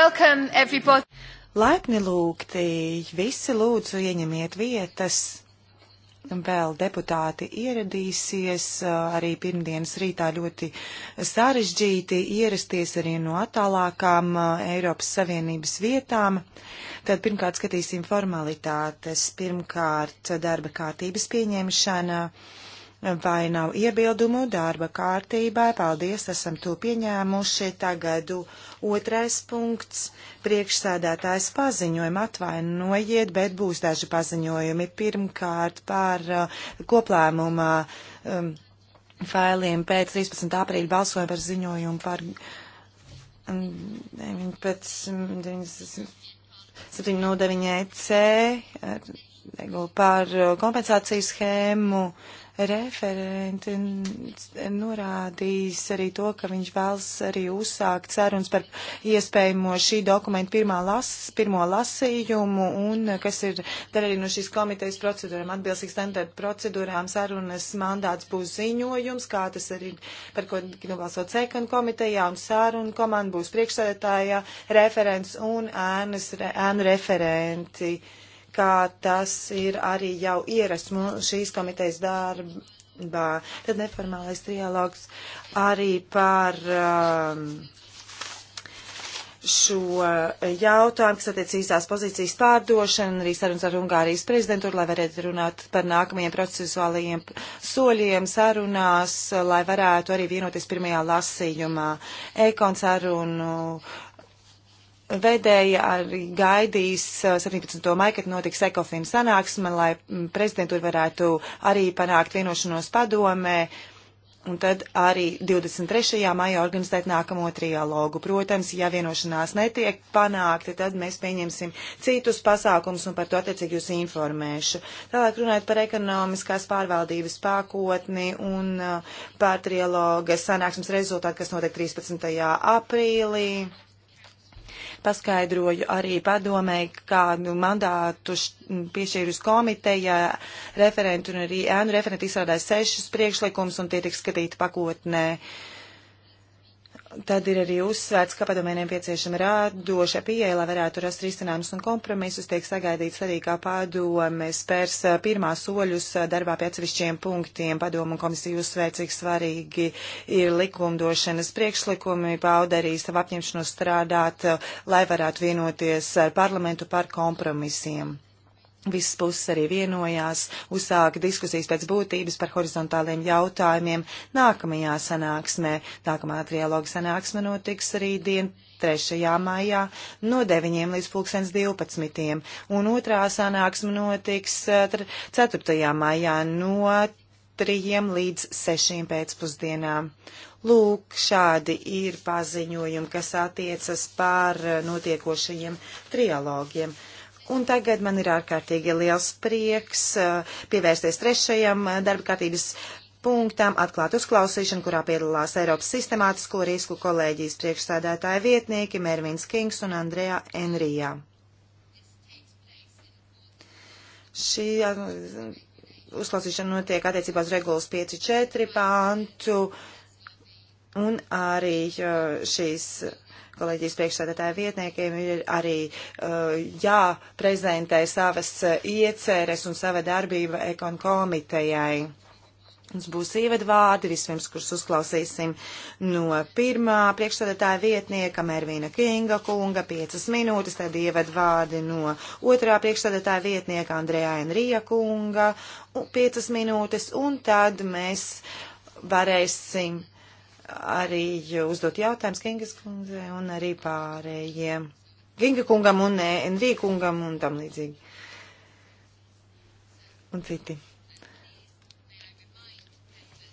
welcome everybody. Laipni lūgti, visi lūdzu ieņemiet vietas. Vēl deputāti ieradīsies, arī pirmdienas rītā ļoti sarežģīti ierasties arī no attālākām Eiropas Savienības vietām. Tad pirmkārt skatīsim formalitātes, pirmkārt darba kārtības pieņemšana. Uh, Vai nav iebildumu darba kārtībai? Paldies, esam to pieņēmuši. Tagad otrais punkts. Priekšsēdētājs paziņojumi atvainojiet, bet būs daži paziņojumi. Pirmkārt par uh, koplēmumā um, failiem pēc 13. aprīļa balsoja par ziņojumu par. Um, 19, 709C regulu par uh, kompensāciju schēmu. Uh, Referenti norādījis arī to, ka viņš vēlas arī uzsākt sarunas par iespējamo šī dokumenta pirmā las, pirmo lasījumu un kas ir arī no šīs komitejas procedūrām atbilstīgi standarta procedūrām sarunas mandāts būs ziņojums, kā tas arī par ko nobalsot sekund komitejā un sarunu komanda būs priekšsēdētājā referents un ēnas, ēnu referenti. Uh, kā tas ir arī jau ierasts šīs komitejas darbā. Tad neformālais trialogs arī par um, šo jautājumu, kas attiec īstās pozīcijas pārdošanu, arī sarunas ar Ungārijas prezidentūru, lai varētu runāt par nākamajiem procesuālajiem soļiem sarunās, lai varētu arī vienoties pirmajā lasījumā. Ekon sarunu uh, Vedēja arī gaidīs 17. maiju, kad notiks ekofīna sanāksme, lai prezidentūra varētu arī panākt vienošanos padomē. Un tad arī 23. maijā organizēt nākamo trialogu. Protams, ja vienošanās netiek panākta, tad mēs pieņemsim citus pasākumus un par to attiecīgi jūs informēšu. Tālāk runājot par ekonomiskās pārvaldības pakotni un par trialoga sanāksmes rezultātu, kas notiek 13. aprīlī paskaidroju arī padomēji, kādu mandātu piešķīrus komiteja referentu un arī ēnu referenti izstrādāja sešus priekšlikumus un tie tiks skatīti pakotnē. Uh, Tad ir arī uzsvērts, ka padomē nepieciešama rādoša pieeja, lai varētu rast risinājumus un kompromisus. Tiek sagaidīts arī, kā padome spērs pirmā soļus darbā pie atsevišķiem punktiem. Padomu un komisija uzsvēr, cik svarīgi ir likumdošanas priekšlikumi, pauda arī savu apņemšanos strādāt, lai varētu vienoties ar parlamentu par kompromisiem. Visas puses arī vienojās, uzsāka diskusijas pēc būtības par horizontāliem jautājumiem. Nākamajā sanāksmē, nākamā trialoga sanāksme notiks arī dien 3. maijā no 9. līdz 2012. un otrā sanāksme notiks 4. Eh, maijā no 3. līdz 6. pēcpusdienām. Lūk, šādi ir paziņojumi, kas attiecas par eh, notiekošajiem trialogiem. Un tagad man ir ārkārtīgi liels prieks eh, pievērsties trešajam eh, darba kārtības punktām atklāt uzklausīšanu, kurā piedalās Eiropas sistemātisko risku kolēģijas priekšsādātāja vietnieki Mervins Kings un Andrejā Enrijā. Šī eh, uzklausīšana notiek attiecībā uz regulas 5.4 pāntu un arī šīs kolēģijas priekšsēdētāja vietniekiem ir arī uh, jāprezentē savas uh, ieceres un sava darbība ekon komitejai. Mums būs ievadvārdi, vispirms, kurus uzklausīsim no pirmā priekšsēdētāja vietnieka Mervīna Kinga kunga, piecas minūtes, tad ievadvārdi no otrā priekšsēdētāja vietnieka Andrejā Enrija kunga, piecas minūtes, un tad mēs varēsim uh, arī uzdot jautājumus Kingas kundzei un arī pārējiem. Kinga kungam un Enrī kungam un tam līdzīgi. Un citi.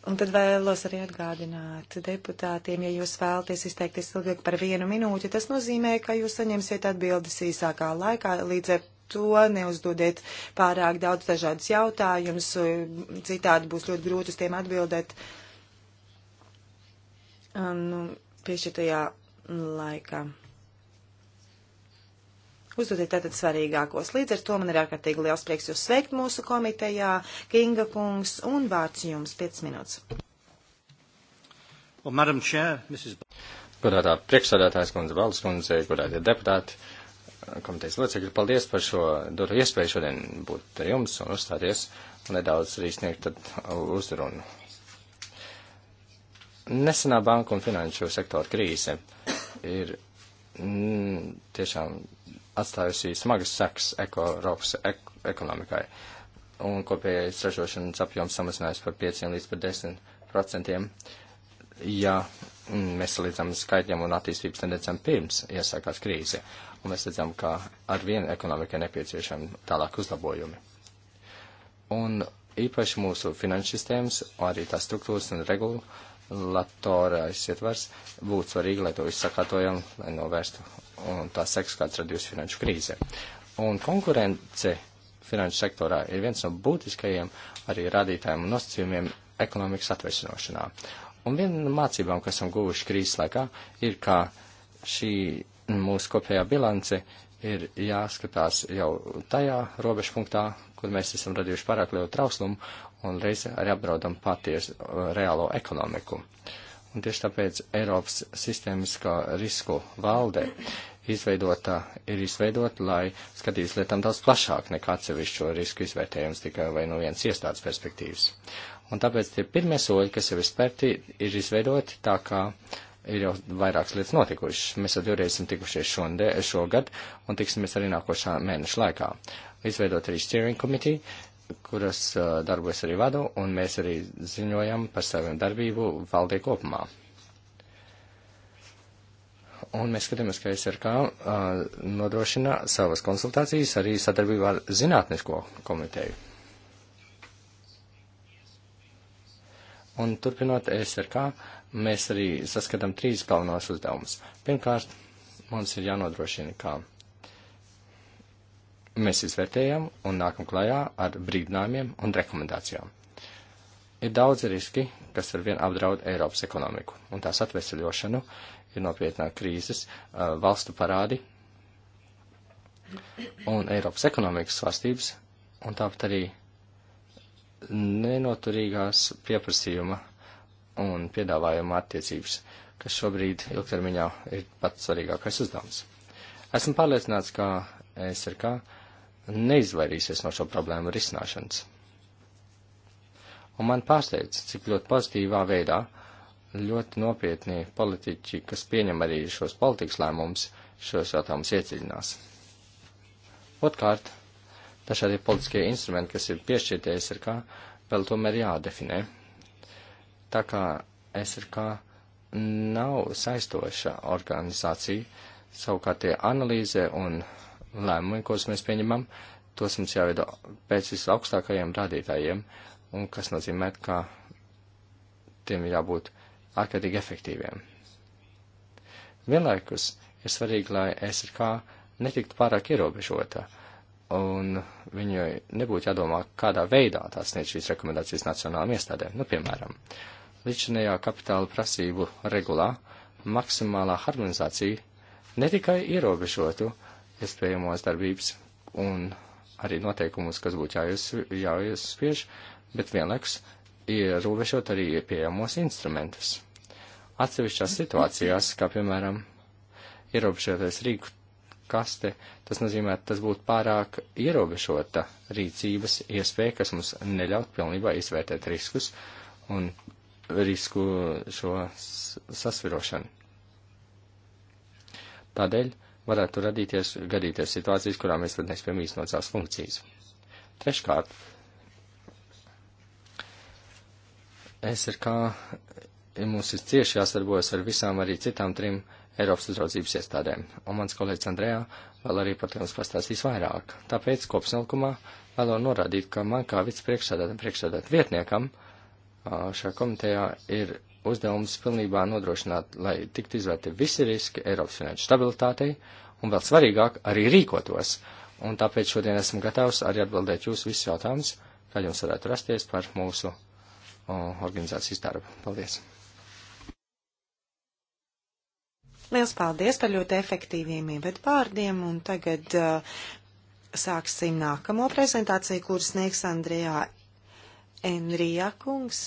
Un tad vēlos arī atgādināt deputātiem, ja jūs vēlaties izteikties ilgāk par vienu minūti, tas nozīmē, ka jūs saņemsiet atbildes īsākā laikā, līdz ar to neuzdodiet pārāk daudz dažādus jautājumus, citādi būs ļoti grūti uz tiem atbildēt. Uh, nu, piešķirtajā laikā. Uzdodiet tātad svarīgākos. Līdz ar to man ir ārkārtīgi liels prieks jūs sveikt mūsu komitejā, Kinga kungs, un vārds jums 5 minūtes. Well, Madam Chair, Mrs. Godātā priekšsādātājs kundze, valdes kundze, godātie deputāti, komitejas locekļi, paldies par šo doto iespēju šodien būt ar jums un uzstāties un nedaudz arī sniegt tad uzrunu Nesenā banku un finanšu sektora krīze ir mm, tiešām atstājusi smagas sekas Eiropas ek ekonomikai, un kopējais ražošanas apjoms samazinājās par 5 līdz par 10 procentiem. Ja mm, mēs salīdzam skaitļiem un attīstības tendencēm pirms iesākās krīze, un mēs redzam, ka ar vienu ekonomikai nepieciešami tālāk uzlabojumi. Un īpaši mūsu finanšu sistēmas, arī tās struktūras un regulu regulatorai ietvars būtu svarīgi, lai to izsakārtojam, lai novērstu un tā seks, kāds radījusi finanšu krīze. Un konkurence finanšu sektorā ir viens no būtiskajiem arī rādītājiem un nosacījumiem ekonomikas atvesinošanā. Un viena no mācībām, kas esam guvuši krīzes laikā, ir, ka šī mūsu kopējā bilance ir jāskatās jau tajā robežpunktā, kur mēs esam radījuši pārāk lielu trauslumu, un reizē arī apdraudam patiesu uh, reālo ekonomiku. Un tieši tāpēc Eiropas sistēmiskā risku valde izveidota, ir izveidota, lai skatīs lietām daudz plašāk nekā atsevišķo risku izvērtējums tikai vai no vienas iestādes perspektīvas. Un tāpēc tie pirmie soļi, kas jau ir spērti, ir izveidoti tā, kā ir jau vairākas lietas notikušas. Mēs jau divreiz esam tikušies šogad un tiksimies arī nākošā mēneša laikā. Izveidot arī steering committee, kuras uh, darbojas arī vadu, un mēs arī ziņojam par saviem darbību valdē kopumā. Un mēs skatāmies, ka SRK uh, nodrošina savas konsultācijas arī sadarbībā ar zinātnisko komiteju. Un turpinot SRK, mēs arī saskatām trīs galvenos uzdevumus. Pirmkārt, mums ir jānodrošina, kā mēs izvērtējam un nākam klajā ar brīdinājumiem un rekomendācijām. Ir daudz riski, kas ar vienu apdraud Eiropas ekonomiku, un tās atvesaļošanu ir nopietnā krīzes, valstu parādi un Eiropas ekonomikas svārstības, un tāpat arī nenoturīgās pieprasījuma un piedāvājuma attiecības, kas šobrīd ilgtermiņā ir pats svarīgākais uzdevums. Esmu pārliecināts, ka SRK neizvairīsies no šo problēmu risināšanas. Un man pārsteidz, cik ļoti pozitīvā veidā ļoti nopietni politiķi, kas pieņem arī šos politikas lēmumus, šos jautājumus iedziļinās. Otkārt, dažādi politiskie instrumenti, kas ir piešķirties, ir kā vēl tomēr jādefinē. Tā kā SRK nav saistoša organizācija, savukārt tie analīze un lēmumi, kurus mēs pieņemam, tos mums jāveido pēc visaugstākajiem rādītājiem, un kas nozīmē, ka tiem ir jābūt ārkārtīgi efektīviem. Vienlaikus ir svarīgi, lai SRK netiktu pārāk ierobežota, un viņai nebūtu jādomā, kādā veidā tās sniedz šīs rekomendācijas nacionālām iestādēm. Nu, piemēram, līdzinējā kapitāla prasību regulā maksimālā harmonizācija ne tikai ierobežotu, iespējamos darbības un arī noteikumus, kas būtu jāiespiež, bet vienlaikus ierobežot arī pieejamos instrumentus. Atsevišķās situācijās, kā piemēram ierobežotais rīku kaste, tas nozīmē, tas būtu pārāk ierobežota rīcības iespēja, kas mums neļaut pilnībā izvērtēt riskus un risku šo sasvirošanu. Tādēļ varētu radīties, gadīties situācijas, kurā mēs tad nespējam īstenot savas funkcijas. Treškārt, SRK mums ir cieši jāsadarbojas ar visām arī citām trim Eiropas uzraudzības iestādēm, un mans kolēģis Andrejā vēl arī par to jums pastāstīs vairāk. Tāpēc kopsnelkumā vēlo norādīt, ka man kā vicepriekšsādātam priekšsādāt vietniekam šajā komitejā ir uzdevums pilnībā nodrošināt, lai tiktu izvērti visi riski Eiropas finanšu stabilitātei un vēl svarīgāk arī rīkotos. Un tāpēc šodien esmu gatavs arī atbildēt jūsu visus jautājumus, kā jums varētu rasties par mūsu o, organizācijas darbu. Paldies! Liels paldies par ļoti efektīviem ievadvārdiem, un tagad uh, sāksim nākamo prezentāciju, kuras sniegs Andrijā Enrijā kungs.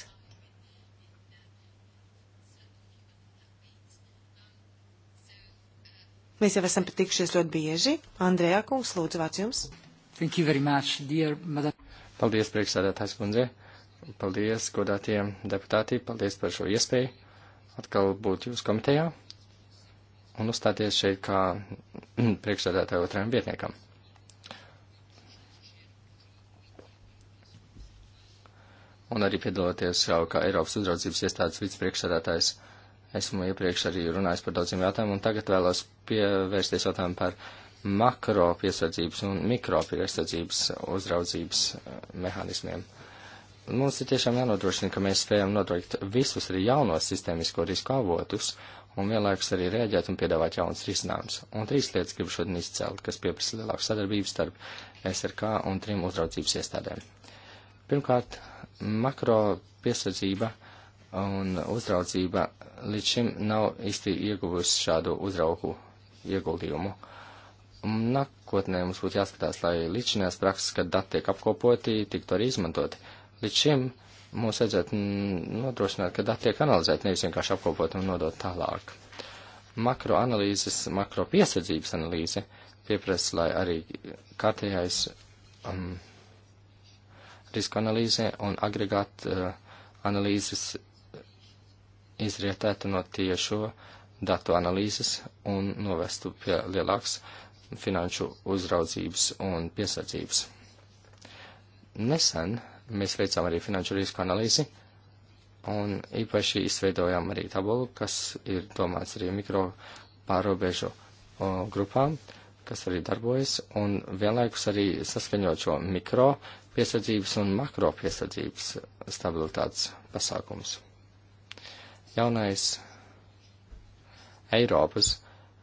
Mēs jau esam patikšies ļoti bieži. Andrejā kungs, lūdzu, vārds jums. Thank you very much, dear madam. Paldies, priekšsādātājs kundze. Paldies, godātiem deputāti. Paldies par šo iespēju atkal būt jūs komitejā un uzstāties šeit kā mm, priekšsādātāju otrajam vietniekam. Un arī piedaloties jau kā Eiropas uzraudzības iestādes vicepriekšsādātājs Esmu iepriekš arī runājis par daudziem jautājumiem, un tagad vēlos pievērsties jautājumu par makro piesardzības un mikro piesardzības uzraudzības eh, mehānismiem. Mums ir tiešām jānodrošina, ka mēs spējam nodrošināt visus arī jaunos sistēmisko risku avotus un vienlaikus arī rēģēt un piedāvāt jaunas risinājumus. Un trīs lietas gribu šodien izcelt, kas pieprasa lielāku sadarbību starp SRK un trim uzraudzības iestādēm. Pirmkārt, makro piesardzība un uzraudzība līdz šim nav īsti ieguvusi šādu uzraugu ieguldījumu. Nākotnē mums būtu jāskatās, lai līdzinās prakses, kad dati tiek apkopoti, tiktu arī izmantoti. Līdz šim mums vajadzētu nodrošināt, ka dati tiek analizēti, nevis vienkārši apkopot un nodot tālāk. Makroanalīzes, makropiesardzības analīze pieprasa, lai arī kārtējais um, riska analīze un agregāta uh, analīzes izrietētu no tiešo datu analīzes un novestu pie lielāks finanšu uzraudzības un piesardzības. Nesen mēs veicām arī finanšu risku analīzi un īpaši izveidojām arī tabulu, kas ir domāts arī mikro pārobežu grupām, kas arī darbojas, un vienlaikus arī saskaņot šo mikro piesardzības un makro piesardzības stabilitātes pasākumus. Jaunais Eiropas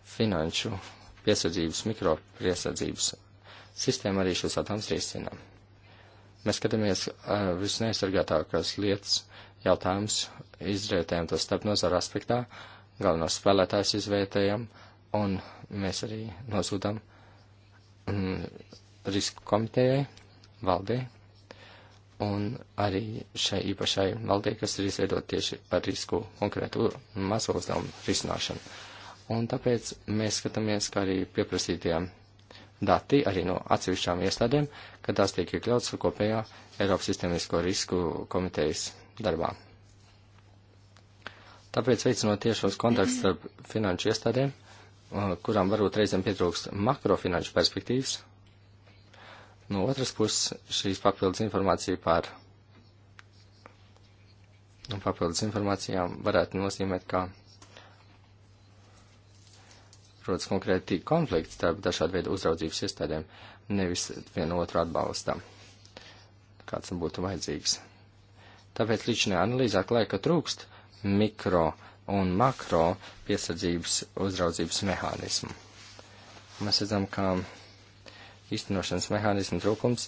finanšu piesardzības, mikropiesardzības sistēma arī šos jautājumus risina. Mēs skatāmies uh, visneaizsargātākās lietas jautājumus, izrētējam to starp nozaru aspektā, galvenos spēlētājs izvērtējam, un mēs arī nosūtam mm, risku komitejai, valdē, un arī šai īpašai valdē, kas ir izveidot tieši par risku konkrētu mazo uzdevumu risināšanu. Un tāpēc mēs skatāmies, kā arī pieprasītie dati arī no atsevišķām iestādēm, kad tās tiek iekļautas kopējā Eiropas sistēmisko risku komitejas darbā. Tāpēc veicinot tiešos kontaktus starp finanšu iestādēm, uh, kurām varbūt reizēm pietrūkst makrofinanšu perspektīvas, No otras puses, šīs papildus informācija par un nu, papildus informācijām varētu nozīmēt, ka rodas konkrēti konflikti starp dažādu veidu uzraudzības iestādēm, nevis vienu otru atbalstam, kāds būtu vajadzīgs. Tāpēc līdšanai analīzē atklāja, ka trūkst mikro un makro piesardzības uzraudzības mehānismu. Mēs redzam, ka īstenošanas mehānismu trūkums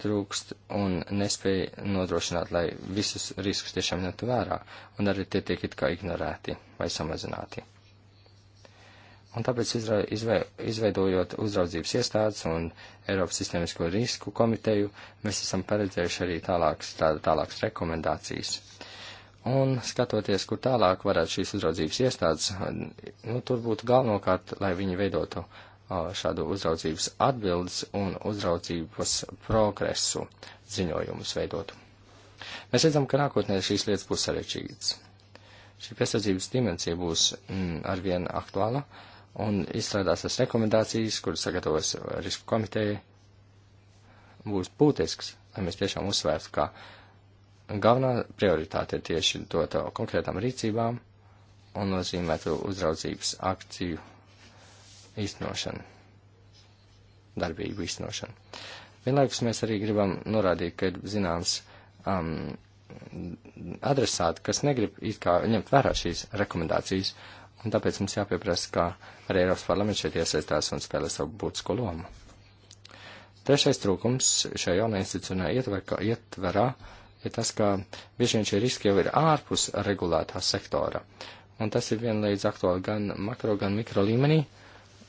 trūkst un nespēja nodrošināt, lai visus riskus tiešām ņemtu vērā, un arī tie tiek it kā ignorēti vai samazināti. Un tāpēc izve, izveidojot uzraudzības iestādes un Eiropas sistēmisko risku komiteju, mēs esam paredzējuši arī tālākas, tā, tālākas rekomendācijas. Un skatoties, kur tālāk varētu šīs uzraudzības iestādes, nu, tur būtu galvenokārt, lai viņi veidotu šādu uzraudzības atbildes un uzraudzības progresu ziņojumus veidotu. Mēs redzam, ka nākotnē šīs lietas būs sarežģītas. Šī piesardzības dimensija būs mm, arvien aktuāla un izstrādāsies rekomendācijas, kuras sagatavos risku komiteja, būs būtisks, lai mēs tiešām uzsvērtu, ka galvenā prioritāte ir tieši dot konkrētām rīcībām un nozīmētu uzraudzības akciju īstenošanu, darbību īstenošanu. Vienlaikus mēs arī gribam norādīt, ka ir zināms um, adresāti, kas negrib it kā ņemt vērā šīs rekomendācijas, un tāpēc mums jāpieprasa, ka arī Eiropas parlaments šeit iesaistās un spēlē savu būtisko lomu. Trešais trūkums šajā jaunajā institucionā ietver, ietverā ir tas, ka bieži vien šie riski jau ir ārpus regulētā sektora, un tas ir vienlaiz aktuāli gan makro, gan mikro līmenī, uh,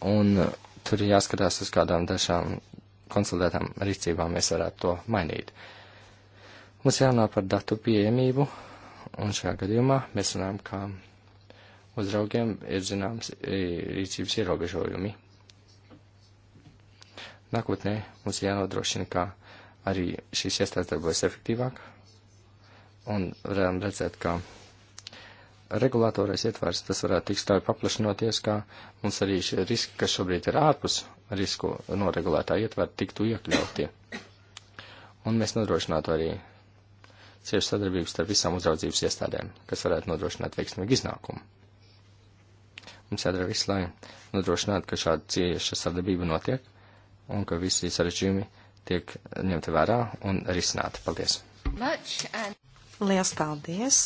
un uh, tur ir jāskatās uz kādām dažām konsolidētām rīcībām mēs varētu to mainīt. Mums jārunā par datu pieejamību, un šajā gadījumā mēs runājam, ka uzraugiem ir zināms rīcības ierobežojumi. Nākotnē mums jānodrošina, ka arī šīs iestādes darbojas efektīvāk, un varam redzēt, ka regulātorais ietvars, tas varētu tik stāvi paplašinoties, kā mums arī šie riski, kas šobrīd ir ārpus risku noregulētā ietvara, tiktu iekļauti. Un mēs nodrošinātu arī ciešu sadarbību starp visām uzraudzības iestādēm, kas varētu nodrošināt veiksmīgu iznākumu. Mums jādara viss, lai nodrošinātu, ka šāda cieša sadarbība notiek un ka visi sarežģījumi tiek ņemti vērā un risināti. Paldies! Lielas paldies!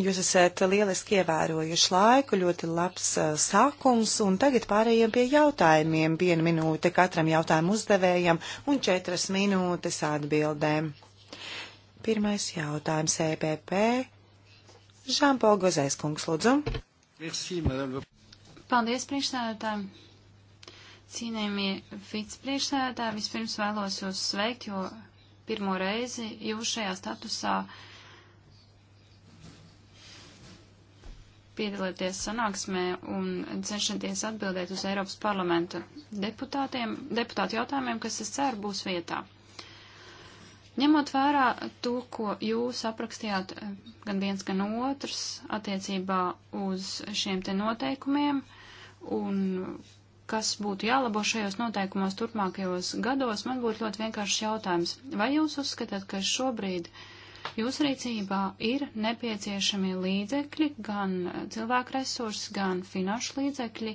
Jūs esat lieliski ievērojuši laiku, ļoti labs uh, sākums, un tagad pārējiem pie jautājumiem. Viena minūte katram jautājumu uzdevējam un četras minūtes atbildēm. Pirmais jautājums EPP. Žāmpol Gozais kungs, lūdzu. Merci, madame. Paldies, priekšsēdētājiem. Cīnējumie vicepriekšsēdētāji, vispirms vēlos jūs sveikt, jo pirmo reizi jūs šajā statusā uh, piedalieties sanāksmē un cenšaties atbildēt uz Eiropas parlamenta deputātiem, deputātu jautājumiem, kas, es ceru, būs vietā. Ņemot vērā to, ko jūs aprakstījāt gan viens, gan otrs attiecībā uz šiem te noteikumiem un kas būtu jālabo šajos noteikumos turpmākajos gados, man būtu ļoti vienkāršs jautājums. Vai jūs uzskatāt, ka šobrīd uh, Jūsu rīcībā ir nepieciešami līdzekļi, gan cilvēku resursi, gan finanšu līdzekļi,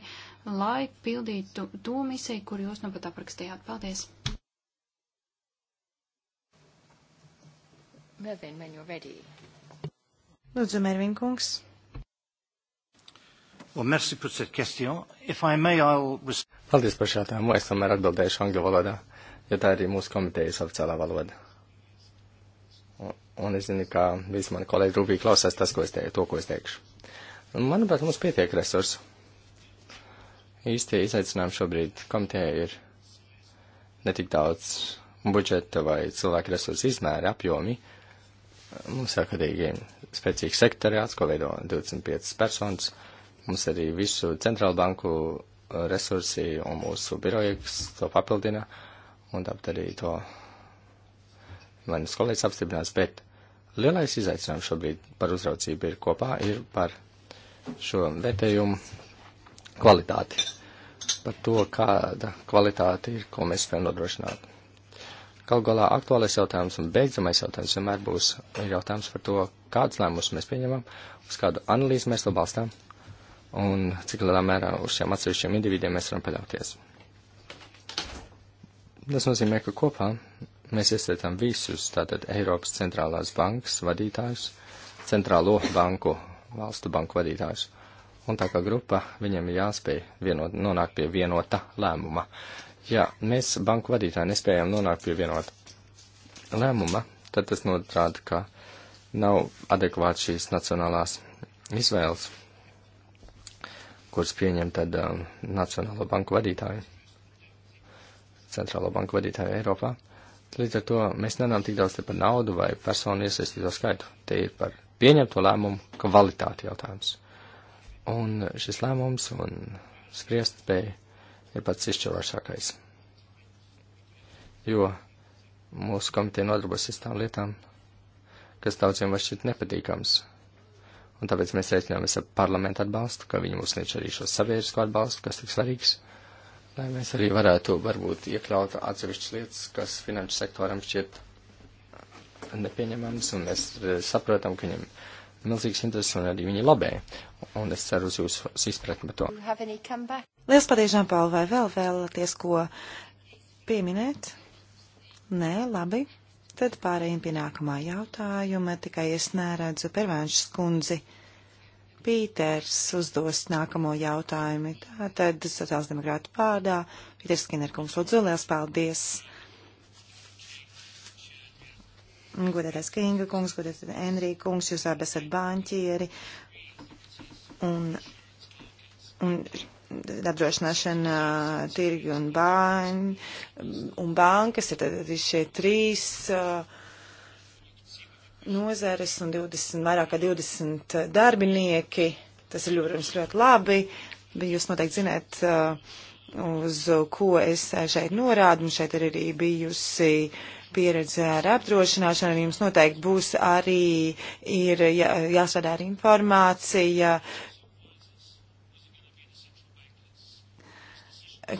lai pildītu to misiju, kur jūs nu pat aprakstījāt. Paldies! Mervin, when you're ready. Lūdzu, Mervin kungs. Well, merci pour cette question. If I may, I'll... Paldies par šādām. Es tomēr atbildēšu angļu valodā, jo tā ir mūsu komitejas oficiālā valoda. Un es zinu, ka visi mani kolēģi rūpīgi klausās tas, ko es teikšu, to, ko es teikšu. Un, manuprāt, mums pietiek resursu. Īstie izaicinājumi šobrīd komitejai ir netik daudz budžeta vai cilvēku resursu izmēri, apjomi. Mums ir akadīgi spēcīgs sektoriāts, ko veido 25 personas. Mums arī visu centrālu banku uh, resursi un mūsu birojas to papildina. Un tāpat arī to manis kolēģis apstiprinās, bet Lielais izaicinājums šobrīd par uzraucību ir kopā ir par šo vērtējumu kvalitāti. Par to, kāda kvalitāte ir, ko mēs spējam nodrošināt. Kaut galā aktuālais jautājums un beidzamais jautājums vienmēr būs jautājums par to, kādas lēmumus mēs pieņemam, uz kādu analīzi mēs to balstām un cik lielā mērā uz šiem atsevišķiem individiem mēs varam paļauties. Tas nozīmē, ka kopā mēs iesaistām visus, tātad Eiropas centrālās bankas vadītājus, centrālo banku, valstu banku vadītājus. Un tā kā grupa, viņiem ir jāspēj vienot, nonākt pie vienota lēmuma. Ja mēs banku vadītāji nespējam nonākt pie vienota lēmuma, tad tas norāda, ka nav adekvāti šīs nacionālās izvēles, kuras pieņem tad um, Nacionālo banku vadītāju, Centrālo banku vadītāju Eiropā. Līdz ar to mēs nenām tik daudz te par naudu vai personu iesaistīto skaitu. Te ir par pieņemto lēmumu kvalitāti jautājums. Un šis lēmums un spriest spēja ir pats izšķirošākais. Jo mūsu komiteja nodarbosies tām lietām, kas daudziem var šķiet nepatīkams. Un tāpēc mēs reiķināmies ar parlamentu atbalstu, ka viņi mums sniedz arī šo sabiedrisko atbalstu, kas tik svarīgs. Uh, lai mēs arī varētu varbūt iekļaut atsevišķas lietas, kas finanšu sektoram šķiet nepieņemams, un mēs eh, saprotam, ka viņam milzīgs interesi un arī viņi labē. Un es ceru uz jūsu izpratni par to. Lielas paldies, Žanpāl, vai vēl vēlaties ko pieminēt? Nē, labi. Tad pārējiem pie nākamā jautājuma, tikai es neredzu pervēršu skundzi. Pīters uzdos nākamo jautājumu. Tātad sociāldemokrātu pārdā Pīters Skinnerkungs lūdzu liels paldies. Godētais Kinga kungs, godētais Enrija kungs, jūs abi esat banķieri. Un, un apdrošināšana, uh, tirgi un, bāņ, un bankas ir tad šie trīs. Uh, nozares un 20, vairāk kā 20 eh, darbinieki. Tas ir, protams, ļoti labi, bet jūs noteikti zināt, eh, uz ko es šeit norādu, un šeit ir arī bijusi pieredze ar apdrošināšanu, un jums noteikti būs arī ir jā, jāsadā arī informācija,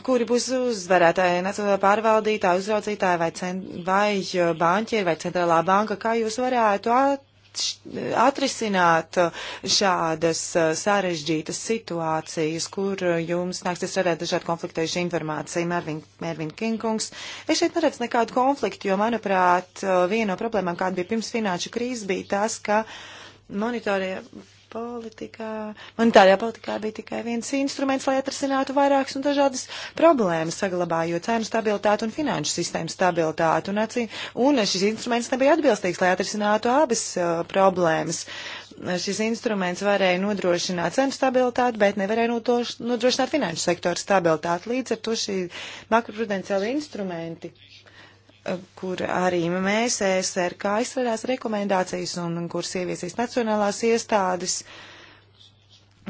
kuri būs uzvarētāji, nacionālā pārvaldītāja, uzraudzītāja vai, cen, vai eh, banķieri vai centrālā banka, kā jūs varētu at, atrisināt eh, šādas eh, sarežģītas situācijas, kur jums nāksies redzēt dažādu konfliktējušu informāciju. Mervin, Mervin Kinkungs, es šeit neredzu nekādu konfliktu, jo, manuprāt, viena no problēmām, kāda bija pirms finanšu krīzes, bija tas, ka monitorie politikā, monetārajā politikā bija tikai viens instruments, lai atrasinātu vairākas un dažādas problēmas, saglabājot cēnu stabilitātu un finanšu sistēmu stabilitātu. Un, acī, un šis instruments nebija atbilstīgs, lai atrasinātu abas uh, problēmas. Šis instruments varēja nodrošināt cenu stabilitātu, bet nevarēja nodrošināt finanšu sektoru stabilitātu. Līdz ar to šī makroprudenciāla instrumenti kur arī mēs SRK izstrādās rekomendācijas un kuras ieviesīs nacionālās iestādes,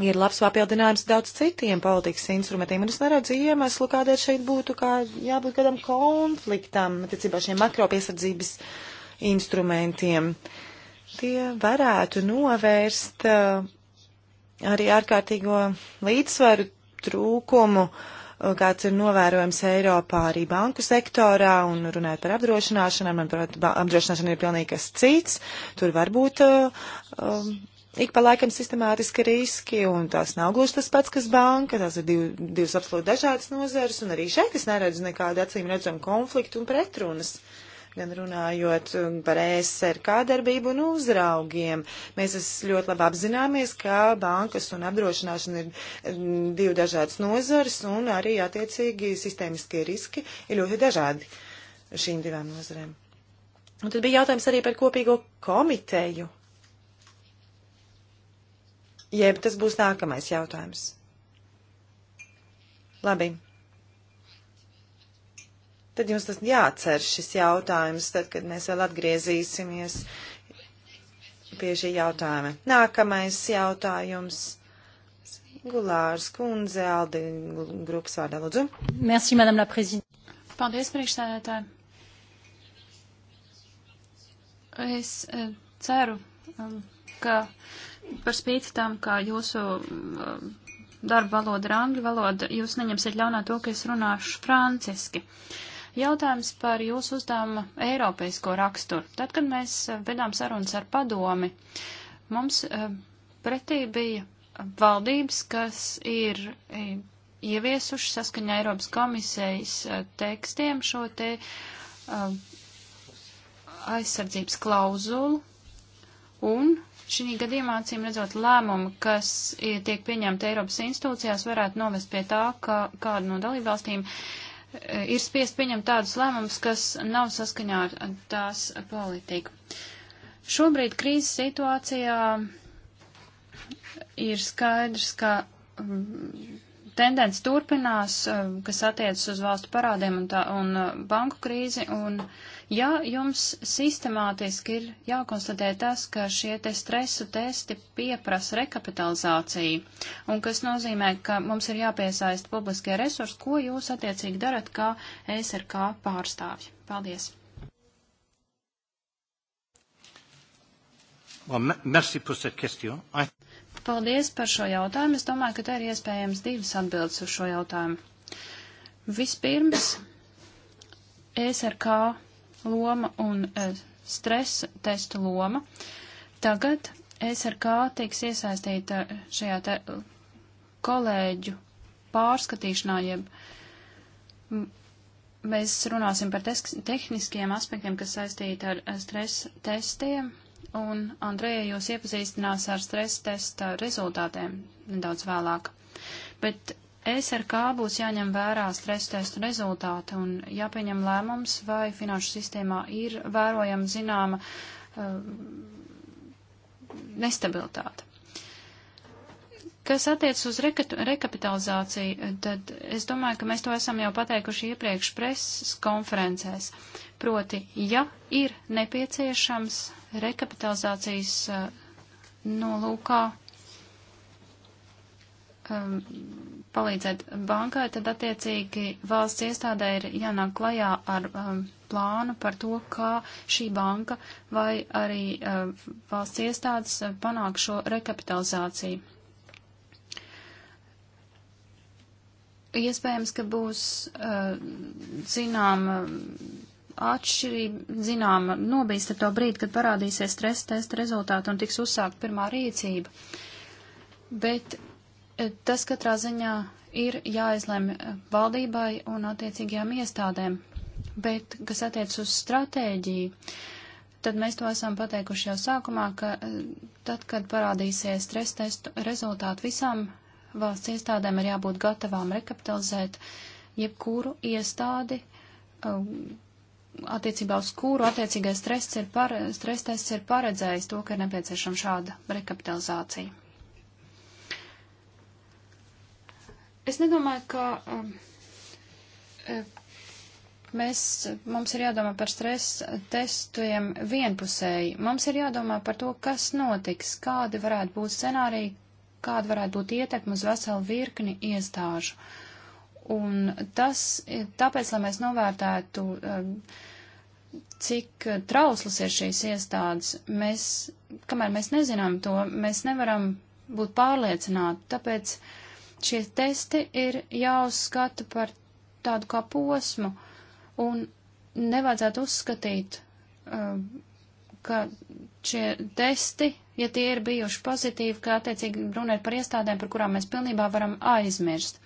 ir labs papildinājums daudz citiem politikas instrumentiem. Un es neredzu iemeslu, kādēļ šeit būtu kā jābūt kādam konfliktam, attiecībā šiem makropiesardzības instrumentiem. Tie varētu novērst uh, arī ārkārtīgo līdzsvaru trūkumu uh, Uh, kāds ir novērojams Eiropā arī banku sektorā, un runājot par apdrošināšanu, manuprāt, apdrošināšana ir pilnīgi kas cits. Tur var būt uh, um, ik pa laikam sistemātiski riski, un tās nav gluži tas pats, kas banka, tās ir div, divas absolūti dažādas nozares, un arī šeit es neredzu nekādu acīm redzamu konfliktu un pretrunas. Uh, gan runājot um, par ESRK darbību un uzraugiem. Mēs ļoti labi apzināmies, ka bankas un apdrošināšana ir um, divi dažādas nozars un arī attiecīgi sistēmiskie riski ir ļoti dažādi šīm divām nozarēm. Un tad bija jautājums arī par kopīgo komiteju. Jeb tas būs nākamais jautājums. Labi tad jums tas jāatcer šis jautājums, tad, kad mēs vēl atgriezīsimies pie šī jautājuma. Nākamais jautājums. Gulārs kundze, Aldi grupas vārdā, lūdzu. Merci, madame la prezidente. Paldies, priekšsēdētāji. Es eh, ceru, um, ka par spīti tam, kā jūsu um, darba valoda ir angļu valoda, jūs neņemsiet ļaunā to, ka es runāšu franciski. Uh, Jautājums par jūsu uzdevuma eiropeisko raksturu. Tad, kad mēs eh, vedām sarunas ar padomi, mums eh, pretī bija valdības, kas ir eh, ieviesuši saskaņā Eiropas komisijas tekstiem šo te aizsardzības klauzulu un šī gadījumā, acīm redzot, lēmumu, kas tiek pieņemta Eiropas institūcijās, varētu novest pie tā, ka kāda no dalībvalstīm uh, Eh, ir spiest pieņemt tādus lēmumus, kas nav saskaņā ar tās politiku. Šobrīd krīzes situācijā ir skaidrs, ka mm, tendence turpinās, eh, kas attiecas uz valstu parādiem un, tā, un eh, banku krīzi, un uh, Ja jums sistemātiski ir jākonstatē tas, ka šie te stresu testi pieprasa rekapitalizāciju, un kas nozīmē, ka mums ir jāpiesaist publiskie resursi, ko jūs attiecīgi darat kā SRK pārstāvji? Paldies! Well, merci pour cette question. I... Paldies par šo jautājumu. Es domāju, ka te ir iespējams divas atbildes uz šo jautājumu. Vispirms, ESRK loma un eh, stresa testa loma. Tagad SRK tiks iesaistīta šajā te eh, kolēģu pārskatīšanā, jeb mēs runāsim par tehniskiem aspektiem, kas saistīti ar eh, stresa testiem, un Andreja jūs iepazīstinās ar stresa testa rezultātiem nedaudz vēlāk. Bet SRK būs jāņem vērā stresa testu rezultāti un jāpieņem lēmums, vai finanšu sistēmā ir vērojama zināma uh, nestabilitāte. Kas attiec uz reka rekapitalizāciju, tad es domāju, ka mēs to esam jau pateikuši iepriekš preses konferencēs. Proti, ja ir nepieciešams rekapitalizācijas uh, nolūkā um, palīdzēt bankai, tad attiecīgi valsts iestādē ir jānāk klajā ar um, plānu par to, kā šī banka vai arī um, valsts iestādes panāk šo rekapitalizāciju. Iespējams, ka būs uh, zināma atšķirība, zināma nobīsta to brīdi, kad parādīsies stresa testa rezultāti un tiks uzsākt pirmā rīcība. Bet tas katrā ziņā ir jāizlemj valdībai un attiecīgajām iestādēm. Bet, kas attiec uz stratēģiju, tad mēs to esam pateikuši jau sākumā, ka eh, tad, kad parādīsies stresa testu rezultāti visām valsts iestādēm, ir jābūt gatavām rekapitalizēt jebkuru iestādi, um, attiecībā uz kuru attiecīgais stress ir, pare, stress tests ir paredzējis to, ka ir nepieciešama šāda rekapitalizācija. Es nedomāju, ka um, e, mēs, mums ir jādomā par stresa testiem vienpusēji. Mums ir jādomā par to, kas notiks, kādi varētu būt scenāriji, kāda varētu būt ietekme uz veselu virkni iestāžu. Un tas, tāpēc, lai mēs novērtētu, um, cik trauslas ir šīs iestādes, mēs, kamēr mēs nezinām to, mēs nevaram būt pārliecināti. Tāpēc uh, Šie testi ir jāuzskata par tādu kā posmu, un nevajadzētu uzskatīt, um, ka šie testi, ja tie ir bijuši pozitīvi, ka attiecīgi runa ir par iestādēm, par kurām mēs pilnībā varam aizmirst.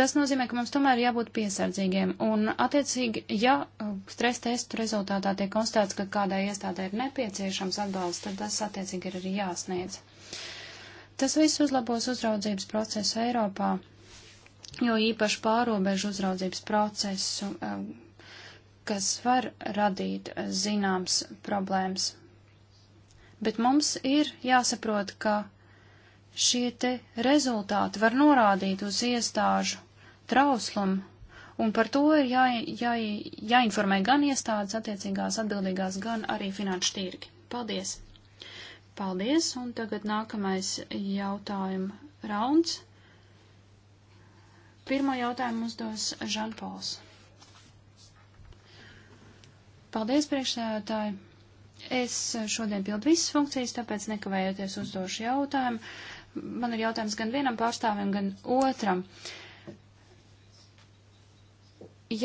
Tas nozīmē, ka mums tomēr jābūt piesardzīgiem, un attiecīgi, ja um, stresa testu rezultātā tiek konstatēts, ka kādai iestādē ir nepieciešams atbalsts, tad tas attiecīgi ir arī jāsniedz. Uh, Tas viss uzlabos uzraudzības procesu Eiropā, jo īpaši pārobežu uzraudzības procesu, um, kas var radīt uh, zināms problēmas. Bet mums ir jāsaprot, ka šie te rezultāti var norādīt uz iestāžu trauslumu, un par to ir jā, jā, jāinformē gan iestādes attiecīgās atbildīgās, gan arī finanšu tīrgi. Paldies! Paldies, un tagad nākamais jautājuma rauns. Pirmo jautājumu uzdos Žanpols. Paldies, priekšsēdētāji. Es šodien pildu visas funkcijas, tāpēc nekavējoties uzdošu jautājumu. Man ir jautājums gan vienam pārstāvim, gan otram.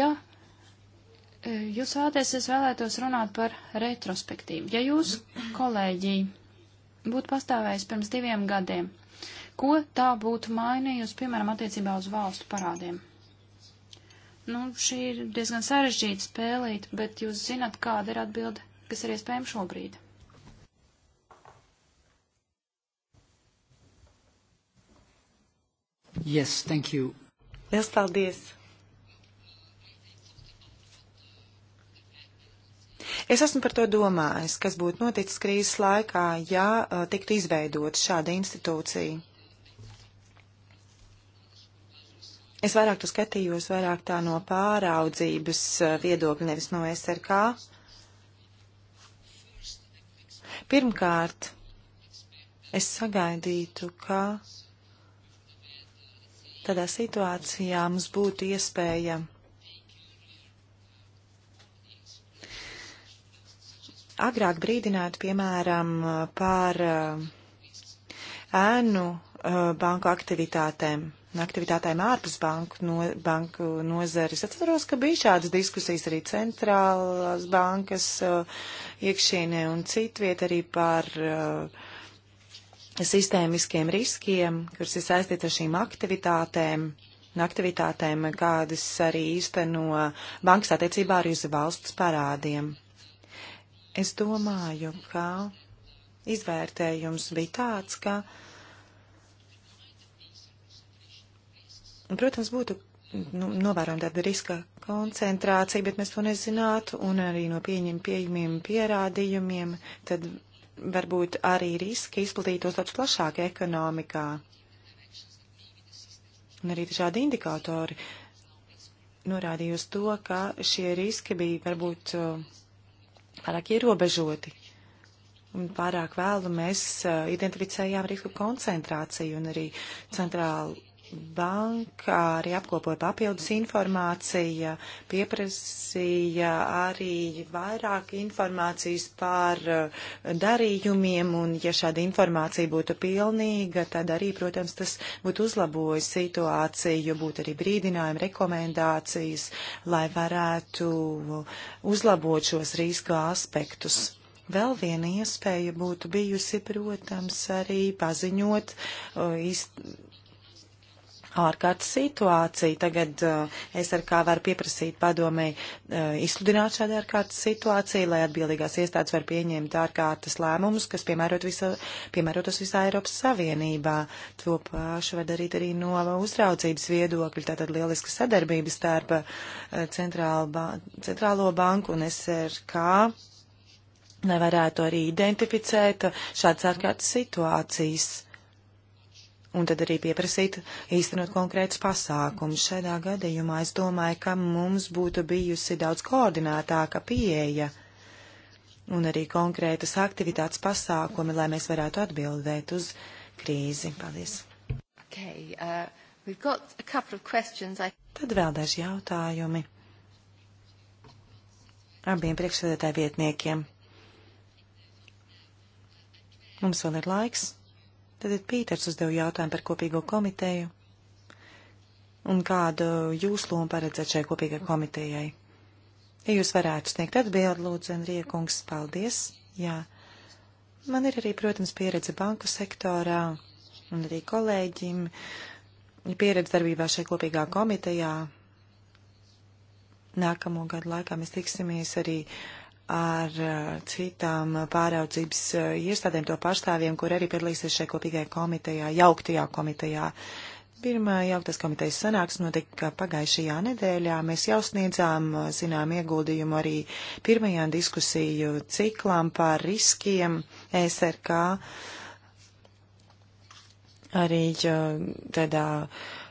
Ja eh, jūs vēlaties, es vēlētos runāt par retrospektīvu. Ja jūs, kolēģi, būtu pastāvējis pirms diviem gadiem, ko tā būtu mainījusi, piemēram, attiecībā uz valstu parādiem? Nu, šī ir diezgan sarežģīta spēlīt, bet jūs zinat, kāda ir atbilde, kas ir iespējama šobrīd. Yes, thank you. Liels paldies! Es esmu par to domājis, kas būtu noticis krīzes laikā, ja uh, tiktu izveidot šāda institūcija. Es vairāk to skatījos, vairāk tā no pāraudzības uh, viedokļa, nevis no SRK. Pirmkārt, es sagaidītu, ka tādā situācijā mums būtu iespēja agrāk brīdinātu, piemēram, par eh, ēnu eh, banku aktivitātēm un aktivitātēm ārpus banku, no, banku nozares. Atceros, ka bija šādas diskusijas arī centrālās bankas eh, iekšienē un citviet arī par sistēmiskiem riskiem, kuras ir saistīts ar šīm aktivitātēm un aktivitātēm, kādas arī īsteno bankas attiecībā arī uz valsts parādiem. Es domāju, ka izvērtējums bija tāds, ka, protams, būtu nu, novērojama tāda riska koncentrācija, bet mēs to nezinātu, un arī no pieņem pieejamiem pierādījumiem, tad varbūt arī riski izplatītos daudz plašāk ekonomikā. Un arī dažādi indikātori norādīja uz to, ka šie riski bija varbūt. Uh, pārāk ierobežoti. Un pārāk vēlu mēs eh, identificējām risku koncentrāciju un arī centrālu Banka arī apkopoja papildus informāciju, pieprasīja arī vairāk informācijas par eh, darījumiem, un ja šāda informācija būtu pilnīga, tad arī, protams, tas būtu uzlabojis situāciju, jo būtu arī brīdinājumi, rekomendācijas, lai varētu uzlabot šos riska aspektus. Vēl viena iespēja būtu bijusi, protams, arī paziņot, eh, iz, ārkārtas situācija. Tagad uh, es ar kā varu pieprasīt padomēji uh, izsludināt šādu ārkārtas situāciju, lai atbildīgās iestādes var pieņemt ārkārtas lēmumus, kas piemērot visu, piemērotos visā Eiropas Savienībā. To pašu var darīt arī no uzraudzības viedokļa. Tātad lieliska sadarbība starp uh, ba centrālo banku un SRK. Nevarētu arī identificēt šādas ārkārtas situācijas un tad arī pieprasīt īstenot konkrētus pasākumus. Šādā gadījumā es domāju, ka mums būtu bijusi daudz koordinētāka pieeja un arī konkrētas aktivitātes pasākumi, lai mēs varētu atbildēt uz krīzi. Paldies! Okay, uh, I... Tad vēl daži jautājumi abiem priekšsēdētāju vietniekiem. Mums vēl ir laiks. Tad Pīters uzdeva jautājumu par kopīgo komiteju un kādu jūs lomu paredzat šai kopīgai komitejai. Ja jūs varētu sniegt atbildi, lūdzu, Enriekungs, paldies. Jā. Man ir arī, protams, pieredze banku sektorā un arī kolēģim pieredze darbībā šai kopīgā komitejā. Nākamo gadu laikā mēs tiksimies arī uh, ar eh, citām eh, pāraudzības eh, iestādēm, to pārstāvjiem, kur arī piedalīsies šajā kopīgajā komitejā, jauktajā komitejā. Pirmā jauktas komitejas sanāks notika pagājušajā nedēļā. Mēs jau sniedzām, zinām, ieguldījumu arī pirmajām diskusiju ciklām par riskiem e SRK. Arī tādā. Uh,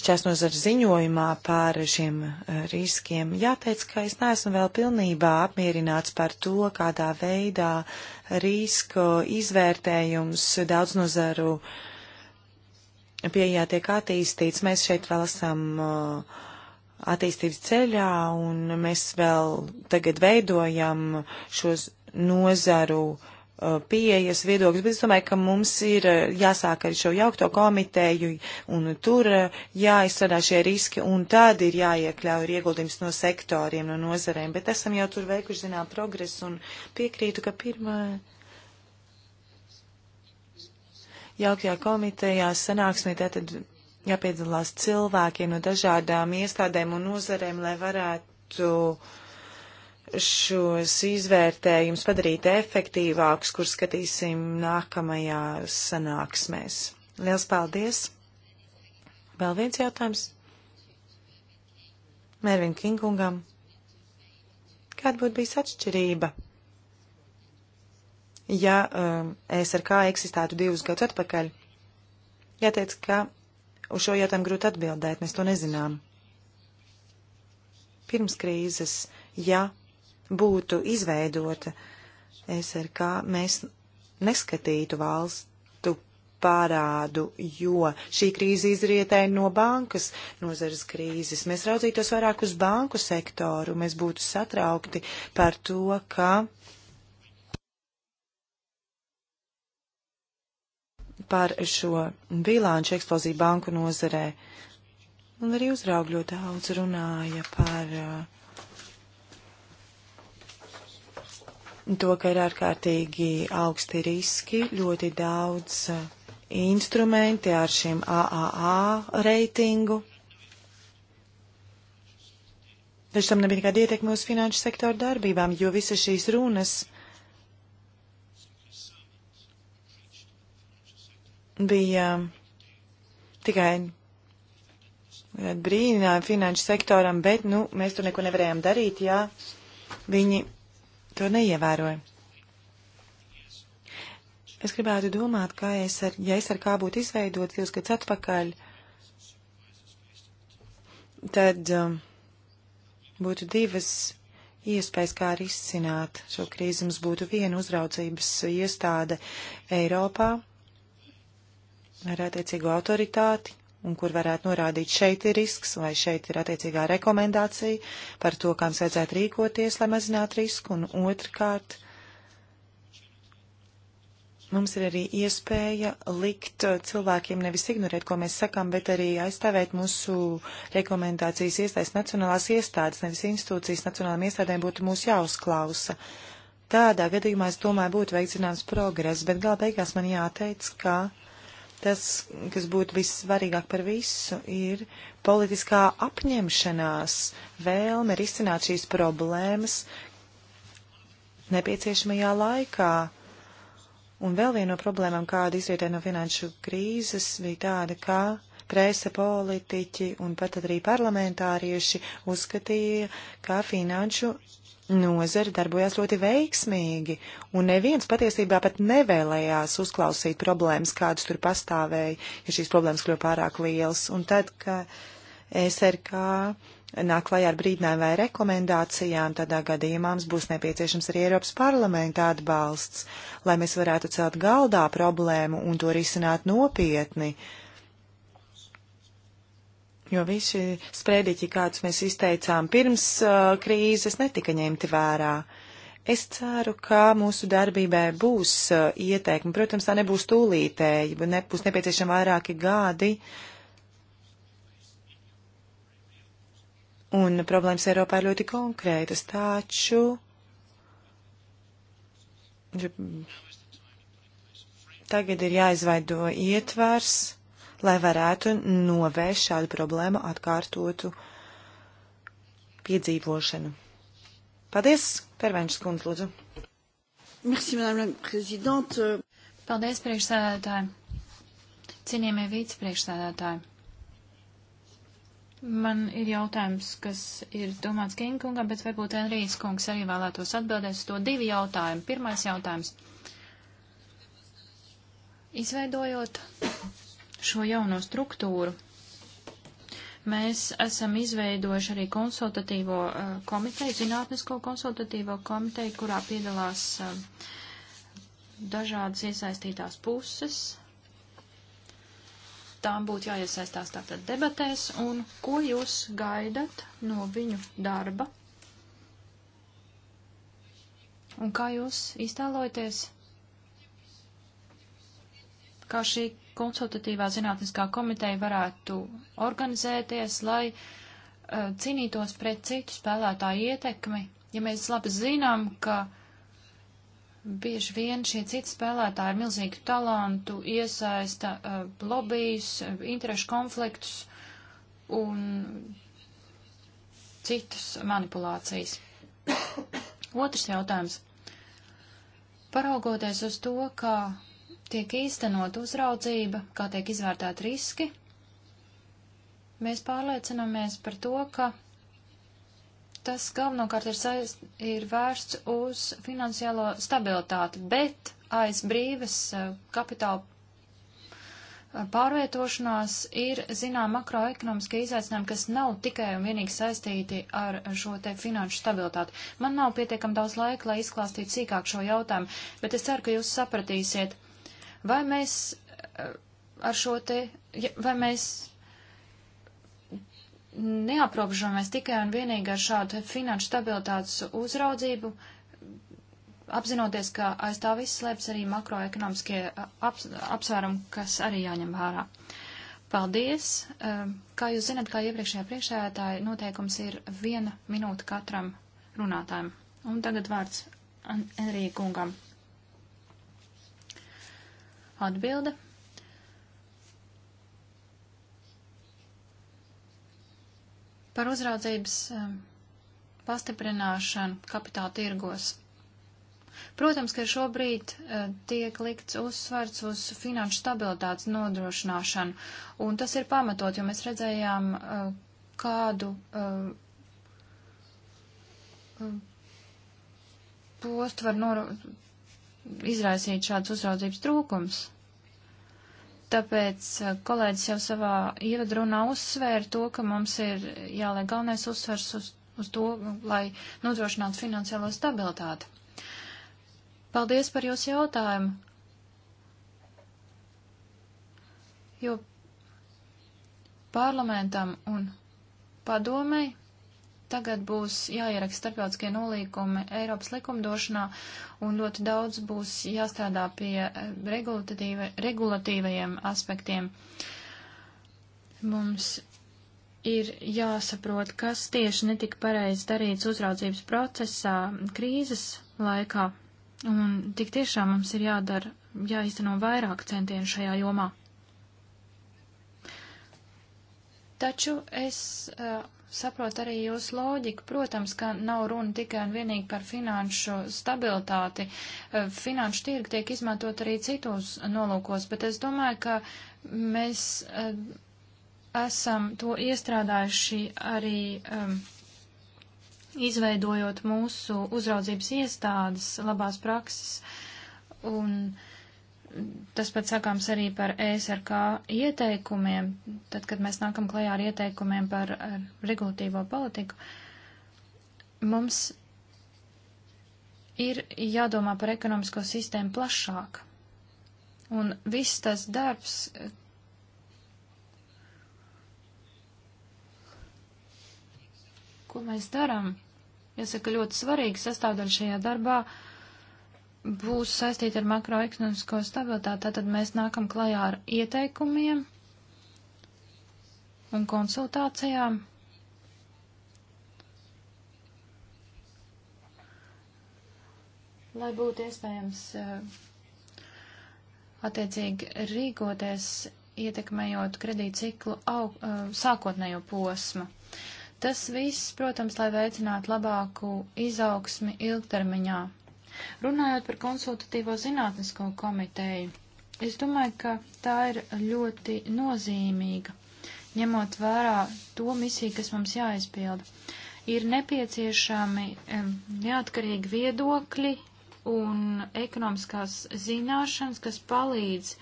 šās nozars ziņojumā par šiem eh, riskiem. Jāteic, ka es neesmu vēl pilnībā apmierināts par to, kādā veidā riska izvērtējums daudz nozaru pieejā tiek attīstīts. Mēs šeit vēl esam eh, attīstības ceļā un mēs vēl tagad veidojam šos nozaru uh, Uh, pieejas viedoklis, bet es domāju, ka mums ir uh, jāsāk ar šo jaukto komiteju un tur uh, jāizstrādā šie riski un tad ir jāiekļauj ieguldījums no sektoriem, no nozarēm, bet esam jau tur veikuši zinām progresu un piekrītu, ka pirmā jauktajā komitejā sanāksmē tātad jāpiedalās cilvēkiem no dažādām iestādēm un nozarēm, lai varētu uh, šos izvērtējumus padarīt efektīvākus, kur skatīsim nākamajā sanāksmēs. Liels paldies! Vēl viens jautājums. Mērvin Kingungam. Kāda būtu bijis atšķirība? Ja um, es ar kā eksistētu divus gadus atpakaļ, jāteic, ka uz šo jautājumu grūti atbildēt, mēs to nezinām. Pirms krīzes, ja būtu izveidota SRK, mēs neskatītu valstu parādu, jo šī krīze izrietēja no bankas nozares krīzes. Mēs raudzītos vairāk uz banku sektoru, mēs būtu satraukti par to, ka par šo bilanču eksploziju banku nozarē. Un arī uzraug ļoti daudz runāja par uh, to, ka ir ārkārtīgi augsti riski, ļoti daudz eh, instrumenti ar šiem AAA reitingu. Taču tam nebija nekāda ietekme uz finanšu sektoru darbībām, jo visas šīs runas bija eh, tikai eh, brīnājumi finanšu sektoram, bet, nu, mēs tur neko nevarējām darīt, jā, viņi to neievēroju. Es gribētu domāt, ka es ar, ja es ar kā būtu izveidots divus gadus atpakaļ, tad um, būtu divas iespējas, kā arī izcināt šo krīzi. Mums būtu viena uzraudzības iestāde Eiropā ar attiecīgu autoritāti, un kur varētu norādīt, šeit ir risks vai šeit ir attiecīgā rekomendācija par to, kā mums vajadzētu rīkoties, lai mazinātu risku, un otrkārt, mums ir arī iespēja likt uh, cilvēkiem nevis ignorēt, ko mēs sakām, bet arī aizstāvēt mūsu rekomendācijas iestādes nacionālās iestādes, nevis institūcijas nacionālām iestādēm būtu mūs jāuzklausa. Tādā gadījumā, es domāju, būtu veicināms progress, bet gala beigās man jāteic, ka. Kā Tas, kas būtu vissvarīgāk par visu, ir politiskā apņemšanās, vēlme risināt šīs problēmas nepieciešamajā laikā. Un vēl viena no problēmām, kāda izrietē no finanšu krīzes, bija tāda, ka prese, politiķi un pat arī parlamentārieši uzskatīja, ka finanšu nozara darbojās ļoti veiksmīgi, un neviens patiesībā pat nevēlējās uzklausīt problēmas, kādas tur pastāvēja, ja šīs problēmas kļuva pārāk lielas. Un tad, kad SRK nāk klajā ar brīdinājumu vai rekomendācijām, tādā gadījumā mums būs nepieciešams arī Eiropas parlamenta atbalsts, lai mēs varētu celt galdā problēmu un to risināt nopietni. Uh, jo visi sprēdiķi, kādus mēs izteicām pirms uh, krīzes, netika ņemti vērā. Es ceru, ka mūsu darbībai būs uh, ieteikumi. Protams, tā nebūs tūlītēji, bet nebūs nepieciešami vairāki gadi. Un problēmas Eiropā ir ļoti konkrētas, taču tagad ir jāizveido ietvers lai varētu novērst šādu problēmu atkārtotu piedzīvošanu. Paldies, Pervenčs kundz, lūdzu. Merci, madame la prezidente. Paldies, priekšsēdētāji. Cienījamie vicepriekšsēdētāji. Man ir jautājums, kas ir domāts Kingungam, bet varbūt Enrijas kungs arī vēlētos atbildēt uz to divi jautājumi. Pirmais jautājums. Izveidojot šo jauno struktūru. Mēs esam izveidojuši arī konsultatīvo uh, komiteju, zinātnisko konsultatīvo komiteju, kurā piedalās uh, dažādas iesaistītās puses. Tām būtu jāiesaistās tātad debatēs, un ko jūs gaidat no viņu darba? Un kā jūs iztēlojaties kā šī konsultatīvā zinātniskā komiteja varētu organizēties, lai uh, cīnītos pret citu spēlētāju ietekmi. Ja mēs labi zinām, ka bieži vien šie citi spēlētāji ar milzīgu talantu iesaista uh, eh, lobbyus, eh, interešu konfliktus un citas manipulācijas. Otrs jautājums. Paraugoties uz to, ka tiek īstenot uzraudzība, kā tiek izvērtēti riski, mēs pārliecināmies par to, ka tas galvenokārt ir, saist, ir vērsts uz finansiālo stabilitāti, bet aiz brīvas eh, kapitāla eh, pārvietošanās ir zinām makroekonomiskie izaicinājumi, kas nav tikai un vienīgi saistīti ar šo te finanšu stabilitāti. Man nav pietiekam daudz laika, lai izklāstītu sīkāk šo jautājumu, bet es ceru, ka jūs sapratīsiet, Vai mēs eh, ar šo te, vai mēs neaprobežojamies tikai un vienīgi ar šādu finanšu stabilitātes uzraudzību, apzinoties, ka aiz tā viss slēpjas arī makroekonomiskie eh, aps, apsvērumi, kas arī jāņem vērā. Paldies! Eh, kā jūs zinat, kā iepriekšējā priekšējātāja noteikums ir viena minūte katram runātājam. Un tagad vārds Enrija kungam. Atbilde. Par uzraudzības um, pastiprināšanu kapitāla tirgos. Protams, ka šobrīd uh, tiek likts uzsvars uz finanšu stabilitātes nodrošināšanu, un tas ir pamatot, jo mēs redzējām, uh, kādu uh, postu var nor izraisīt šāds uzraudzības trūkums. Tāpēc eh, kolēģis jau savā ievadrunā uzsvēra to, ka mums ir jāliek galvenais uzsvars uz, uz to, lai nodrošinātu finansiālo stabilitāti. Paldies par jūsu jautājumu. Jo parlamentam un padomēji tagad būs jāieraksta starptautiskie nolīkumi Eiropas likumdošanā, un ļoti daudz būs jāstrādā pie eh, regulatīvajiem aspektiem. Mums ir jāsaprot, kas tieši netika pareizi darīts uzraudzības procesā krīzes laikā, un tik tiešām mums ir jādara, jāizteno vairāk centienu šajā jomā. Taču es uh, saprotu arī jūsu loģiku. Protams, ka nav runa tikai un vienīgi par finanšu stabilitāti. Eh, finanšu tirgi tiek izmantot arī citos nolūkos, bet es domāju, ka mēs eh, esam to iestrādājuši arī. Um, izveidojot mūsu uzraudzības iestādes labās prakses. Un uh, tas pats sakāms arī par ESRK ieteikumiem, tad, kad mēs nākam klajā ar ieteikumiem par ar regulatīvo politiku, mums ir jādomā par ekonomisko sistēmu plašāk. Un viss tas darbs, ko mēs darām, jāsaka, ļoti svarīga sastāvdaļa šajā darbā. Uh, būs saistīta ar makroekonomisko stabilitāti, tad mēs nākam klajā ar ieteikumiem un konsultācijām. Lai būtu iespējams eh, attiecīgi rīkoties, ietekmējot kredīt ciklu aug, eh, sākotnējo posmu. Tas viss, protams, lai veicinātu labāku izaugsmi ilgtermiņā. Runājot par konsultatīvo zinātnisko komiteju, es domāju, ka tā ir ļoti nozīmīga, ņemot vērā to misiju, kas mums jāizpilda. Ir nepieciešami neatkarīgi viedokļi un ekonomiskās zināšanas, kas palīdz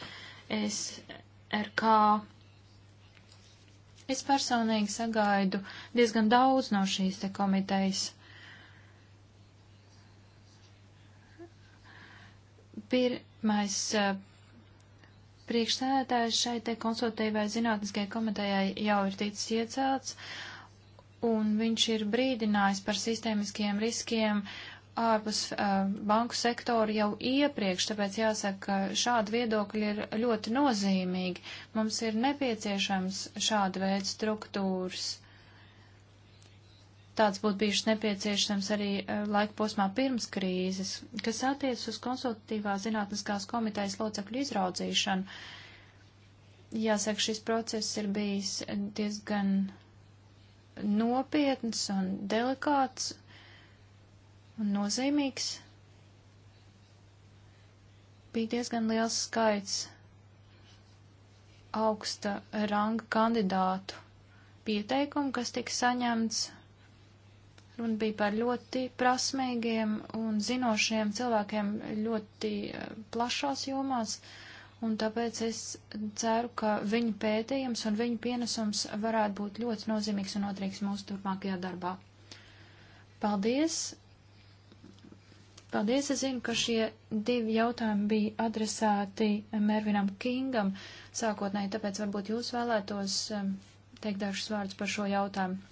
SRK. Es personīgi sagaidu diezgan daudz no šīs te komitejas Pirmais priekšsēdētājs šai te konsultatīvai zinātniskajai komitejai jau ir ticis iecelts, un viņš ir brīdinājis par sistēmiskiem riskiem ārpus uh, banku sektoru jau iepriekš, tāpēc jāsaka, ka šādi viedokļi ir ļoti nozīmīgi. Mums ir nepieciešams šāda veida struktūras. Uh, tāds būtu bijušas nepieciešams arī e, laika posmā pirms krīzes, kas attiecas uz konsultatīvā zinātniskās komitejas locekļu izraudzīšanu. Jāsaka, šis process ir bijis diezgan nopietns un delikāts un nozīmīgs. Bija diezgan liels skaits augsta ranga kandidātu pieteikumu, kas tika saņemts Runa bija par ļoti prasmīgiem un zinošiem cilvēkiem ļoti eh, plašās jomās, un tāpēc es ceru, ka viņu pētījums un viņu pienesums varētu būt ļoti nozīmīgs un noderīgs mūsu turpmākajā darbā. Paldies! Paldies, es zinu, ka šie divi jautājumi bija adresēti Mervinam Kingam sākotnēji, tāpēc varbūt jūs vēlētos eh, teikt dažus vārdus par šo jautājumu.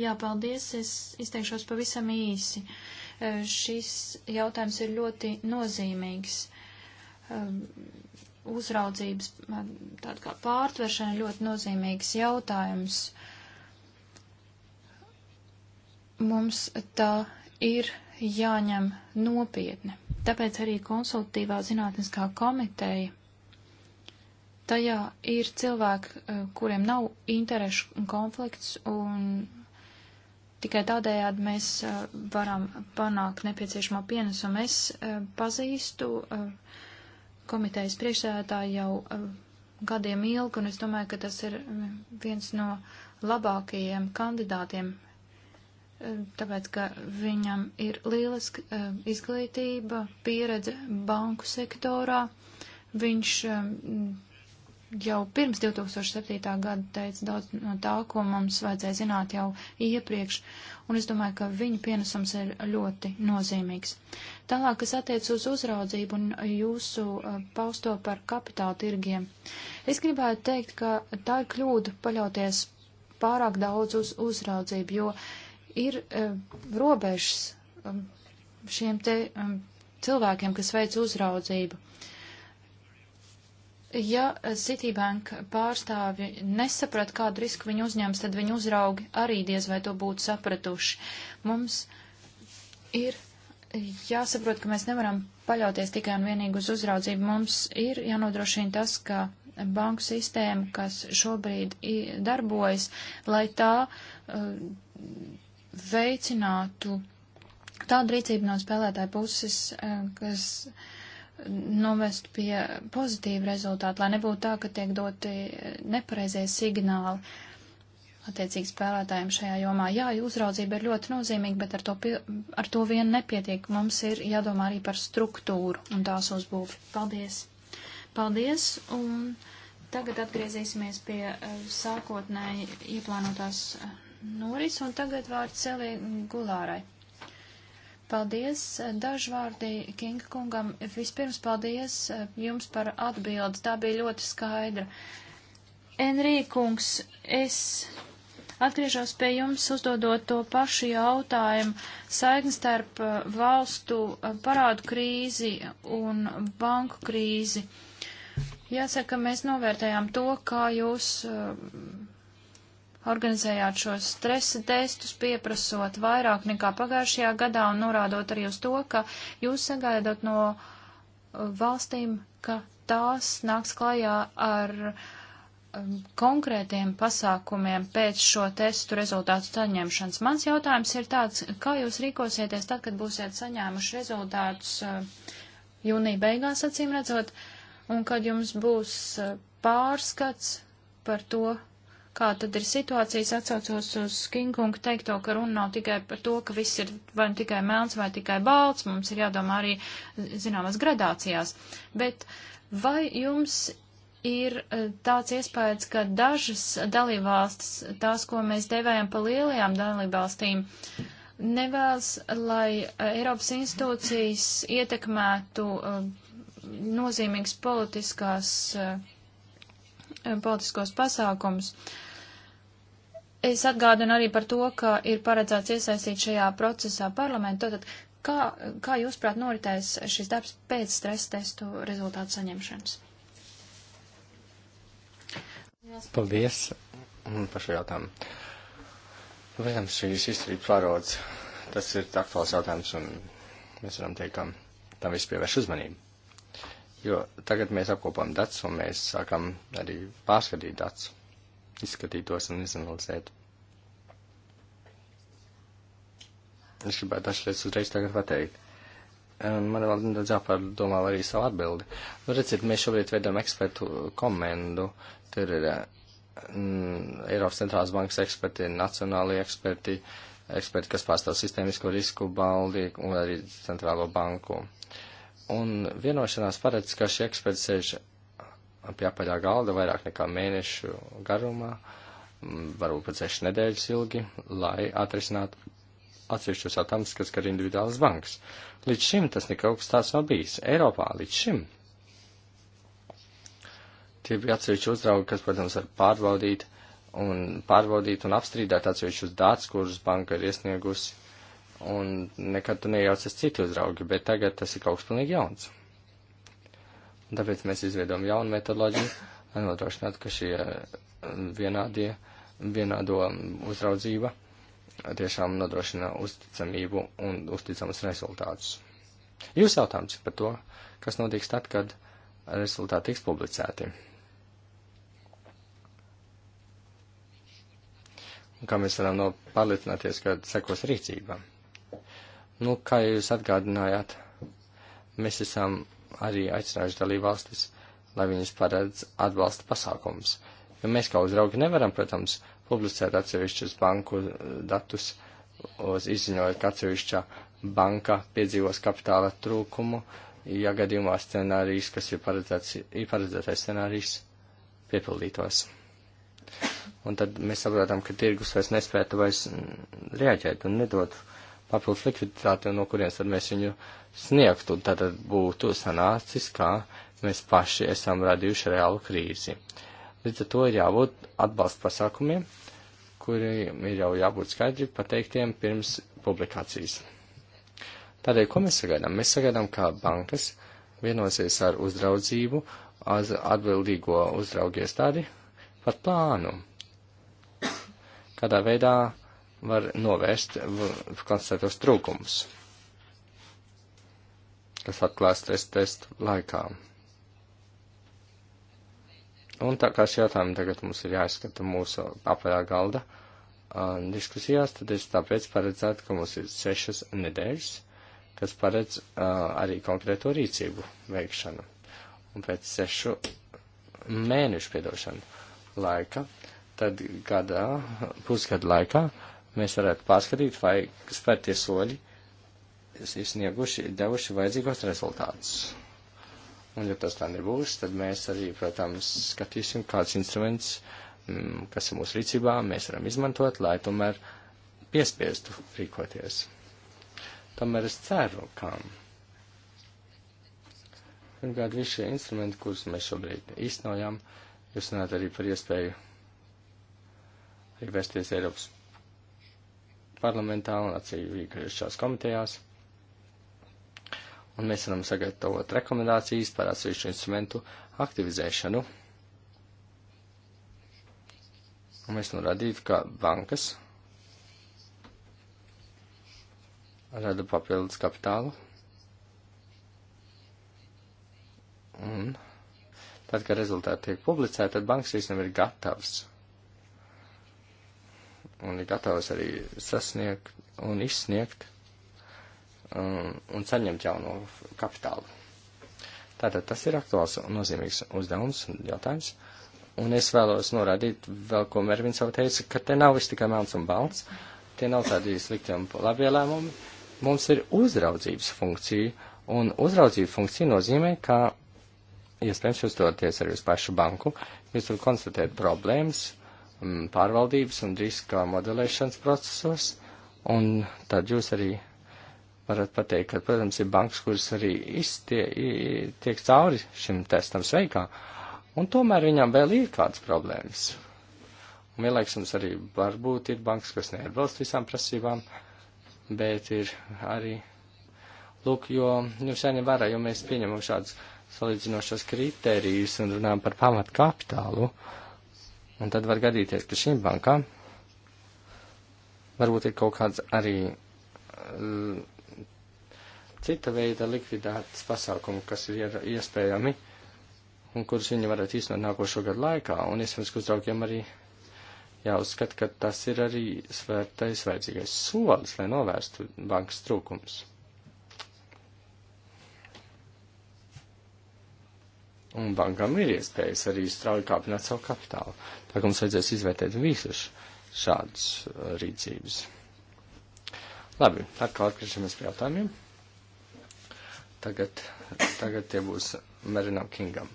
Jā, paldies. Es izteikšos pavisam īsi. Šis jautājums ir ļoti nozīmīgs. Uzraudzības tāda kā pārtveršana ļoti nozīmīgs jautājums. Mums tā ir jāņem nopietni. Tāpēc arī konsultatīvā zinātniskā komiteja tajā ir cilvēki, kuriem nav interešu konflikts un Tikai tādējādi mēs eh, varam panākt nepieciešamo pienesumu. Es eh, pazīstu eh, komitejas priekšsēdētāju jau gadiem ilgi, un es domāju, ka tas ir viens no labākajiem kandidātiem, tāpēc, ka viņam ir lieliska izglītība, pieredze banku sektorā. Viņš jau pirms 2007. gada teica daudz no tā, ko mums vajadzēja zināt jau iepriekš, un es domāju, ka viņa pienesums ir ļoti nozīmīgs. Tālāk, kas attiec uz uzraudzību un jūsu uh, pausto par kapitāla tirgiem, es gribētu teikt, ka tā ir kļūda paļauties pārāk daudz uz uzraudzību, jo ir uh, robežas um, šiem te um, cilvēkiem, kas veic uzraudzību. Uh, Ja Citibank pārstāvji nesaprat, kādu risku viņi uzņems, tad viņu uzraugi arī diez vai to būtu sapratuši. Mums ir jāsaprot, ka mēs nevaram paļauties tikai un vienīgi uz uzraudzību. Mums ir jānodrošina tas, ka banku sistēma, kas šobrīd darbojas, lai tā uh, veicinātu tādu rīcību no spēlētāju puses, uh, kas novest pie pozitīvu rezultātu, lai nebūtu tā, ka tiek doti eh, nepareizie signāli attiecīgi spēlētājiem šajā jomā. Jā, uzraudzība ir ļoti nozīmīga, bet ar to, ar to vien nepietiek. Mums ir jādomā arī par struktūru un tās uzbūvi. Paldies! Paldies! Un tagad atgriezīsimies pie eh, sākotnēji ieplānotās eh, noris, un tagad vārds Elī Gulārai. Paldies dažvārdi Kinga kungam. Vispirms paldies eh, jums par atbildi. Tā bija ļoti skaidra. Enrī kungs, es atgriežos pie jums uzdodot to pašu jautājumu saikni starp eh, valstu eh, parādu krīzi un banku krīzi. Jāsaka, mēs novērtējām to, kā jūs Organizējāt šos stresa testus, pieprasot vairāk nekā pagājušajā gadā un norādot arī uz to, ka jūs sagaidat no uh, valstīm, ka tās nāks klajā ar um, konkrētiem pasākumiem pēc šo testu rezultātu saņemšanas. Mans jautājums ir tāds, kā jūs rīkosieties tad, kad būsiet saņēmuši rezultātus uh, jūnija beigās, acīm redzot, un kad jums būs uh, pārskats par to, kā tad ir situācijas atsaucos uz Kingunga teikto, ka runa nav tikai par to, ka viss ir vai nu tikai melns vai tikai balts, mums ir jādomā arī zināmas gradācijās. Bet vai jums ir eh, tāds iespējas, ka dažas dalībvalstis, tās, ko mēs devējam pa lielajām dalībvalstīm, nevēlas, lai eh, Eiropas institūcijas ietekmētu eh, nozīmīgas politiskās, politiskos pasākums. Uh, Es atgādinu arī par to, ka ir paredzēts iesaistīt šajā procesā parlamentu. Tātad, kā, kā jūs prāt noritēs šis darbs pēc stresa testu rezultātu saņemšanas? Paldies par šo jautājumu. Protams, šīs izturības pāraudzes, tas ir aktuāls jautājums, un mēs varam teikt, ka tam viss pievērš uzmanību. Jo tagad mēs apkopām datus, un mēs sākam arī pārskatīt datus izskatītos un izanalizētu. Es gribētu dažas lietas uzreiz tagad pateikt. Un man vēl nedaudz jāpārdomā arī savu atbildi. Nu, redziet, mēs šobrīd veidām ekspertu komandu. Tur ir mm, Eiropas centrālās bankas eksperti, nacionālie eksperti, eksperti, kas pārstāv sistēmisko risku baldi un arī centrālo banku. Un vienošanās paredz, ka šie eksperti sēž pie apaļā galda vairāk nekā mēnešu garumā, varbūt pat sešu nedēļas ilgi, lai atrisinātu atsevišķus jautājumus, kas skar individuālas bankas. Līdz šim tas nekaut kas tāds nav bijis. Eiropā līdz šim. Tie bija atsevišķi uzraugi, kas, protams, var pārbaudīt un pārbaudīt un apstrīdēt atsevišķus datus, kurus banka ir iesniegusi, un nekad tu nejaucies citi uzraugi, bet tagad tas ir kaut kas pilnīgi jauns. Un tāpēc mēs izveidojam jaunu metodoloģiju, lai nodrošinātu, ka šie eh, vienādie, vienādo mm, uzraudzība tiešām nodrošina uzticamību un uzticamus rezultātus. Jūs jautājums par to, kas notiks tad, kad rezultāti tiks publicēti. Un kā mēs varam no pārliecināties, ka sekos rīcība. Nu, kā jūs atgādinājāt, mēs esam arī aicinājuši dalībvalstis, lai viņas paredz atbalsta pasākums. Jo mēs kā uzraugi nevaram, protams, publicēt atsevišķus banku datus, uz izziņojot, ka atsevišķa banka piedzīvos kapitāla trūkumu, ja gadījumā scenārijs, kas ir, paredzēts, ir paredzētais scenārijs, piepildītos. Un tad mēs saprotam, ka tirgus vairs nespētu vairs reaģēt un nedot papildus likviditāti, no kurienes tad mēs viņu uh, sniegtu, un tad būtu sanācis, ka mēs paši esam radījuši reālu krīzi. Līdz ar to ir jābūt atbalsta pasākumiem, kuriem ir jau jābūt skaidri pateiktiem pirms publikācijas. Tādēļ, ko mēs sagaidām? Mēs sagaidām, ka bankas vienosies ar uzraudzību, atbildīgo uzraugu iestādi par plānu, kādā veidā var novērst konstatētos trūkumus kas atklās test testu laikā. Un tā kā šie jautājumi tagad mums ir jāizskata mūsu apvērā galda uh, diskusijās, tad es tāpēc paredzētu, ka mums ir sešas nedēļas, kas paredz uh, arī konkrēto rīcību veikšanu. Un pēc sešu mēnešu piedošanu laika, tad gadā, pusgada laikā mēs varētu pārskatīt, vai spērtie soļi kas ir snieguši, devuši vajadzīgos rezultātus. Un, ja tas tā nebūs, tad mēs arī, protams, skatīsim, kāds instruments, mm, kas ir mūsu rīcībā, mēs varam izmantot, lai tomēr piespiestu rīkoties. Tomēr es ceru, ka pirmkārt visi šie instrumenti, kurus mēs šobrīd īstenojam, jūs runājat arī par iespēju arī vērsties Eiropas parlamentā un atsevišķās komitejās un mēs varam sagatavot rekomendācijas par atsevišķu instrumentu aktivizēšanu. Un mēs norādītu, ka bankas rada papildus kapitālu. Un tad, kad rezultāti tiek publicēti, tad bankas visam ir gatavs. Un ir gatavs arī sasniegt un izsniegt um, un saņemt jauno kapitālu. Tātad tas ir aktuāls un nozīmīgs uzdevums un jautājums. Un es vēlos norādīt vēl, ko Mervins jau teica, ka te nav viss tikai melns un balts, tie nav tādi slikti un labie lēmumi. Mums ir uzraudzības funkcija, un uzraudzības funkcija nozīmē, ka iespējams jūs doties arī uz pašu banku, jūs tur konstatējat problēmas, mm, pārvaldības un riska modelēšanas procesos, un tad jūs arī varat pateikt, ka, protams, ir bankas, kuras arī iztie, tiek cauri šim testam sveikā, un tomēr viņam vēl ir kādas problēmas. Un vienlaiks mums arī varbūt ir bankas, kas neatbilst visām prasībām, bet ir arī, lūk, jo jums jāņem vērā, jo mēs pieņemam šādus salīdzinošos kritērijus un runājam par pamatu kapitālu, un tad var gadīties, ka šīm bankām varbūt ir kaut kāds arī cita veida likvidētas pasākumu, kas ir iespējami un kurus viņi varētu īstenot nākošo gadu laikā. Un iespējams, ka uzraugiem arī jāuzskata, ka tas ir arī svērtais vajadzīgais solis, lai novērstu bankas trūkums. Un bankam ir iespējas arī strauji kāpināt savu kapitālu. Tā kā mums vajadzēs izvērtēt visus šādus uh, rīcības. Labi, atkal atgriežamies pie jautājumiem. Tagad, tagad tie būs Merinam Kingam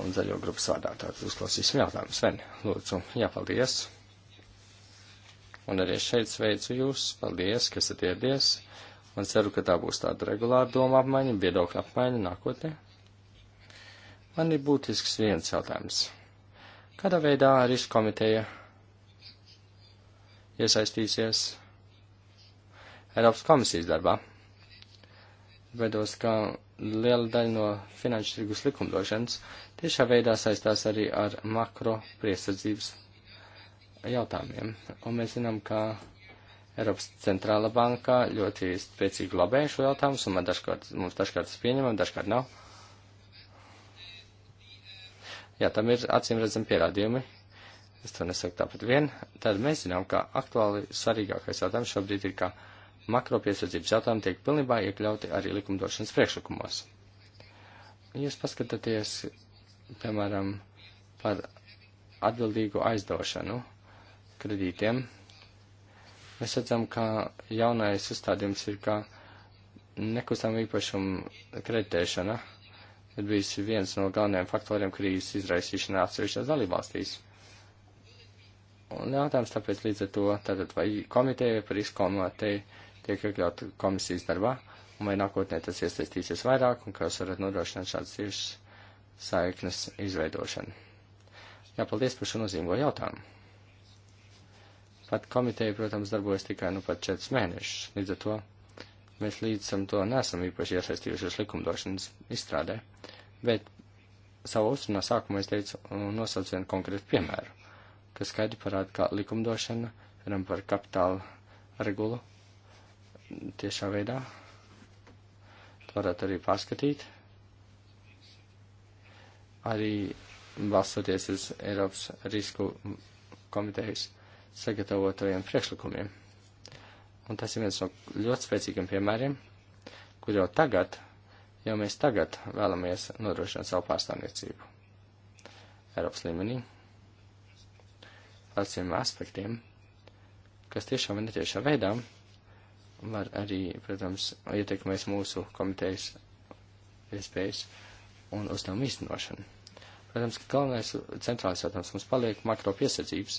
un zaļo grupas vārdā. Tātad uzklausīsim jautājumu. Sven, lūdzu, jāpaldies. Un arī šeit sveicu jūs. Paldies, ka esat ieradies. Un ceru, ka tā būs tāda regulāra doma apmaiņa, viedokļa apmaiņa nākotnē. Man ir būtisks viens jautājums. Kādā veidā riska komiteja iesaistīsies Eiropas komisijas darbā? vedos, ka liela daļa no finanšu tirgus likumdošanas tiešā veidā saistās arī ar makro priesardzības jautājumiem. Un mēs zinām, ka Eiropas centrāla bankā ļoti spēcīgi glabē šo jautājumu, un man dažkārt, mums dažkārt tas pieņemam, dažkārt nav. Jā, tam ir acīm redzam pierādījumi. Es to nesaku tāpat vien. Tad mēs zinām, ka aktuāli svarīgākais jautājums šobrīd ir, ka. Kā makropiesardzības jautājumi tiek pilnībā iekļauti arī likumdošanas priekšlikumos. Jūs paskatāties, piemēram, par atbildīgu aizdošanu kredītiem. Mēs redzam, ka jaunais uzstādījums ir, ka nekustam īpašumu kreditēšana ir bijis viens no galvenajiem faktoriem krīzes izraisīšanā atsevišķās dalībvalstīs. Un jautājums tāpēc līdz ar to, tātad vai komiteja par izkomiteju tiek iekļauti komisijas darbā, un vai nākotnē tas iesaistīsies vairāk, un kā jūs varat nodrošināt šādas tiešas saiknes izveidošanu. Jā, paldies par šo nozīmīgo jautājumu. Pat komiteja, protams, darbojas tikai nu pat četrus mēnešus, līdz ar to mēs līdz tam to nesam īpaši iesaistījušies likumdošanas izstrādē, bet savā uzrunā sākumā es teicu nosauc vienu konkrētu piemēru, kas skaidri parāda, kā likumdošana, piemēram, par kapitāla regulu tiešā veidā. To varētu arī paskatīt. Arī balstoties uz Eiropas risku komitejas sagatavotajiem priekšlikumiem. Un tas ir viens no ļoti spēcīgiem piemēriem, kur jau tagad, jau mēs tagad vēlamies nodrošināt savu pārstāvniecību Eiropas līmenī par šiem aspektiem, kas tiešām un netiešā veidā var arī, protams, ietekmēs mūsu komitejas iespējas un uzdevumu īstenošanu. Protams, ka galvenais centrālais jautājums mums paliek makro piesardzības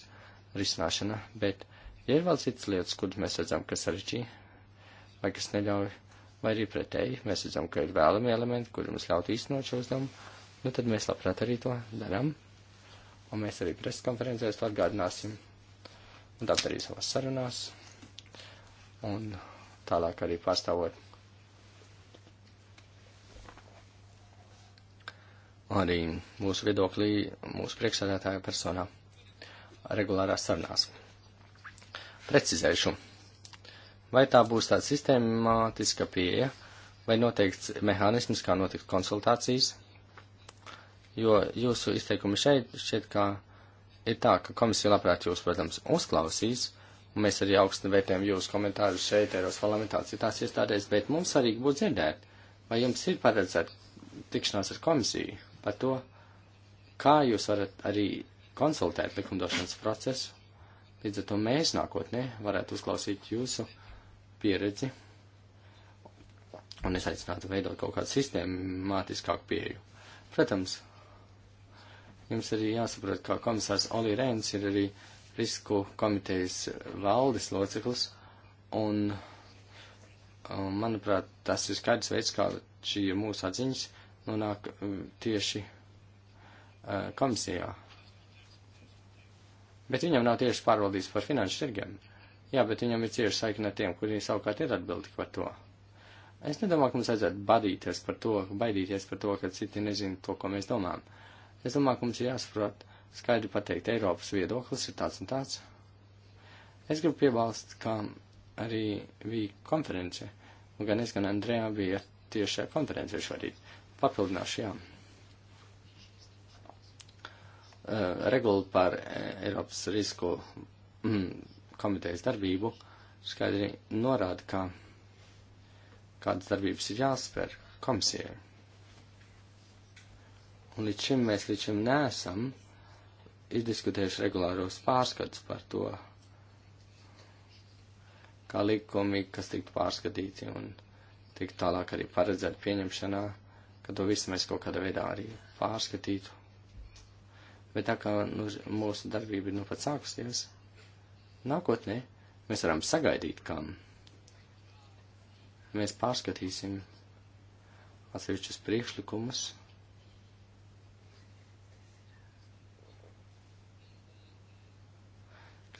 risināšana, bet ja ir vēl citas lietas, kuras mēs redzam, kas sarežģī vai kas neļauj, vai arī pretēji, mēs redzam, ka ir vēlami elementi, kuri mums ļautu īstenot šo uzdevumu, nu tad mēs labprāt arī to darām, un mēs arī preskonferencēs to atgādināsim, un tāpat arī savās sarunās un tālāk arī pārstāvot arī mūsu viedoklī, mūsu priekšsēdētāja personā regulārās sarunās. Precizēšu. Vai tā būs tāda sistēmātiska pieeja vai noteikts mehānisms, kā notiks konsultācijas? Jo jūsu izteikumi šeit šķiet, ka ir tā, ka komisija labprāt jūs, protams, uzklausīs, un mēs arī augstu vērtējam jūsu komentārus šeit, Eiros parlamentā, citās iestādēs, bet mums arī būtu dzirdēt, vai jums ir paredzēta tikšanās ar komisiju par to, kā jūs varat arī konsultēt likumdošanas procesu, līdz ar to mēs nākotnē varētu uzklausīt jūsu pieredzi, un es aicinātu veidot kaut kādu sistēmātiskāku pieeju. Protams, jums arī jāsaprot, kā komisārs Olī Rēns ir arī risku komitejas valdes loceklis, un, un um, manuprāt, tas ir skaidrs veids, kā šī mūsu atziņas nonāk um, tieši uh, komisijā. Bet viņam nav tieši pārvaldības par finanšu tirgiem. Jā, bet viņam ir cieši saikne ar tiem, kuri savukārt ir atbildīgi par to. Es nedomāju, ka mums vajadzētu badīties par to, baidīties par to, ka citi nezina to, ko mēs domājam. Es domāju, ka mums ir jāsaprot, uh, skaidri pateikt, Eiropas viedoklis ir tāds un tāds. Es gribu piebalst, ka arī bija konference, un gan es, gan Andrejā bija tieši šajā konferencē šorīt. Papildināšu, jā. Uh, Regula par eh, Eiropas risku mm, komitejas darbību skaidri norāda, ka kādas darbības ir jāspēr komisijai. Un līdz šim mēs līdz šim nesam ir diskutējuši regulāros pārskats par to, kā likumi, kas tiktu pārskatīti un tik tālāk arī paredzēt pieņemšanā, ka to visu mēs kaut kādā veidā arī pārskatītu. Bet tā kā nu, mūsu darbība ir nu pat sākusies, nākotnē mēs varam sagaidīt, kam mēs pārskatīsim atsevišķus priekšlikumus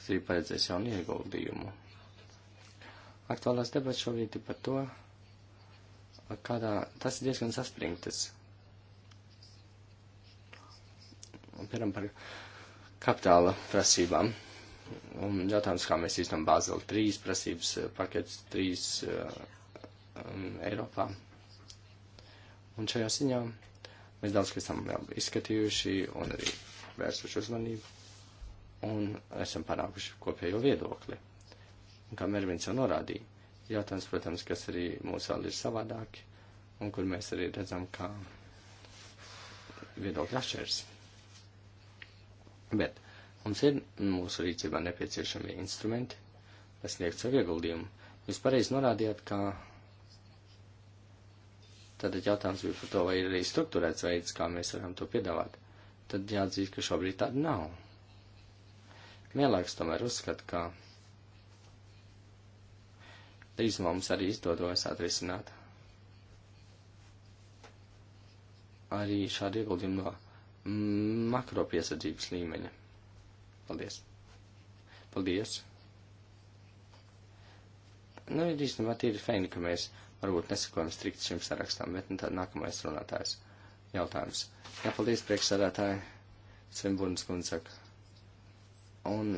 arī paredzēs jaunu ieguldījumu. Aktuālās debats šobrīd ir par to, kādā tas ir diezgan saspringtas. Piemēram, par kapitāla prasībām. Un jautājums, kā mēs iznam Bāzeli 3 prasības pakets 3 um, Eiropā. Un šajā ziņā mēs daudz, kas esam vēl izskatījuši un arī vērsuši uzmanību un esam panākuši kopējo viedokli. Un kā Mervins jau norādīja, jautājums, protams, kas arī mūsu vēl ir savādāki, un kur mēs arī redzam, kā viedokļi atšķiras. Bet mums ir mūsu rīcībā nepieciešami instrumenti, lai sniegtu savu ieguldījumu. Jūs pareizi norādījāt, ka Tātad jautājums bija par to, vai ir arī struktūrēts veids, kā mēs varam to piedāvāt. Tad jāatzīst, ka šobrīd tāda nav. Vienlaiks tomēr uzskat, ka drīz mums arī izdodos atrisināt arī šādu ieguldījumu no makro piesardzības līmeņa. Paldies! Paldies! Nu, ir īstenībā tīri feini, ka mēs varbūt nesakojam strikt šim sarakstam, bet nu, tad nākamais runātājs jautājums. Jā, paldies priekšsādātāji, Svenburnas kundzaka. Un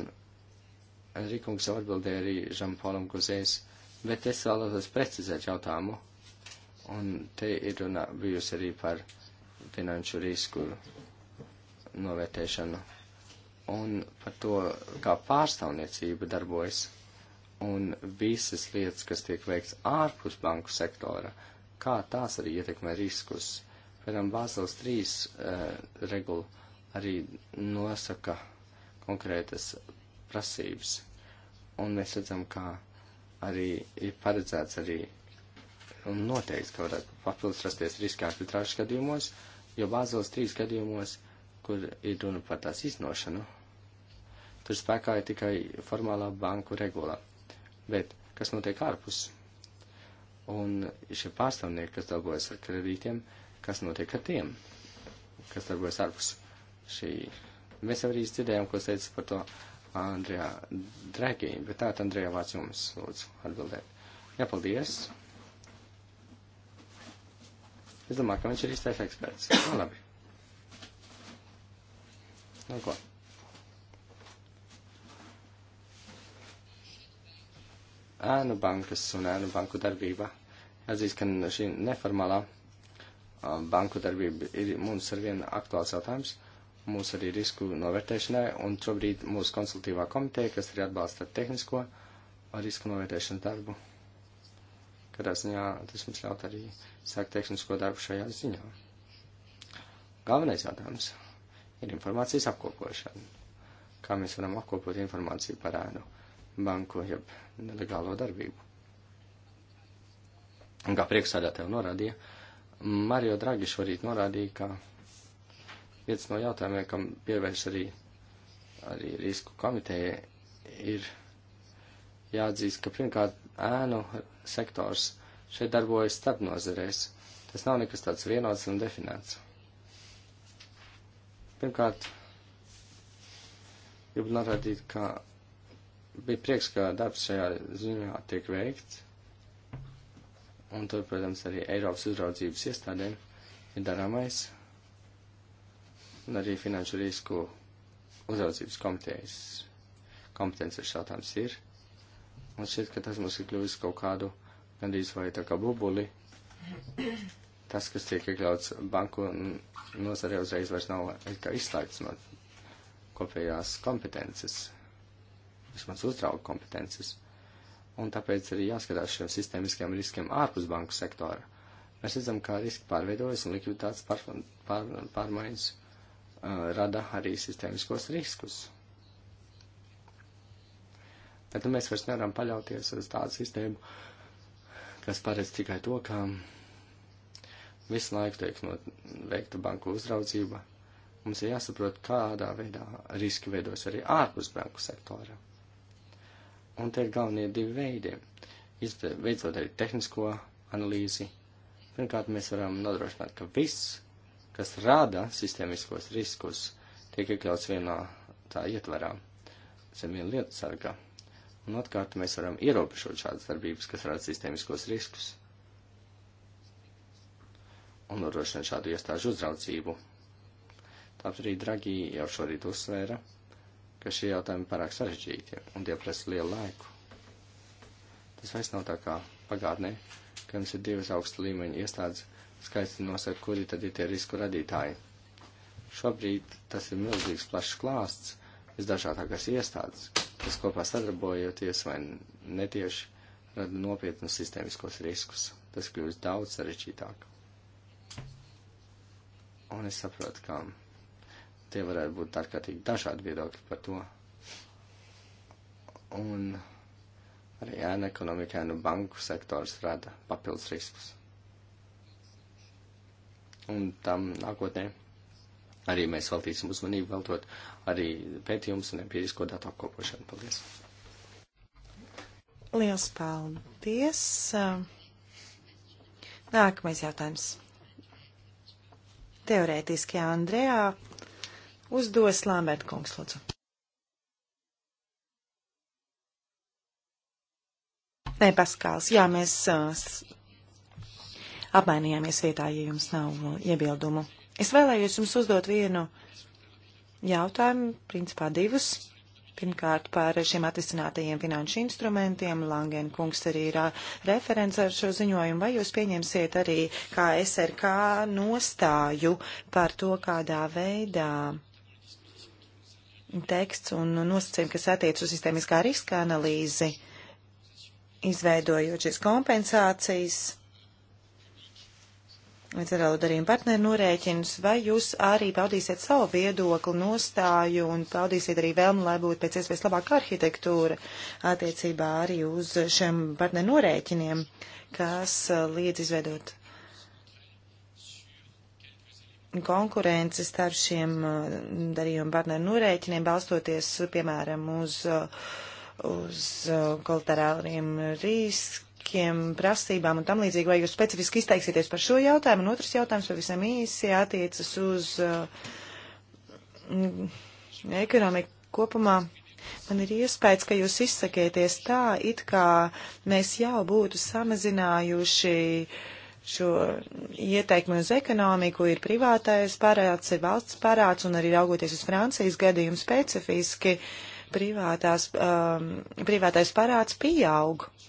Rīkungs jau atbildēja arī Žampalam Guzēs, bet es vēlētos precizēt jautājumu. Un te ir runa bijusi arī par finanšu risku novērtēšanu un par to, kā pārstāvniecība darbojas un visas lietas, kas tiek veikts ārpus banku sektora, kā tās arī ietekmē riskus. Piemēram, Bāzels 3 uh, eh, regula arī nosaka konkrētas prasības. Un mēs redzam, ka arī ir paredzēts arī un noteikts, ka varētu papildus rasties riska arbitrāžas gadījumos, jo bāzos trīs gadījumos, kur ir runa par tās iznošanu, tur spēkā ir tikai formālā banku regula. Bet kas notiek ārpus? Un šie pārstāvnieki, kas darbojas ar kredītiem, kas notiek ar tiem, kas darbojas ārpus šī Mēs arī dzirdējām, ko teica par to Andrejā Dragī, bet tā, Andrejā, vārds jums, lūdzu, atbildēt. Jā, paldies. Es domāju, ka viņš ir īstais eksperts. Nu, labi. Nu, ko? ēnu bankas un ēnu banku darbība. Atzīst, ka šī neformālā um, banku darbība ir mums ar vienu aktuāls jautājums, mūsu arī risku novērtēšanai, un šobrīd mūsu konsultīvā komiteja, kas arī atbalsta tehnisko risku novērtēšanu darbu, kādā ziņā tas mums ļaut arī sākt tehnisko darbu šajā ziņā. Galvenais jautājums ir informācijas apkopošana. Kā mēs varam apkopot informāciju par ēnu banku jeb nelegālo darbību? Un kā priekšsādātāju norādīja, Mario Dragi šorīt norādīja, ka viens no jautājumiem, kam pievērš arī, arī risku komiteja, ir jāatzīst, ka pirmkārt ēnu sektors šeit darbojas starp nozarēs. Tas nav nekas tāds vienots un definēts. Pirmkārt, gribu norādīt, ka bija prieks, ka darbs šajā ziņā tiek veikts. Un tur, protams, arī Eiropas uzraudzības iestādēm ir darāmais, un arī finanšu risku uzraudzības komitejas kompetences jautājums ir. Un šķiet, ka tas mums ir kļuvis kaut kādu gandrīz vai tā kā bubuli. Tas, kas tiek iekļauts banku nozarē, uzreiz vairs nav izslēgts no kopējās kompetences, vismaz uzrauga kompetences. Un tāpēc arī jāskatās šiem sistēmiskiem riskiem ārpus banku sektora. Mēs redzam, kā riski pārveidojas un likviditātes pār, pār, pārmaiņas. Pār, Uh, rada arī sistēmiskos riskus. Bet nu, mēs vairs nevaram paļauties uz tādu sistēmu, kas paredz tikai to, ka visu laiku tiek no, veikta banku uzraudzība. Mums ir jāsaprot, kādā veidā riski veidos arī ārpus banku sektora. Un te ir galvenie divi veidi. Veidzot arī tehnisko analīzi. Pirmkārt, mēs varam nodrošināt, ka viss kas rāda sistēmiskos riskus, tiek iekļauts vienā tā ietvarā, zem viena lietu sarga. Un atkārt mēs varam ierobežot šādas darbības, kas rāda sistēmiskos riskus. Un nodrošināt šādu iestāžu uzraudzību. Tāpat arī Dragi jau šorīt uzsvēra, ka šie jautājumi pārāk sarežģīti un tie prasa lielu laiku. Tas vairs nav tā kā pagātnē, ka mums ir divas augsta līmeņa iestādes, skaisti nosaka, kuri tad ir tie risku radītāji. Šobrīd tas ir milzīgs plašs klāsts, visdažādākās iestādes, kas kopā sadarbojoties vai netieši rada nopietnus sistēmiskos riskus. Tas kļūst daudz sarežģītāk. Un es saprotu, ka tie varētu būt ārkārtīgi dažādi viedokļi par to. Un arī ēna ekonomikā, nu banku sektors rada papildus riskus un tam nākotnē arī mēs veltīsim uzmanību, veltot arī pētījumus un empirisko datu apkopošanu. Paldies! Liels paldies! Nākamais jautājums. Teorētiski Andrejā uzdos Lambert kungs, lūdzu. Nē, Paskāls, jā, mēs uh, apmainījāmies vietā, ja jums nav uh, iebildumu. Es vēlējos jums uzdot vienu jautājumu, principā divus. Pirmkārt, par šiem atrisinātajiem finanšu instrumentiem. Langen kungs arī ir uh, referents ar šo ziņojumu. Vai jūs pieņemsiet arī kā SRK nostāju par to, kādā veidā teksts un nosacījumi, kas attiec uz sistēmiskā riska analīzi, izveidojot šīs kompensācijas? līdz ar darījumu partneru norēķinus, vai jūs arī paudīsiet savu viedokli, nostāju un paudīsiet arī vēlmi, lai būtu pēc iespējas labāka arhitektūra attiecībā arī uz šiem partneru norēķiniem, kas uh, liedz izveidot konkurences starp šiem uh, darījumu partneru norēķiniem, balstoties, piemēram, uz, uh, uz kolaterāliem riskiem cilvēkiem, prasībām un tam līdzīgi, vai jūs specifiski izteiksieties par šo jautājumu, un otrs jautājums pavisam īsi attiecas uz uh, ekonomiku kopumā. Man ir iespējas, ka jūs izsakieties tā, it kā mēs jau būtu samazinājuši šo ieteikumu uz ekonomiku, ir privātais parāds, ir valsts parāds, un arī raugoties uz Francijas gadījumu specifiski, privātās, um, privātais parāds pieaug. Uh,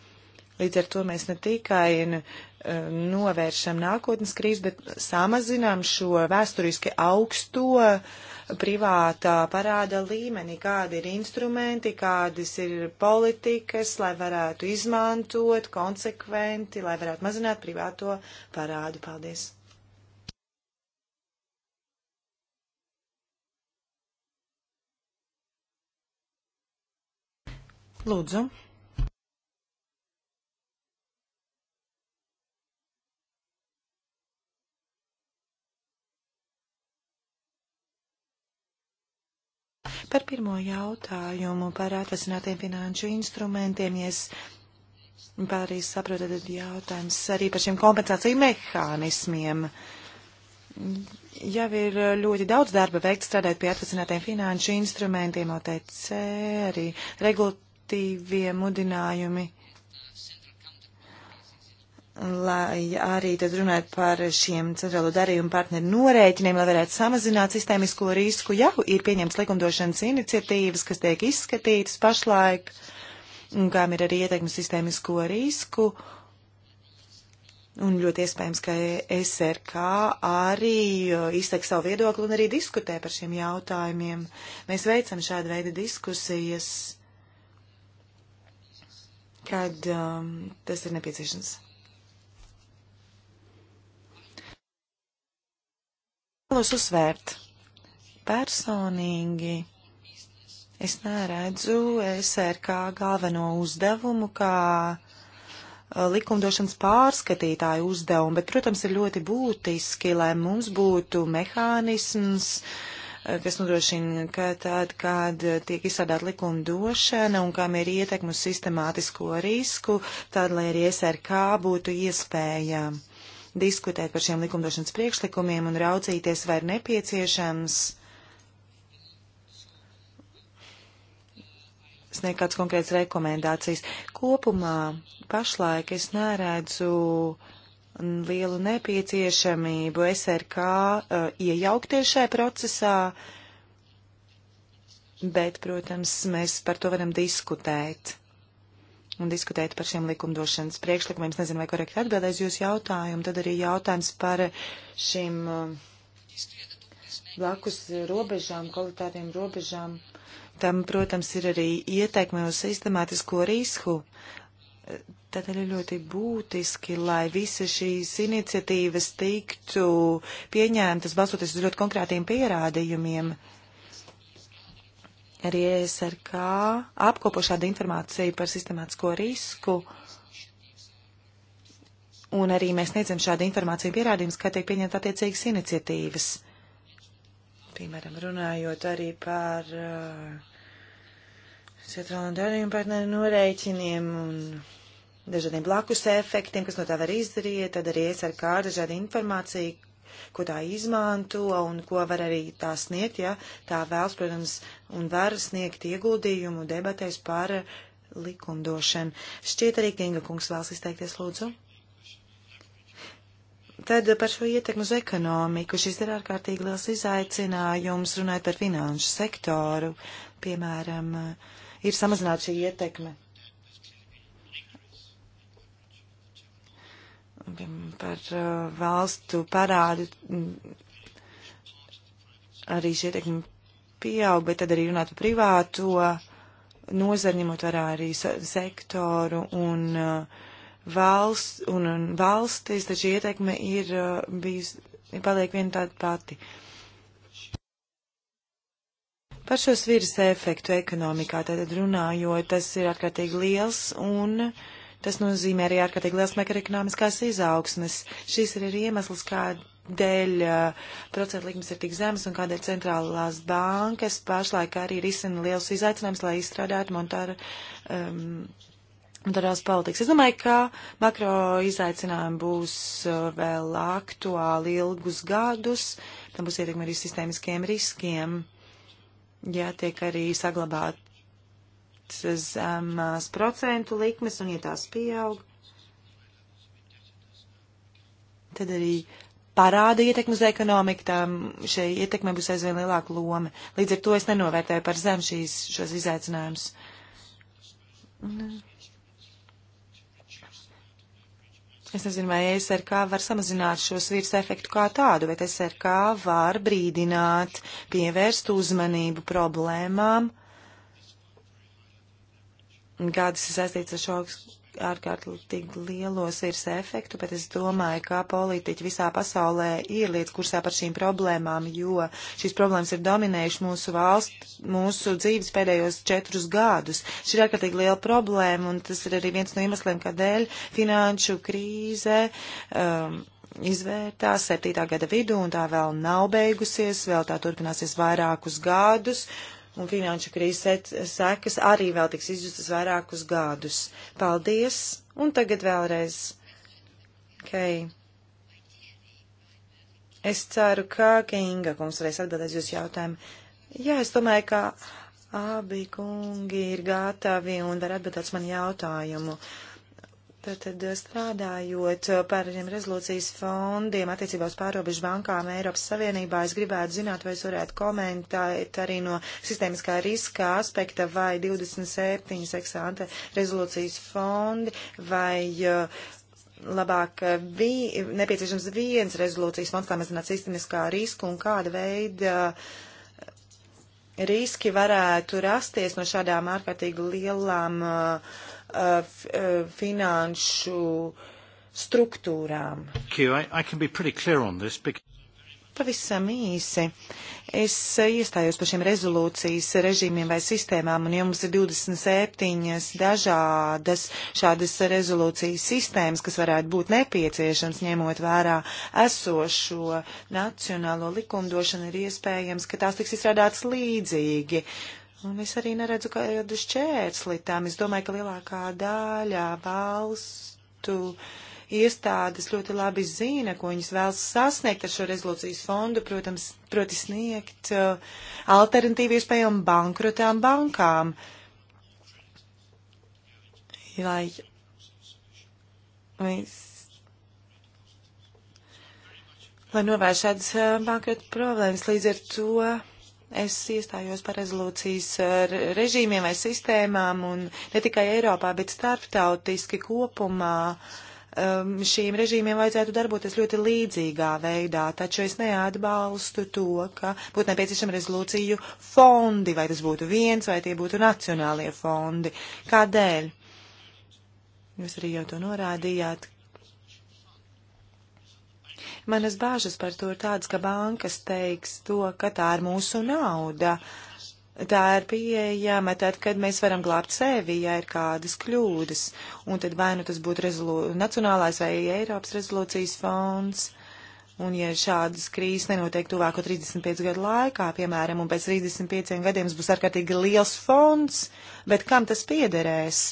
Līdz ar to mēs ne tikai e, novēršam nākotnes krīzi, bet samazinām šo vēsturiski augsto privātā parāda līmeni, kādi ir instrumenti, kādas ir politikas, lai varētu izmantot konsekventi, lai varētu mazināt privāto parādu. Paldies! Lūdzu. Par pirmo jautājumu par atvasinātiem finanšu instrumentiem, ja es pārīs saprotu, tad jautājums arī par šiem kompensāciju mehānismiem. Jau ir ļoti daudz darba veikt strādāt pie atvasinātiem finanšu instrumentiem, OTC, arī regulatīvie mudinājumi lai arī tad runāt par šiem centrālo darījumu partneru norēķiniem, lai varētu samazināt sistēmisko risku, jau ir pieņemts likumdošanas iniciatīvas, kas tiek izskatītas pašlaik, un kām ir arī ieteikumi sistēmisko risku, un ļoti iespējams, ka SRK arī uh, izteiks savu viedokli un arī diskutē par šiem jautājumiem. Mēs veicam šādu veidu diskusijas, kad um, tas ir nepieciešams. Vēlos uzsvērt. Personīgi es neredzu SRK galveno uzdevumu kā uh, likumdošanas pārskatītāju uzdevumu, bet, protams, ir ļoti būtiski, lai mums būtu mehānisms, uh, kas nodrošina, ka tad, kad uh, tiek izstrādāta likumdošana un kam ir ietekme uz sistemātisko risku, tad, lai arī SRK būtu iespējama diskutēt par šiem likumdošanas priekšlikumiem un raucīties, vai ir nepieciešams sniegt kāds konkrēts rekomendācijas. Kopumā pašlaik es neredzu lielu nepieciešamību SRK uh, eh, iejaukties šajā procesā, bet, protams, mēs par to varam diskutēt un diskutēt par šiem likumdošanas priekšlikumiem. Es nezinu, vai korekti atbildēs jūs jautājumu. Tad arī jautājums par šīm uh, blakus robežām, kvalitāriem robežām. Tam, protams, ir arī ieteikme uz sistemātisko risku. Tātad ir ļoti būtiski, lai visas šīs iniciatīvas tiktu pieņēmtas, balstoties uz ļoti konkrētiem pierādījumiem. Uh, Arī ESRK apkopo šādu informāciju par sistemātisko risku. Un arī mēs sniedzam šādu informāciju pierādījumus, kā tiek pieņemta attiecīgas iniciatīvas. Piemēram, runājot arī par uh, centrālajiem darījuma partneru norēķiniem un dažādiem blakus efektiem, kas no tā var izdarīt, tad arī es ar kā dažādu informāciju, ko tā izmanto un ko var arī tā sniegt, ja tā vēlas, protams, un var sniegt ieguldījumu debatēs par likumdošanu. Šķiet arī Kinga kungs vēlas izteikties, lūdzu. Tad par šo ietekmu uz ekonomiku. Šis ir ārkārtīgi liels izaicinājums runājot par finanšu sektoru. Piemēram, ir samazināta šī ietekme par uh, valstu parādu mm, arī šie teikumi pieaug, bet tad arī runāt par privāto nozari, ņemot vērā arī sektoru un, uh, valsts, un, un valstis, taču ietekme ir uh, bijusi, paliek viena tāda pati. Par šo sviras efektu ekonomikā tātad runājot, tas ir ārkārtīgi liels un uh, Tas nozīmē arī ārkārtīgi liels makroekonomiskās izaugsmes. Šis ir arī iemesls, kādēļ uh, procentu likmes ir tik zemes un kādēļ centrālās bankas pašlaik arī risina liels izaicinājums, lai izstrādātu monetāru. Um, Darās politikas. Es domāju, ka makro izaicinājumi būs uh, vēl aktuāli ilgus gadus. Tam būs ietekme arī sistēmiskiem riskiem. Jā, tiek arī saglabāt zemās procentu likmes, un ja tās pieaug, tad arī parāda ietekmi uz ekonomiku, tām šai ietekmē būs aizvien lielāka loma. Līdz ar to es nenovērtēju par zem šīs, šos izaicinājumus. Es nezinu, vai SRK var samazināt šo svīrs efektu kā tādu, bet SRK var brīdināt, pievērst uzmanību problēmām, kādas ir saistītas ar šo augstu ārkārtīgi lielo sirs efektu, bet es domāju, ka politiķi visā pasaulē ir lietas kursā par šīm problēmām, jo šīs problēmas ir dominējuši mūsu valsts, mūsu dzīves pēdējos četrus gadus. Šī ir ārkārtīgi liela problēma, un tas ir arī viens no iemesliem, kādēļ finanšu krīze. Um, Izvērtās 7. gada vidū, un tā vēl nav beigusies, vēl tā turpināsies vairākus gadus. Uh, un finanšu krīzes sekas arī vēl tiks izjustas vairākus gadus. Paldies! Un tagad vēlreiz. Okay. Es ceru, ka Kinga kungs varēs atbildēt jūsu jautājumu. Jā, es domāju, ka abi kungi ir gatavi un var atbildēt man jautājumu. Uh, Tātad eh, strādājot eh, par šiem rezolūcijas fondiem attiecībā uz pārobežu bankām Eiropas Savienībā, es gribētu zināt, vai es varētu komentēt arī no sistēmiskā riska aspekta, vai 27 eksānta rezolūcijas fondi, vai eh, labāk vi, nepieciešams viens rezolūcijas fonds, kā mēs zinām, sistēmiskā riska un kāda veida riski varētu rasties no šādām ārkārtīgi lielām uh, Uh, uh, finanšu struktūrām. Pavisam īsi. Es uh, iestājos par šiem rezolūcijas režīmiem vai sistēmām, un ja mums ir 27 dažādas šādas rezolūcijas sistēmas, kas varētu būt nepieciešams, ņemot vērā esošo nacionālo likumdošanu, ir iespējams, ka tās tiks izstrādātas līdzīgi. Uh, Un es arī neredzu kādu šķērsli tam. Es domāju, ka lielākā daļa valstu iestādes ļoti labi zina, ko viņas vēlas sasniegt ar šo rezolūcijas fondu, protams, proti sniegt uh, alternatīvu iespējām bankrotām bankām. Lai mēs lai novērš šādas uh, bankrota problēmas. Līdz ar to Es iestājos par rezolūcijas eh, režīmiem vai sistēmām, un ne tikai Eiropā, bet starptautiski kopumā ehm, šīm režīmiem vajadzētu darboties ļoti līdzīgā veidā, taču es neatbalstu to, ka būtu nepieciešama rezolūciju fondi, vai tas būtu viens, vai tie būtu nacionālie fondi. Kādēļ? Jūs arī jau to norādījāt, Manas bāžas par to ir tādas, ka bankas teiks to, ka tā ir mūsu nauda. Tā ir pieejama tad, kad mēs varam glābt sevi, ja ir kādas kļūdas. Un tad vai nu tas būtu rezolu... Nacionālais vai Eiropas rezolūcijas fonds. Un ja šādas krīzes nenotiek tuvāko 35 gadu laikā, piemēram, un pēc 35 gadiem būs ārkārtīgi liels fonds, bet kam tas piederēs?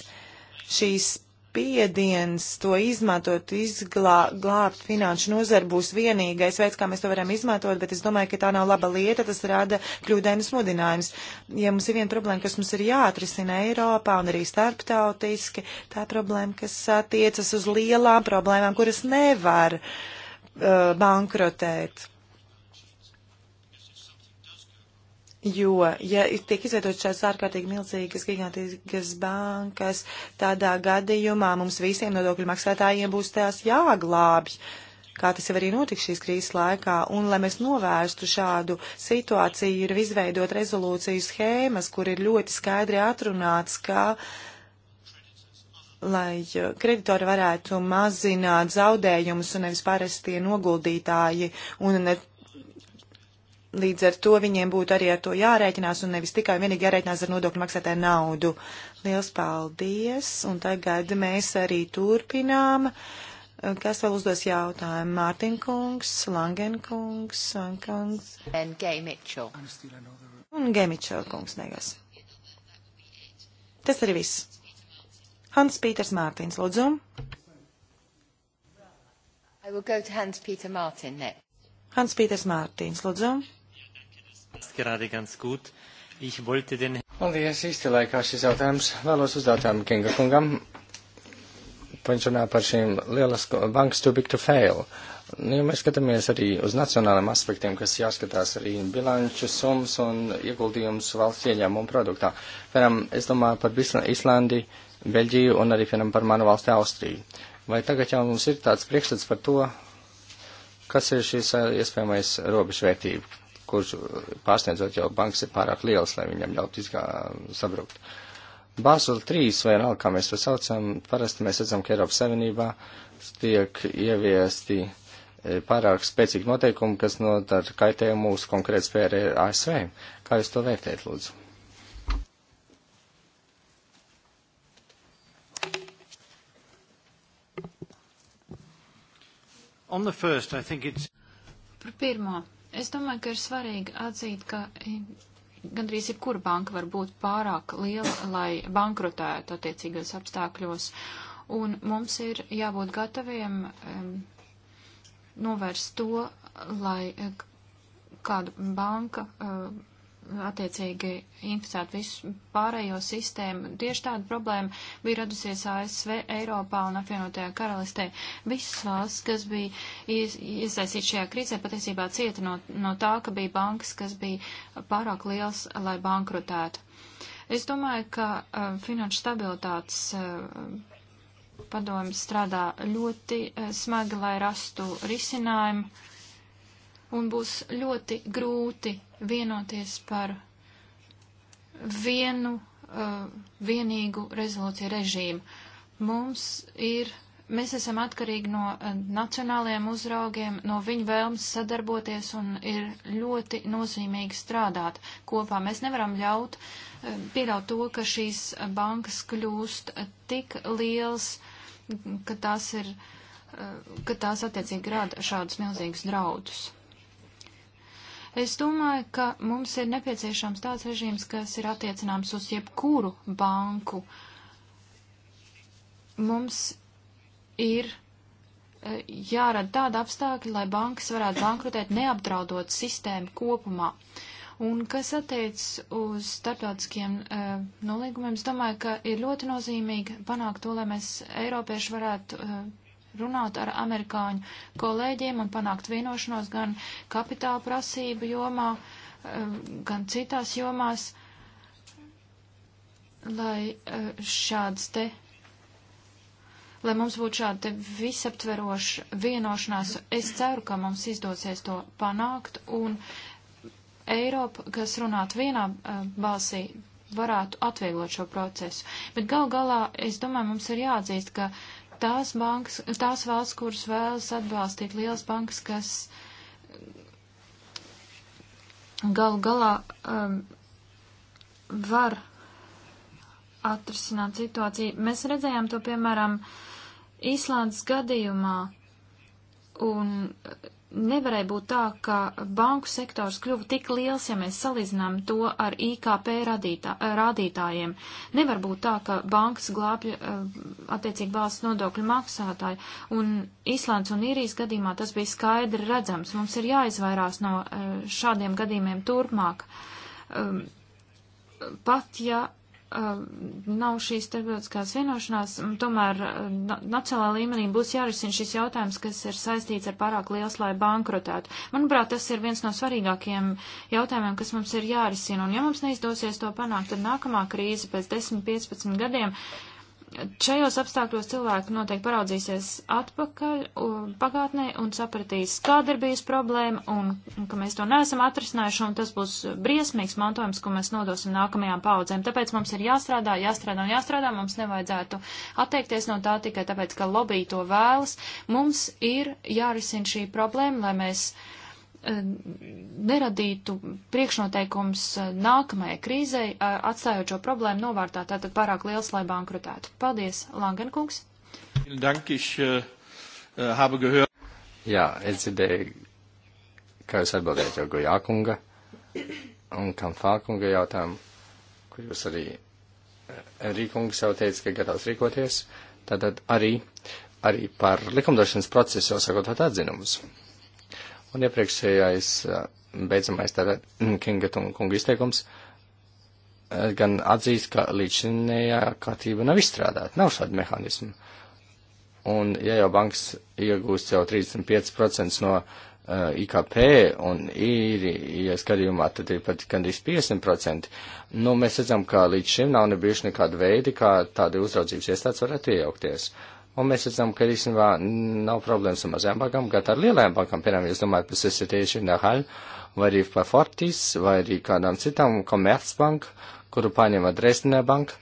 Šīs spiediens to izmantot, izglābt finanšu nozaru būs vienīgais veids, kā mēs to varam izmantot, bet es domāju, ka tā nav laba lieta, tas rada kļūdainas mudinājums. Ja mums ir viena problēma, kas mums ir jāatrisina Eiropā un arī starptautiski, tā problēma, kas attiecas uz lielām problēmām, kuras nevar uh, bankrotēt. Jo, ja tiek izveidotas šādas ārkārtīgi milzīgas, gigantiskas bankas, tādā gadījumā mums visiem nodokļu maksātājiem būs tās jāglābj, kā tas jau arī notika šīs krīzes laikā. Un, lai mēs novērstu šādu situāciju, ir izveidot rezolūciju schēmas, kur ir ļoti skaidri atrunāts, ka lai uh, kreditori varētu mazināt zaudējumus un nevis parastie noguldītāji un ne Līdz ar to viņiem būtu arī ar to jārēķinās un nevis tikai vienīgi jārēķinās ar nodokļu maksātāju naudu. Liels paldies! Un tagad mēs arī turpinām. Kas vēl uzdos jautājumu? Mārtiņkungs, Langenkungs, Ankungs. Un Gemičel. Un Gemičel kungs negas. Tas arī viss. Hans Pīters Mārtiņš, lūdzu. Hans Pīters Mārtiņš, lūdzu. Paldies, īsti laikā šis jautājums. Vēlos uzdot jautājumu Kinga kungam. Viņš runā par šīm lielas bankas too big to fail. Nu, ja mēs skatāmies arī uz nacionāliem aspektiem, kas jāskatās arī bilanču summas un ieguldījums valsts ieņēmumu produktā. Piemēram, es domāju par Islandi, Beļģiju un arī, piemēram, par manu valsti Austriju. Vai tagad jau mums ir tāds priekšstats par to, kas ir šīs iespējamais robežvērtība, kurš pārsniedzot jau bankas ir pārāk liels, lai viņam ļautu izgā, sabrukt. Bāzula 3, vai nav, kā mēs to saucam, parasti mēs redzam, ka Eiropas Savienībā tiek ieviesti e, pārāk spēcīgi noteikumi, kas nodara kaitējumu mūsu konkrēt e spēri ASV. Kā jūs to vērtējat, lūdzu? On the first, I think it's... Par pirmo, Es domāju, ka ir svarīgi atzīt, ka eh, gandrīz jebkura banka var būt pārāk liela, lai bankrotētu attiecīgos apstākļos. Un mums ir jābūt gataviem um, novērst to, lai eh, kāda banka uh, attiecīgi inficēt visu pārējo sistēmu. Tieši tāda problēma bija radusies ASV, Eiropā un apvienotajā karalistē. Visas valsts, kas bija iesaistīts šajā krīzē, patiesībā cieta no, no tā, ka bija bankas, kas bija pārāk liels, lai bankrutētu. Es domāju, ka uh, finanšu stabilitātes uh, padomi strādā ļoti uh, smagi, lai rastu risinājumu un būs ļoti grūti vienoties par vienu uh, vienīgu rezolūciju režīmu. Mums ir, mēs esam atkarīgi no uh, nacionālajiem uzraugiem, no viņu vēlmes sadarboties un ir ļoti nozīmīgi strādāt kopā. Mēs nevaram ļaut uh, pieļaut to, ka šīs bankas kļūst uh, tik liels, ka tās ir, uh, ka tās attiecīgi rada šādus milzīgus draudus. Es domāju, ka mums ir nepieciešams tāds režīms, kas ir attiecināms uz jebkuru banku. Mums ir e, jārada tāda apstākļa, lai bankas varētu bankrutēt neapdraudot sistēmu kopumā. Un kas attiec uz starptautiskiem uh, nolīgumiem, es domāju, ka ir ļoti nozīmīgi panākt to, lai mēs Eiropieši varētu uh, runāt ar amerikāņu kolēģiem un panākt vienošanos gan kapitāla prasību jomā, eh, gan citās jomās, lai eh, šāds te, lai mums būtu šāda te visaptveroša vienošanās. Es ceru, ka mums izdosies to panākt un Eiropa, kas runāt vienā eh, balsī, varētu atvieglot šo procesu. Bet gal galā, es domāju, mums ir jāatzīst, ka uh, tās, bankas, tās valsts, kuras vēlas atbalstīt lielas bankas, kas galu galā um, var atrisināt situāciju. Mēs redzējām to, piemēram, Īslandes gadījumā, un nevarēja būt tā, ka banku sektors kļuva tik liels, ja mēs salīdzinām to ar IKP radītā, rādītājiem. Nevar būt tā, ka bankas glābja eh, attiecīgi valsts nodokļu maksātāji, un Islands un Īrijas gadījumā tas bija skaidri redzams. Mums ir jāizvairās no eh, šādiem gadījumiem turpmāk. Ehm, pat ja Um, nav šīs starptautiskās vienošanās, mm, tomēr um, na nacionālā līmenī būs jārisina šis jautājums, kas ir saistīts ar pārāk liels, lai bankrotētu. Manuprāt, tas ir viens no svarīgākajiem jautājumiem, kas mums ir jārisina, un ja mums neizdosies to panākt, tad nākamā krīze pēc 10-15 gadiem uh, šajos apstākļos cilvēki noteikti paraudzīsies atpakaļ pagātnē un sapratīs, kāda ir bijusi problēma un, un ka mēs to neesam atrisinājuši un tas būs briesmīgs mantojums, ko mēs nodosim nākamajām paudzēm. Tāpēc mums ir jāstrādā, jāstrādā un jāstrādā. Mums nevajadzētu atteikties no tā tikai tāpēc, ka lobby to vēlas. Mums ir jārisina šī problēma, lai mēs. Uh, Eh, neradītu priekšnoteikums eh, nākamajai krīzei, eh, atstājot šo problēmu novārtā, tātad pārāk liels, lai bankrutētu. Paldies, Langenkungs. Jā, es dzirdēju, kā jūs atbildējat jau Gujākunga un Kamfākunga jautājumu, kur jūs arī Rīkungs jau teica, ka gatavs rīkoties, tātad arī, arī par likumdošanas procesu jau sakot atzinumus. At Un iepriekšējais beidzamais tātad mm, Kinga kunga izteikums gan atzīst, ka līdzinējā kārtība nav izstrādāta, nav šāda mehānisma. Un ja jau banks iegūst jau 35% no uh, IKP un īrija skatījumā tad ir pat gandrīz 50%, nu mēs redzam, ka līdz šim nav nebijuši nekāda veidi, kā tādi uzraudzības iestādes varētu iejaukties. Uh, Un mēs redzam, ka īstenībā nav problēmas ar mazajām bankām, gan ar lielajām bankām. Piemēram, jūs domājat par SSTieši Nahal, vai arī par Fortis, vai arī kādām citām komercbanku, kuru paņem Dresdenē banka.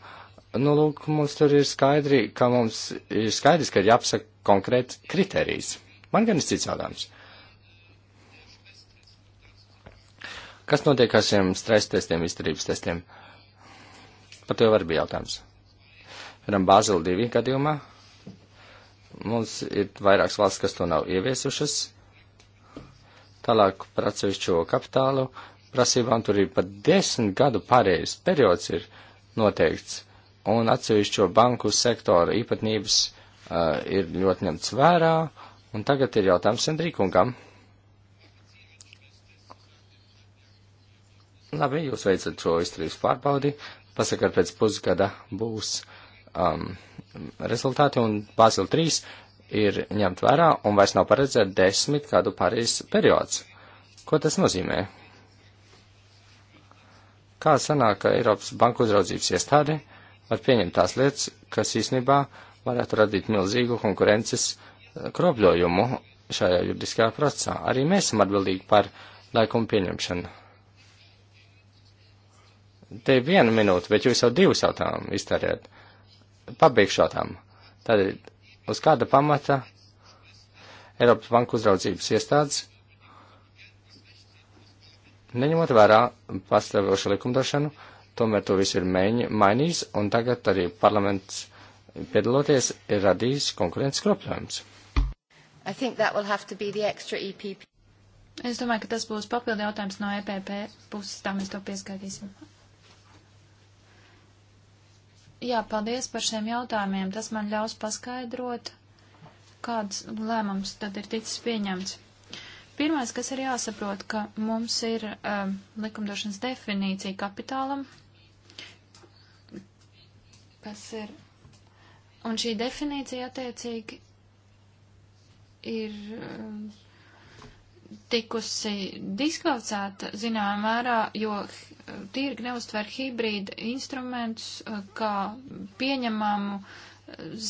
Nu, lūk, mums tur ir skaidri, ka mums ir skaidrs, ka ir jāpasaka konkrēts kriterijs. Man gan ir cits jautājums. Kas notiek ar šiem stresa testiem, izturības testiem? Par to jau var bija jautājums. Piemēram, Bāzeli 2 gadījumā Mums ir vairākas valsts, kas to nav ieviesušas. Tālāk par atsevišķo kapitālu prasībām tur ir pat desmit gadu pārējais periods ir noteikts, un atsevišķo banku sektoru īpatnības uh, ir ļoti ņemts vērā, un tagad ir jautājums Sendrīkungam. Labi, jūs veicat šo izturības pārbaudi, pasakāt pēc pusgada būs um, rezultāti, un Bāzila 3 ir ņemt vērā, un vairs nav paredzēta desmit kādu Parīzes periods. Ko tas nozīmē? Kā sanāk, ka Eiropas banku uzraudzības iestāde var pieņemt tās lietas, kas īstenībā varētu radīt milzīgu konkurences eh, kropļojumu šajā juridiskajā procesā? Arī mēs esam atbildīgi par laikumu pieņemšanu. Te ir viena minūte, bet jūs jau divus jautājumus iztērējat pabeigšu tam. Tad uz kāda pamata Eiropas Banku uzraudzības iestādes, neņemot vērā pastāvošu likumdošanu, tomēr to visu ir mēņi, mainījis, un tagad arī parlaments piedaloties ir radījis konkurences kropļojums. E es domāju, ka tas būs papildu jautājums no EPP puses, tā mēs to pieskaitīsim. Jā, paldies par šiem jautājumiem. Tas man ļaus paskaidrot, kāds lēmums tad ir ticis pieņemts. Pirmais, kas ir jāsaprot, ka mums ir um, likumdošanas definīcija kapitālam, kas ir, un šī definīcija attiecīgi ir um, tikusi diskvalificēta zināmā mērā, jo tirgi neuztver hibrīda instrumentus uh, kā pieņemamu uh,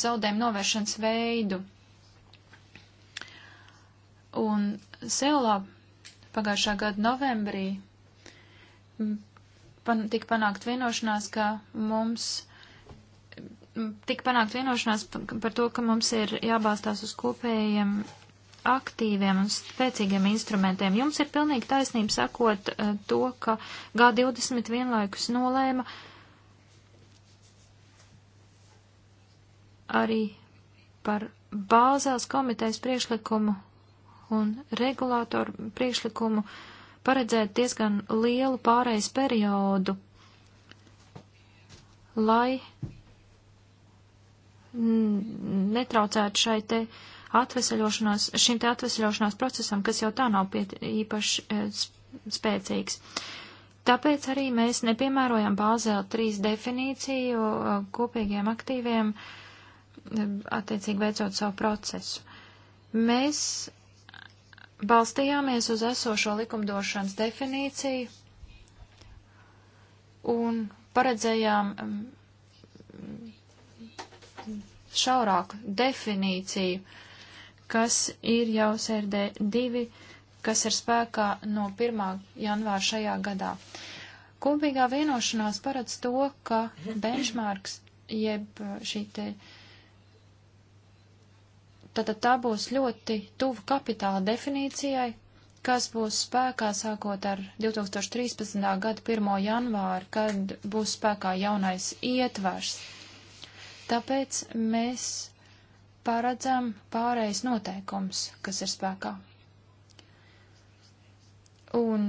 zaudējumu novēršanas veidu. Un Seulā pagājušā gada novembrī pan, tika panākt vienošanās, ka mums tika panākt vienošanās par to, ka mums ir jābalstās uz kopējiem aktīviem un spēcīgiem instrumentiem. Jums ir pilnīgi taisnība sakot eh, to, ka G20 vienlaikus nolēma arī par Bāzēls komitejas priekšlikumu un regulātoru priekšlikumu paredzēt diezgan lielu pārejas periodu, lai netraucētu šai te uh, atvesaļošanās, šim te atvesaļošanās procesam, kas jau tā nav piet, īpaši e, spēcīgs. Tāpēc arī mēs nepiemērojam Bāzēla 3 definīciju e, kopīgiem aktīviem, e, attiecīgi veicot savu procesu. Mēs balstījāmies uz esošo likumdošanas definīciju un paredzējām šaurāku definīciju kas ir jau SRD2, kas ir spēkā no 1. janvāra šajā gadā. Kopīgā vienošanās paredz to, ka benchmarks, jeb šī te, tātad tā būs ļoti tuvu kapitāla definīcijai, kas būs spēkā sākot ar 2013. gada 1. janvāru, kad būs spēkā jaunais ietvars. Tāpēc mēs paredzam pārējais noteikums, kas ir spēkā. Un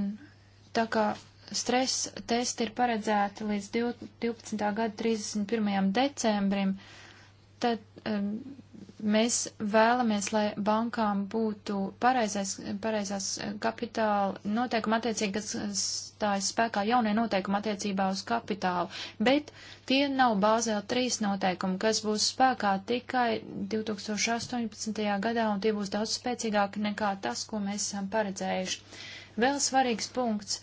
tā kā stresa testi ir paredzēti līdz 12. gada 31. decembrim, tad um, Mēs vēlamies, lai bankām būtu pareizais, pareizās kapitāla noteikuma attiecīgi, kas stājas spēkā jaunie noteikuma attiecībā uz kapitālu, bet tie nav bāzēl 3 noteikumi, kas būs spēkā tikai 2018. gadā, un tie būs daudz spēcīgāki nekā tas, ko mēs esam paredzējuši. Vēl svarīgs punkts.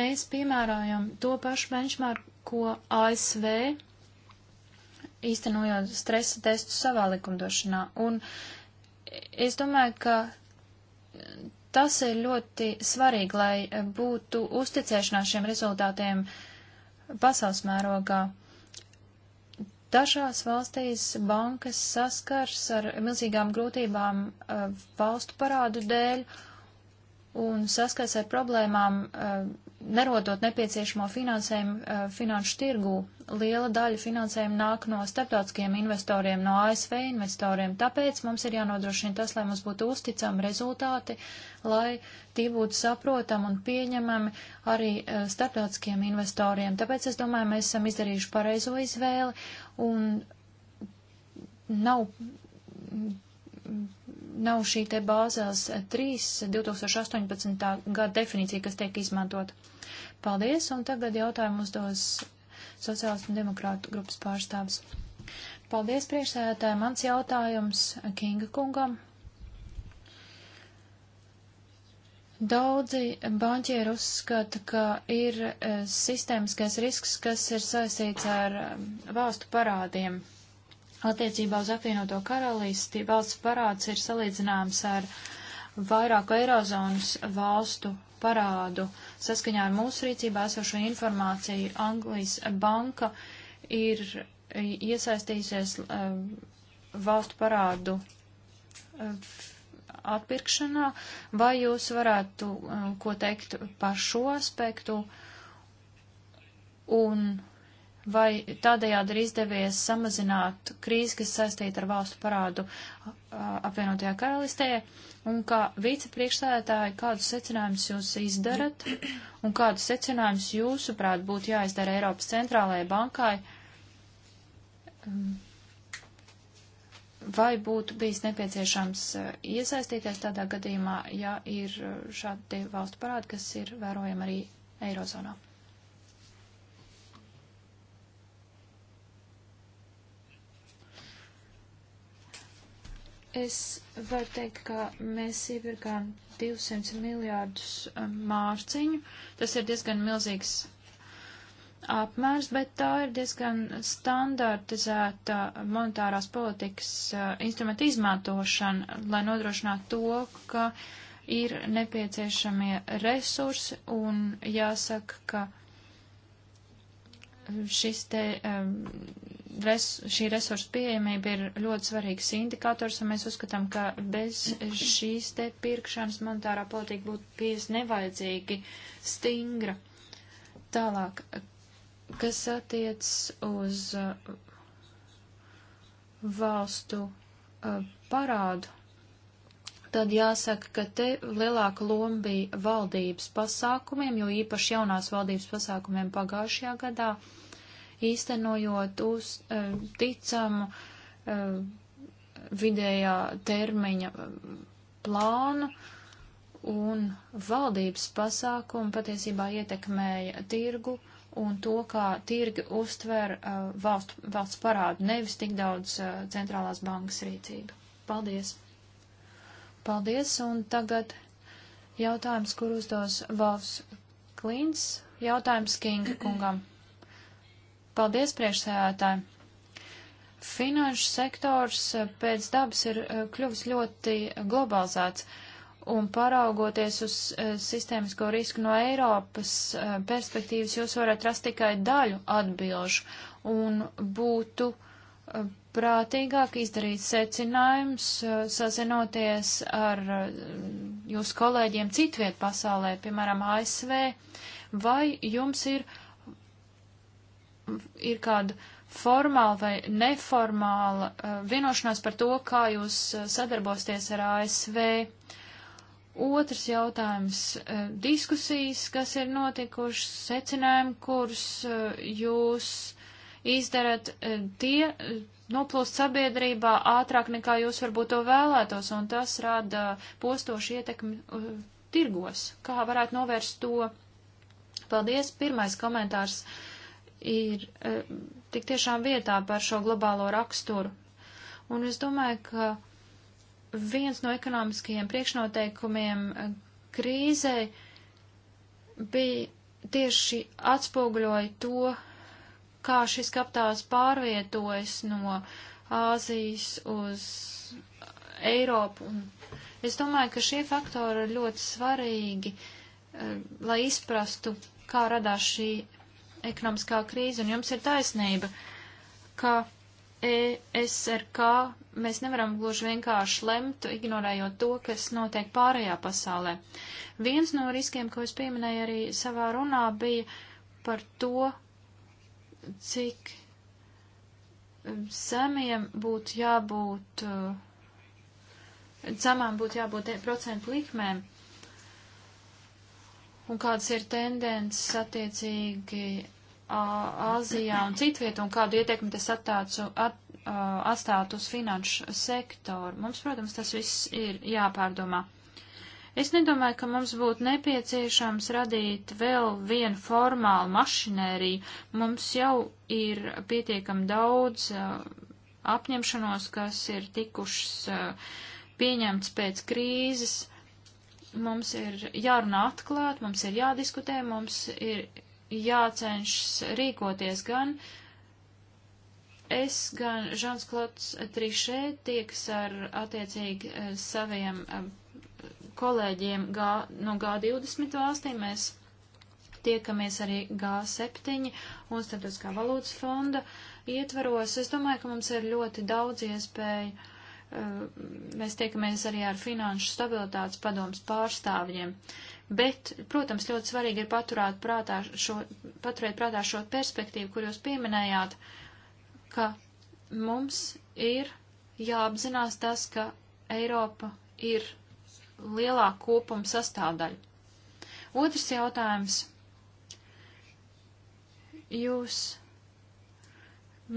Mēs piemērojam to pašu benchmarku, ko ASV īstenojot stresa testu savā likumdošanā. Un es domāju, ka tas ir ļoti svarīgi, lai būtu uzticēšanās šiem rezultātiem pasaules mērogā. Dažās valstīs bankas saskars ar milzīgām grūtībām eh, valstu parādu dēļ, uh, un saskars ar problēmām, eh, nerodot nepieciešamo finansējumu eh, finanšu tirgū. Liela daļa finansējuma nāk no starptautiskiem investoriem, no ASV investoriem, tāpēc mums ir jānodrošina tas, lai mums būtu uzticami rezultāti, lai tie būtu saprotami un pieņemami arī eh, starptautiskiem investoriem. Tāpēc es domāju, mēs esam izdarījuši pareizo izvēli un nav nav šī te bāzās 3 2018. gada definīcija, kas tiek izmantot. Paldies, un tagad jautājumu uzdos sociālas un demokrātu grupas pārstāvis. Paldies, priekšsēdētāji. Mans jautājums Kinga kungam. Daudzi banķieri uzskata, ka ir eh, sistēmiskais risks, kas ir saistīts ar eh, valstu parādiem. Attiecībā uz apvienoto karalisti valsts parāds ir salīdzināms ar vairāku eirozonas valstu parādu. Saskaņā ar mūsu rīcībā esošo informāciju Anglijas banka ir iesaistījusies um, valstu parādu um, atpirkšanā. Vai jūs varētu um, ko teikt par šo aspektu? Un vai tādējādi ir izdevies samazināt krīzi, kas saistīta ar valstu parādu apvienotajā karalistē, un kā vicepriekšstādātāji, kādus secinājumus jūs izdarat, un kādus secinājumus jūsuprāt būtu jāizdara Eiropas centrālajai bankai, um, vai būtu bijis nepieciešams uh, iesaistīties tādā gadījumā, ja ir uh, šādi valstu parādi, kas ir vērojami arī Eirozonā? Es varu teikt, ka mēs iepirkām 200 miljārdus um, mārciņu. Tas ir diezgan milzīgs apmērs, bet tā ir diezgan standartizēta monetārās politikas uh, instrumenta izmantošana, lai nodrošinātu to, ka ir nepieciešamie resursi un jāsaka, ka šis te, res, šī resursa pieejamība ir ļoti svarīgs indikators, un mēs uzskatām, ka bez šīs te pirkšanas monetārā politika būtu bijis nevajadzīgi stingra. Tālāk, kas attiec uz eh, valstu eh, parādu, tad jāsaka, ka te lielāka loma bija valdības pasākumiem, jo īpaši jaunās valdības pasākumiem pagājušajā gadā. Uh, īstenojot uz eh, ticamu eh, vidējā termiņa eh, plānu, un valdības pasākumi patiesībā ietekmēja tirgu un to, kā tirgi uztver valstu, valsts parādu, nevis tik daudz centrālās bankas rīcība. Paldies! Paldies, un tagad jautājums, kur uzdos Valfs Klīns, jautājums Kinga kungam. Paldies, priekšsēdētāji! Finanšu sektors eh, pēc dabas ir eh, kļuvis ļoti globalizēts, un paraugoties uz eh, sistēmisko risku no Eiropas perspektīvas, jūs varat rast tikai daļu atbilžu, un būtu prātīgāk izdarīt secinājums, sazinoties ar jūsu kolēģiem citviet pasaulē, piemēram, ASV, vai jums ir ir kāda formāla vai neformāla eh, vienošanās par to, kā jūs eh, sadarbosieties ar ASV. Otrs jautājums eh, - diskusijas, kas ir notikušas, secinājumi, kurus jūs izdarat, tie noplūst sabiedrībā ātrāk nekā jūs varbūt to vēlētos, un tas rada postošu ietekmi tirgos. Kā varētu novērst to? Paldies, pirmais komentārs. Uh, ir e, tik tiešām vietā par šo globālo raksturu. Un es domāju, ka viens no ekonomiskajiem priekšnoteikumiem eh, krīzē bija tieši atspoguļoja to, kā šis kapitāls pārvietojas no Āzijas uz Eiropu. Un es domāju, ka šie faktori ir ļoti svarīgi, e, lai izprastu, kā radās šī ekonomiskā krīze, un jums ir taisnība, ka ESRK mēs nevaram gluži vienkārši lemt, ignorējot to, kas notiek pārējā pasaulē. Viens no riskiem, ko es pieminēju arī savā runā, bija par to, cik um, zemiem būtu jābūt, uh, zemām būtu jābūt procentu likmēm. Uh, un kādas ir tendences attiecīgi Āzijā un citviet, un kādu ietekmi tas attācu, at, atstāt uz finanšu sektoru. Mums, protams, tas viss ir jāpārdomā. Es nedomāju, ka mums būtu nepieciešams radīt vēl vienu formālu mašinēriju. Mums jau ir pietiekam daudz uh, apņemšanos, kas ir tikušas uh, pieņemts pēc krīzes. Uh, mums ir jārunā atklāt, mums ir jādiskutē, mums ir jācenšas rīkoties gan es, gan Žans Klots Trišē tieks ar attiecīgi eh, saviem eh, kolēģiem G, no G20 valstīm. Mēs tiekamies arī G7 un starptautiskā valūtas fonda ietvaros. Es domāju, ka mums ir ļoti daudz iespēju Eh, mēs tiekamies arī ar finanšu stabilitātes padomus pārstāvjiem. Bet, protams, ļoti svarīgi ir paturēt prātā šo, paturēt prātā šo perspektīvu, kur jūs pieminējāt, ka mums ir jāapzinās tas, ka Eiropa ir lielā kopuma sastāvdaļa. Otrs jautājums. Jūs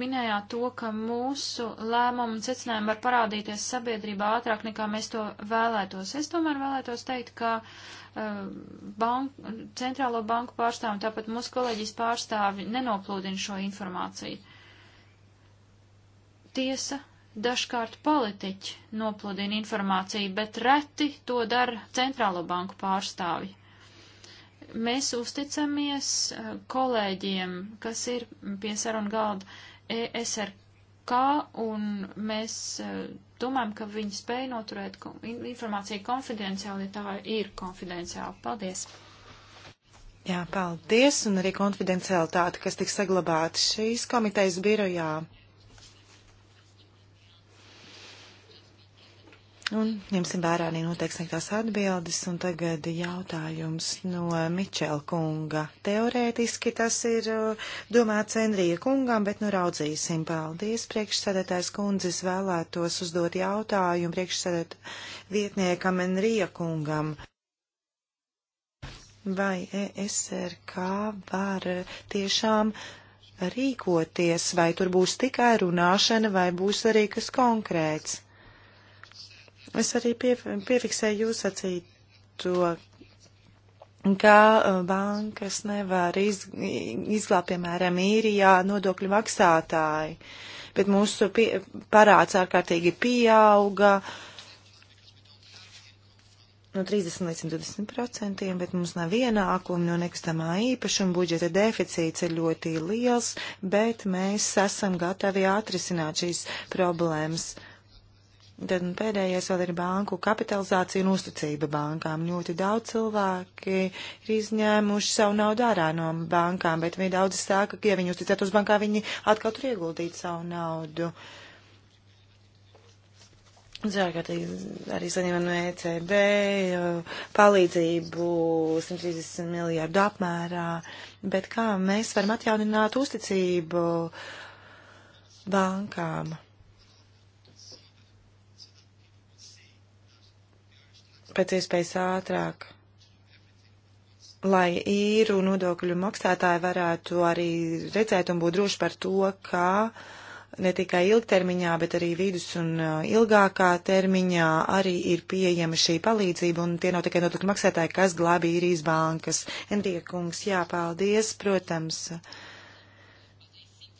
minējāt to, ka mūsu lēmumu un secinājumu var parādīties sabiedrībā ātrāk nekā mēs to vēlētos. Es tomēr vēlētos teikt, ka uh, bank, centrālo banku pārstāvi, tāpat mūsu kolēģis pārstāvi nenoplūdina šo informāciju. Tiesa, dažkārt politiķi noplūdina informāciju, bet reti to dara centrālo banku pārstāvi mēs uzticamies eh, kolēģiem, kas ir pie sarunu galda, ESRK, un mēs e, domājam, ka viņi spēja noturēt informāciju konfidenciāli, ja tā ir konfidenciāli. Paldies! Jā, paldies, un arī konfidenciālitāte, kas tiks saglabāta šīs komitejas birojā. Un ņemsim vērā arī noteiksniegtās atbildes, un tagad jautājums no Mičela kunga. Teorētiski tas ir uh, domāts Enrija kungam, bet nu raudzīsim. Paldies, priekšsēdētājs kundzes vēlētos uzdot jautājumu priekšsēdēt vietniekam Enrija kungam. Vai ESRK var tiešām rīkoties, vai tur būs tikai runāšana, vai būs arī kas konkrēts? Es arī pie, piefiksēju jūs sacīto, ka e, bankas nevar iz, izglābt, piemēram, īrijā nodokļu maksātāji, bet mūsu pie, parāds ārkārtīgi pieauga no 30 līdz 20 procentiem, bet mums nav ienākumu no nekustamā īpašuma, budžeta deficīts ir ļoti liels, bet mēs esam gatavi atrisināt šīs problēmas. Uh, Tad nu, pēdējais vēl ir banku kapitalizācija un uzticība bankām. Ļoti daudz cilvēki ir izņēmuši savu naudu ārā no bankām, bet viņi daudz sāka, ka, ja viņi uzticētu uz bankā, viņi atkal tur ieguldītu savu naudu. Dzērāk arī saņemam no ECB palīdzību 130 miljārdu apmērā, bet kā mēs varam atjaunināt uzticību bankām? pēc iespējas ātrāk, lai īru nodokļu maksātāji varētu arī redzēt un būt droši par to, ka ne tikai ilgtermiņā, bet arī vidus un ilgākā termiņā arī ir pieejama šī palīdzība, un tie nav tikai nodokļu maksātāji, kas glābi īrijas bankas. Enrija kungs, jā, paldies, protams.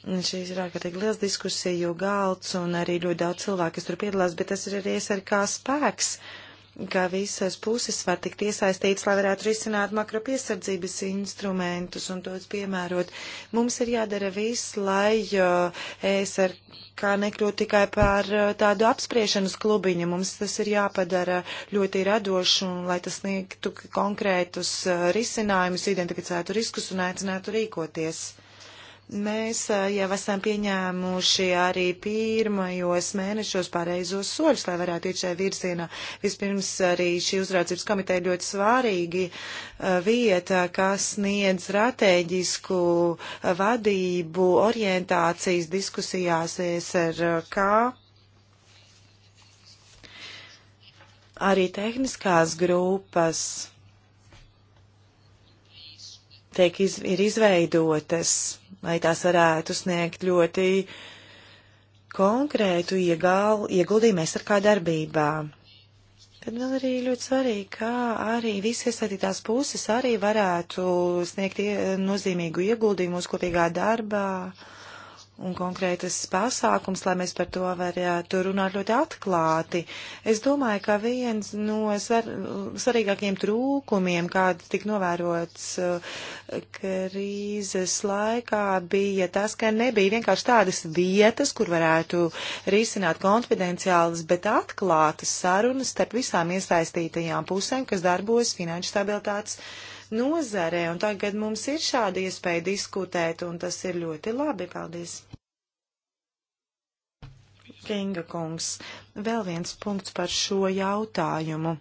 Šīs ir ārkārtīgi liels diskusiju galds un arī ļoti daudz cilvēku, kas tur piedalās, bet tas ir arī es ar kā spēks. Uh, ka visas puses var tikt iesaistītas, lai varētu risināt makropiesardzības instrumentus un tos piemērot. Mums ir jādara viss, lai eh, ESR kā nekļūt tikai par eh, tādu apspriešanas klubiņu. Mums tas ir jāpadara ļoti radoši un lai tas sniegtu konkrētus eh, risinājumus, identificētu riskus un aicinātu rīkoties. Mēs jau esam pieņēmuši arī pirmajos mēnešos pareizos soļus, lai varētu iet šajā virzienā. Vispirms arī šī uzraudzības komiteja ļoti svārīgi vieta, kas sniedz strateģisku vadību orientācijas diskusijās SRK. Arī tehniskās grupas tiek iz, ir izveidotas lai tās varētu sniegt ļoti konkrētu iegāl, ieguldījumu aizsargā darbībā. Tad vēl arī ļoti svarīgi, kā arī visi iesaistītās puses arī varētu sniegt ie, nozīmīgu ieguldījumu mūsu kopīgā darbā. Uh, un konkrētas pasākums, lai mēs par to varētu runāt ļoti atklāti. Es domāju, ka viens no svar, svarīgākiem trūkumiem, kāds tik novērots uh, krīzes laikā, bija tas, ka nebija vienkārši tādas vietas, kur varētu risināt konfidenciālas, bet atklātas sarunas starp visām iesaistītajām pusēm, kas darbos finanšu stabilitātes nozarē, un tagad mums ir šāda iespēja diskutēt, un tas ir ļoti labi. Paldies! Kinga kungs, vēl viens punkts par šo jautājumu.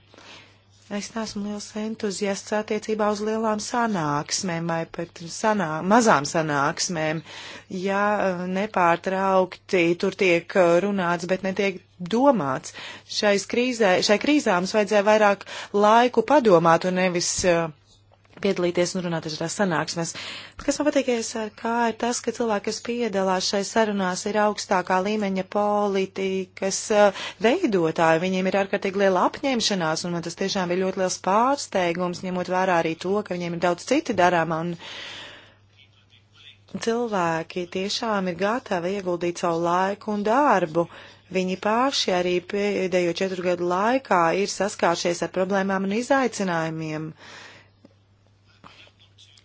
Es neesmu liels entuziasts attiecībā uz lielām sanāksmēm vai pat sanā, mazām sanāksmēm. Ja eh, nepārtraukti tur tiek eh, runāts, bet netiek domāts, Šais krīzē, šai krīzā mums vajadzēja vairāk laiku padomāt un nevis uh, piedalīties un runāt dažādās sanāksmēs. Kas man patīkēs ar kā ir tas, ka cilvēki, kas piedalās šai sarunās, ir augstākā līmeņa politikas eh, veidotāji. Viņiem ir ārkārtīgi liela apņemšanās, un man tas tiešām bija ļoti liels pārsteigums, ņemot vērā arī to, ka viņiem ir daudz citi darāmā. Un cilvēki tiešām ir gatavi ieguldīt savu laiku un darbu. Viņi paši arī pēdējo četru gadu laikā ir saskāršies ar problēmām un izaicinājumiem. Uh,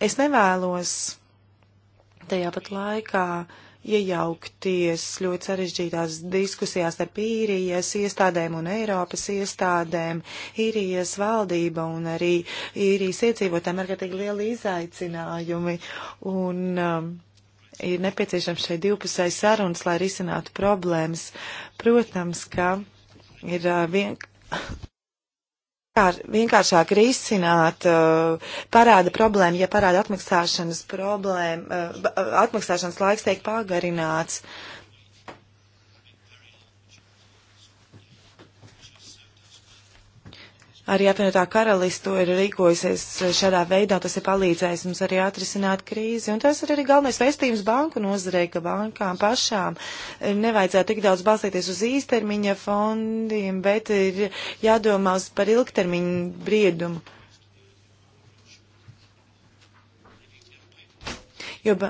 Es nevēlos tajā pat laikā iejaukties ļoti sarežģītās diskusijās ar īrijas iestādēm un Eiropas iestādēm. Īrijas valdība un arī īrijas iedzīvotājiem ir tik lieli izaicinājumi un um, ir nepieciešams šeit divpusēji sarunas, lai risinātu problēmas. Protams, ka ir uh, vien vienkāršāk risināt uh, parāda problēmu, ja parāda atmaksāšanas problēma, uh, uh atmaksāšanas laiks tiek pagarināts. Uh, Arī apvienotā karalistu ir rīkojusies eh, šādā veidā, tas ir palīdzējis mums arī atrisināt krīzi. Un tas ir arī galvenais vēstījums banku nozarei, ka bankām pašām eh, nevajadzētu tik daudz balstīties uz īstermiņa fondiem, bet ir jādomā uz par ilgtermiņu briedumu. Jo, ba,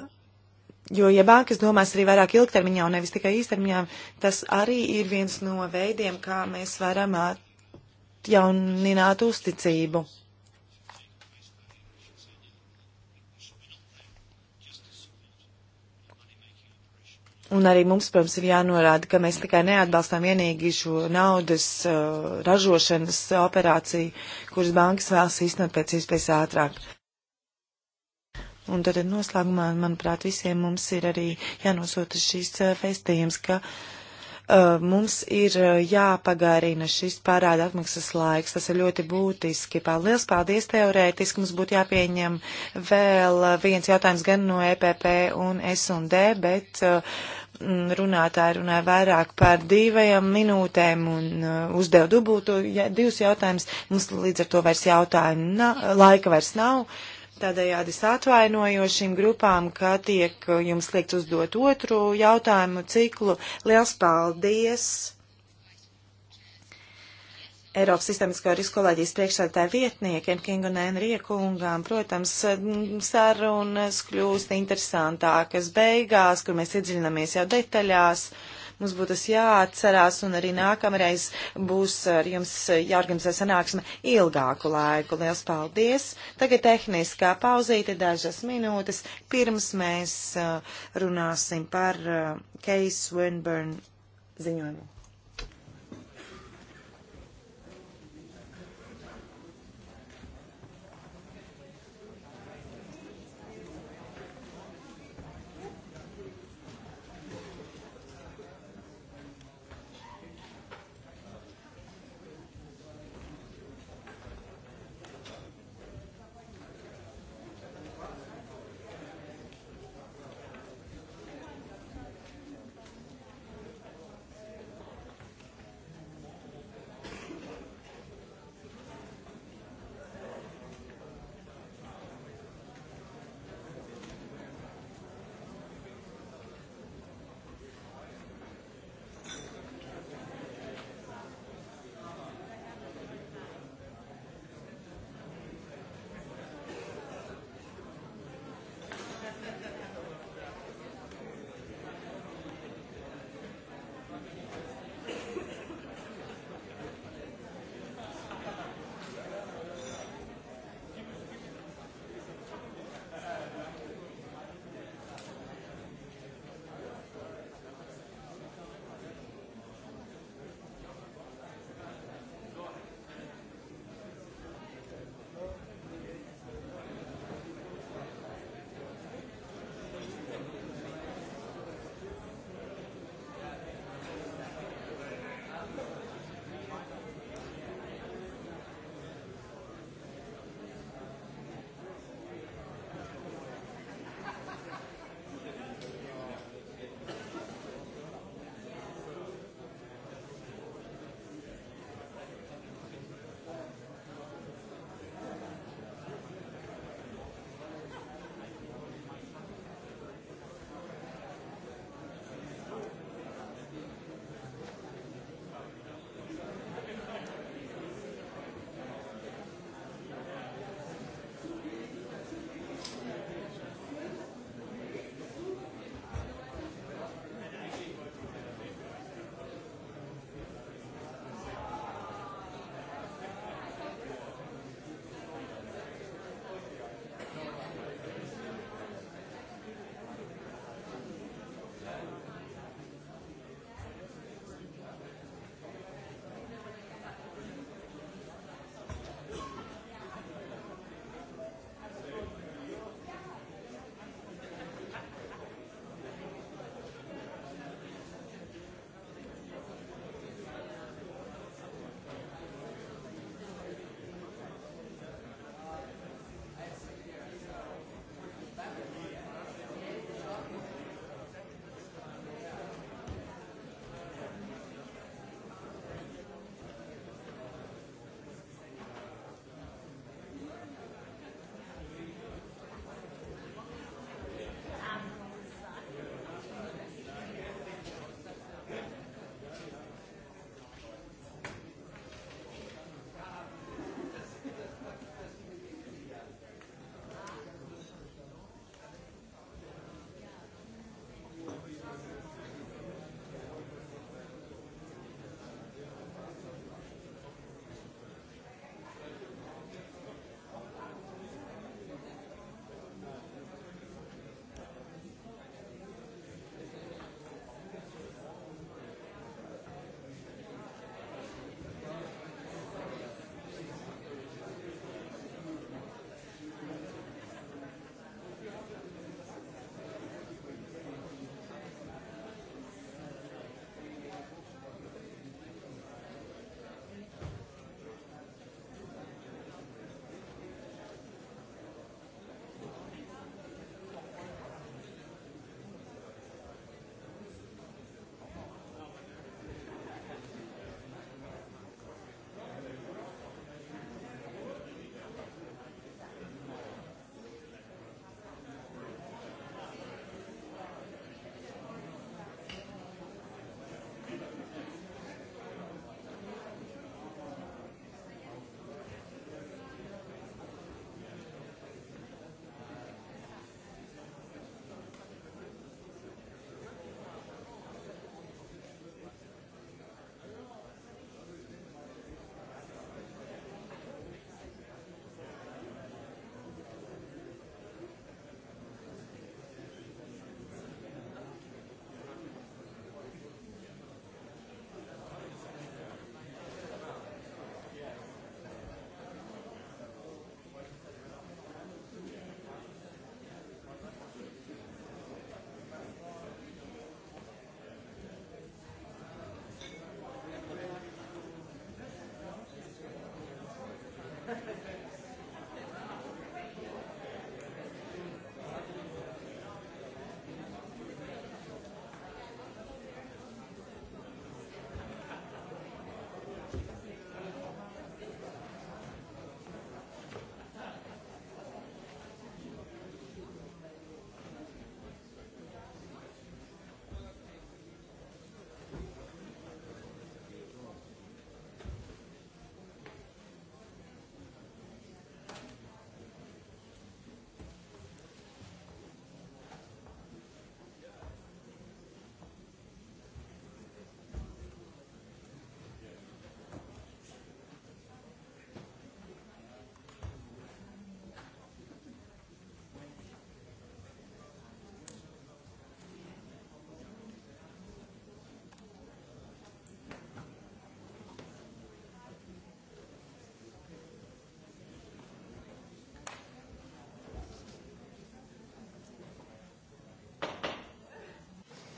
jo, ja bankas domās arī vairāk ilgtermiņā un nevis tikai īstermiņā, tas arī ir viens no veidiem, kā mēs varam at atjaunināt uzticību. Un arī mums, protams, ir jānorāda, ka mēs tikai neatbalstām vienīgi šo naudas uh, ražošanas operāciju, kuras bankas vēlas īstenot pēc iespējas ātrāk. Un tad noslēgumā, manuprāt, visiem mums ir arī jānosūta šīs uh, festījums, ka uh, Uh, mums ir uh, jāpagarina šis pārāda atmaksas laiks. Tas ir ļoti būtiski. Paldies, paldies teorētiski. Mums būtu jāpieņem vēl uh, viens jautājums gan no EPP un S&D, bet mm, runātāji runāja vairāk par divajām minūtēm un uzdeva dubultu ja, divus jautājumus. Mums līdz ar to vairs jautājumu laika vairs nav. Tādējādi es atvainojos šīm grupām, ka tiek uh, jums liekt uzdot otru jautājumu ciklu. Liels paldies! Eiropas sistēmiskā riskoloģijas priekšsēdētāja vietniekiem Kingu un Enrija kungām. Protams, mm, sarunas kļūst interesantākas beigās, kur mēs iedziļināmies jau detaļās. Uh, Mums būtu tas jāatcerās un arī nākamreiz būs ar jums jāorganizē sanāksme ilgāku laiku. Liels paldies! Tagad tehniskā pauzīte dažas minūtes, pirms mēs uh, runāsim par Keisa uh, Winburn ziņojumu.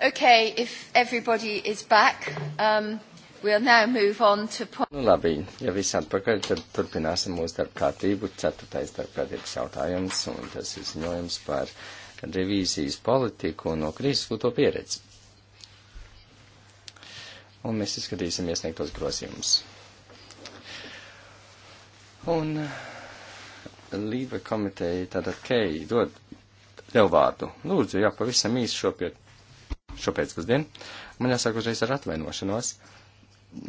Okay, if everybody is back, um, we'll now move on to point... Nu labi, ja visi atpakaļ, tad turpināsim mūsu darba kārtību. Ceturtais darba kārtības jautājums, un tas ir ziņojums par revīzijas politiku un no krīzes gūto pieredzi. Un mēs izskatīsim iesniegtos grozījumus. Un uh, Lība komiteja tātad, Kei, dod tev vārdu. Lūdzu, jā, pavisam īsi šo pie šo pēcpusdienu. Man jāsāk uzreiz ar atvainošanos.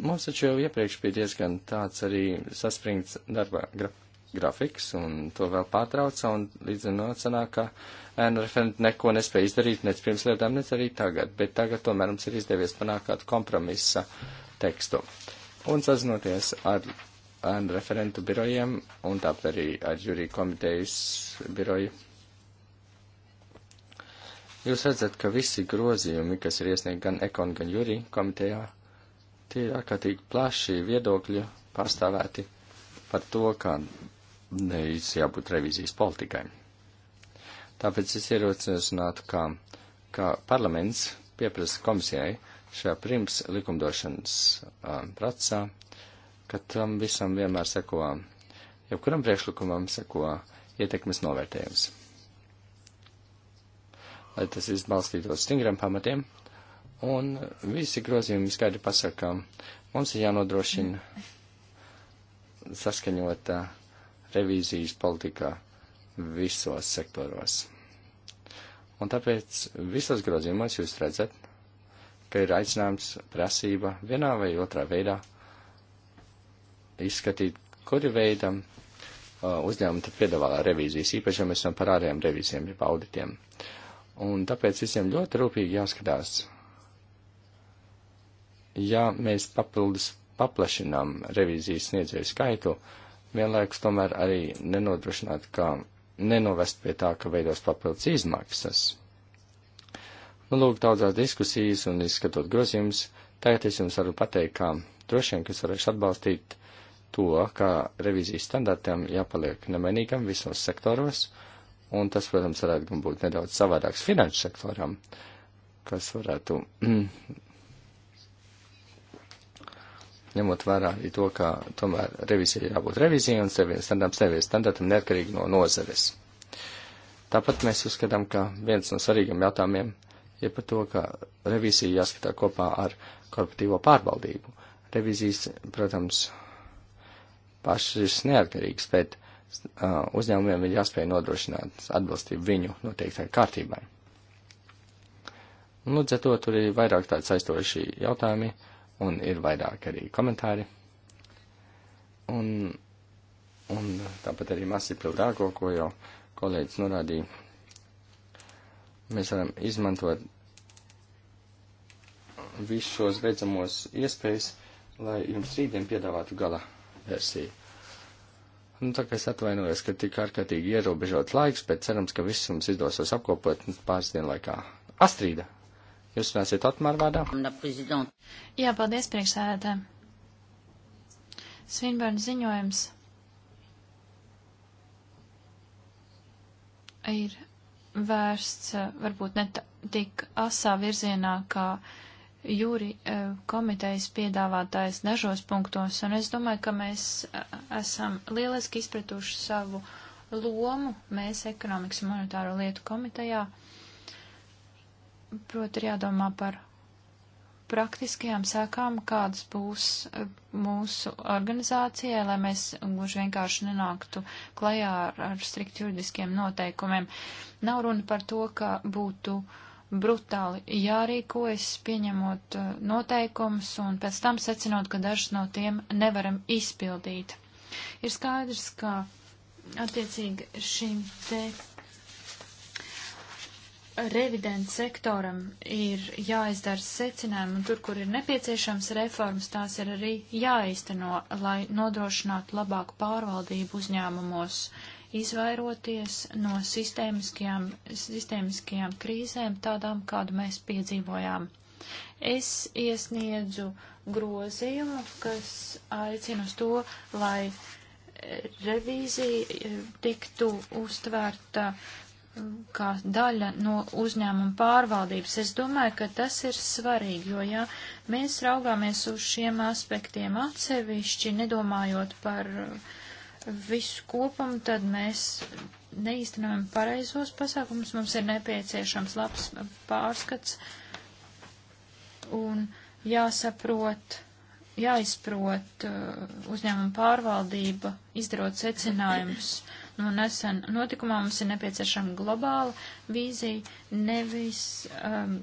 Mums taču jau iepriekš bija diezgan tāds arī saspringts darba gra grafiks, un to vēl pārtrauca, un līdz ar nocenāk, ka ēnu referenti neko nespēja izdarīt, nec pirms lietām, nec arī tagad, bet tagad tomēr mums ir izdevies panākt kādu kompromisa tekstu. Un sazinoties ar ēnu referentu birojiem, un tāpat arī ar jūrī komitejas biroju Jūs redzat, ka visi grozījumi, kas ir iesniegti gan ekon, gan jūrī komitejā, tie ir ārkārtīgi plaši viedokļi pārstāvēti par to, ka nevis jābūt revizijas politikai. Tāpēc es ierosinātu, ka, ka parlaments pieprasa komisijai šajā pirms likumdošanas um, procesā, ka tam visam vienmēr seko, jebkuram priekšlikumam seko ietekmes novērtējums lai tas viss balstītos stingram pamatiem, un visi grozījumi skaidri pasakām, mums ir jānodrošina saskaņota revīzijas politikā visos sektoros. Un tāpēc visos grozījumos jūs redzat, ka ir aicinājums, prasība vienā vai otrā veidā izskatīt, kuri veidam uh, uzņēmumi tad piedāvā revīzijas, īpaši, ja mēs esam par ārējām revīzijām, ja auditiem. Uh, Un tāpēc visiem ļoti rūpīgi jāskatās. Ja mēs papildus paplašinām revīzijas sniedzēju skaitu, vienlaikus tomēr arī nenodrošināt, ka nenovest pie tā, ka veidos papildus izmaksas. Nu, lūk, daudzās diskusijas un izskatot grozījumus, tagad es jums varu pateikt, ka droši vien, kas varēšu atbalstīt to, ka revizijas standartiem jāpaliek nemainīgam visos sektoros, uh, Un tas, protams, varētu būt nedaudz savādāks finanšu sektoram, kas varētu, ņemot vērā arī to, ka tomēr revizija jābūt revizija un sevies standartam, sevies standartam neatkarīgi no nozares. Tāpat mēs uzskatām, ka viens no svarīgiem jautājumiem ir par to, ka revizija jāskatā kopā ar korporatīvo pārvaldību. Revizijas, protams, pašas neatkarīgas, bet Uh, uzņēmumiem ir jāspēj nodrošināt atbilstību viņu noteiktai kārtībai. Nu, dzeto, tur ir vairāk tādi saistoši jautājumi un ir vairāk arī komentāri. Un, un tāpat arī masi pildāko, ko jau kolēģis norādīja. Mēs varam izmantot visus šos redzamos iespējas, lai jums rītdien piedāvātu gala versiju. Nu, tā kā es atvainojos, ka tik ārkārtīgi ierobežots laiks, bet cerams, ka viss mums izdosies apkopot pāris dienu laikā. Astrīda, jūs runāsiet atmēr vārdā? Jā, paldies priekšsēdētājiem. Svinbērna ziņojums ir vērsts eh, varbūt ne tik asā virzienā, kā. Ka jūri e, komitejas piedāvātājs dažos punktos, un es domāju, ka mēs e, esam lieliski izpratuši savu lomu, mēs ekonomikas un monetāro lietu komitejā. Proti ir jādomā par praktiskajām sekām, kādas būs e, mūsu organizācijai, lai mēs gluži vienkārši nenāktu klajā ar, ar strikt juridiskiem noteikumiem. Nav runa par to, ka būtu uh, brutāli jārīkojas, pieņemot eh, noteikumus un pēc tam secinot, ka dažus no tiem nevaram izpildīt. Ir skaidrs, ka attiecīgi šim te revidents sektoram ir jāizdara secinājumi, un tur, kur ir nepieciešams reformas, tās ir arī jāizteno, lai nodrošinātu labāku pārvaldību uzņēmumos. Uh, izvairoties no sistēmiskajām, sistēmiskajām krīzēm, tādām, kādu mēs piedzīvojām. Es iesniedzu grozījumu, kas aicina uz to, lai revīzija e, tiktu uztvērta kā daļa no uzņēmuma pārvaldības. Es domāju, ka tas ir svarīgi, jo, ja mēs raugāmies uz šiem aspektiem atsevišķi, nedomājot par uh, visu kopam, tad mēs neīstenojam pareizos pasākumus. Mums ir nepieciešams labs pārskats un jāsaprot, jāizprot uh, uzņēmuma pārvaldība, izdarot secinājumus no nesen notikumā. Mums ir nepieciešama globāla vīzija, nevis. Um,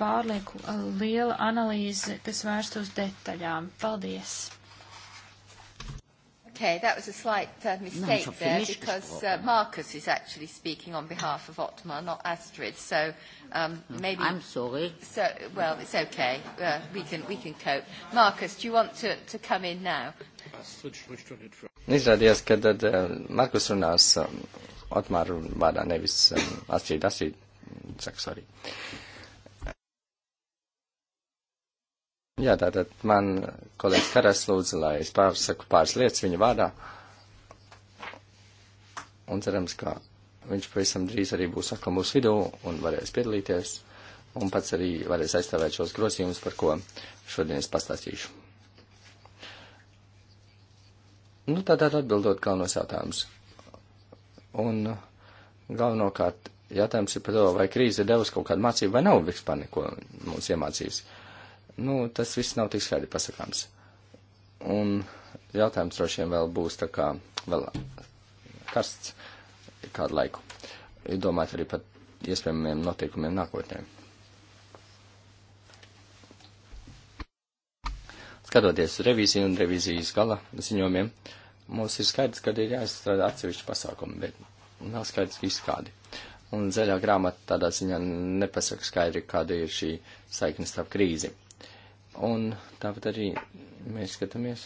pārlieku uh, liela analīze, kas vērst uz detaļām. Paldies! Okay, that was a slight uh, mistake no, there because uh, Marcus is actually speaking on behalf of Otmar, not Astrid. So um, maybe I'm sorry. So well, it's okay. Uh, we can we can cope. Marcus, do you want to, to come in now? Izrādījās, ka tad uh, Markus runās um, Otmāru vārdā, nevis um, Astrid. Astrid saka, sorry. Uh, Jā, tātad man kolēģis Karas lūdzu, lai es pārsaku pāris lietas viņa vārdā. Un cerams, ka viņš pavisam drīz arī būs atkal mūsu vidū un varēs piedalīties. Un pats arī varēs aizstāvēt šos grozījumus, par ko šodien es pastāstīšu. Nu, tātad atbildot galvenos jautājumus. Un galvenokārt jautājums ir par to, vai krīze devusi kaut kādu mācību vai nav vispār neko mums iemācījusi nu, tas viss nav tik skaidri pasakāms. Un jautājums droši vien vēl būs tā kā vēl karsts kādu laiku. Domājot arī par iespējamiem noteikumiem nākotnē. Skatoties revīziju un revīzijas gala ziņojumiem, mums ir skaidrs, ka ir jāizstrādā atsevišķi pasākumi, bet nav skaidrs, kas kādi. Un zaļā grāmata tādā ziņā nepasaka skaidri, kāda ir šī saikne starp krīzi Un tāpat arī mēs skatāmies,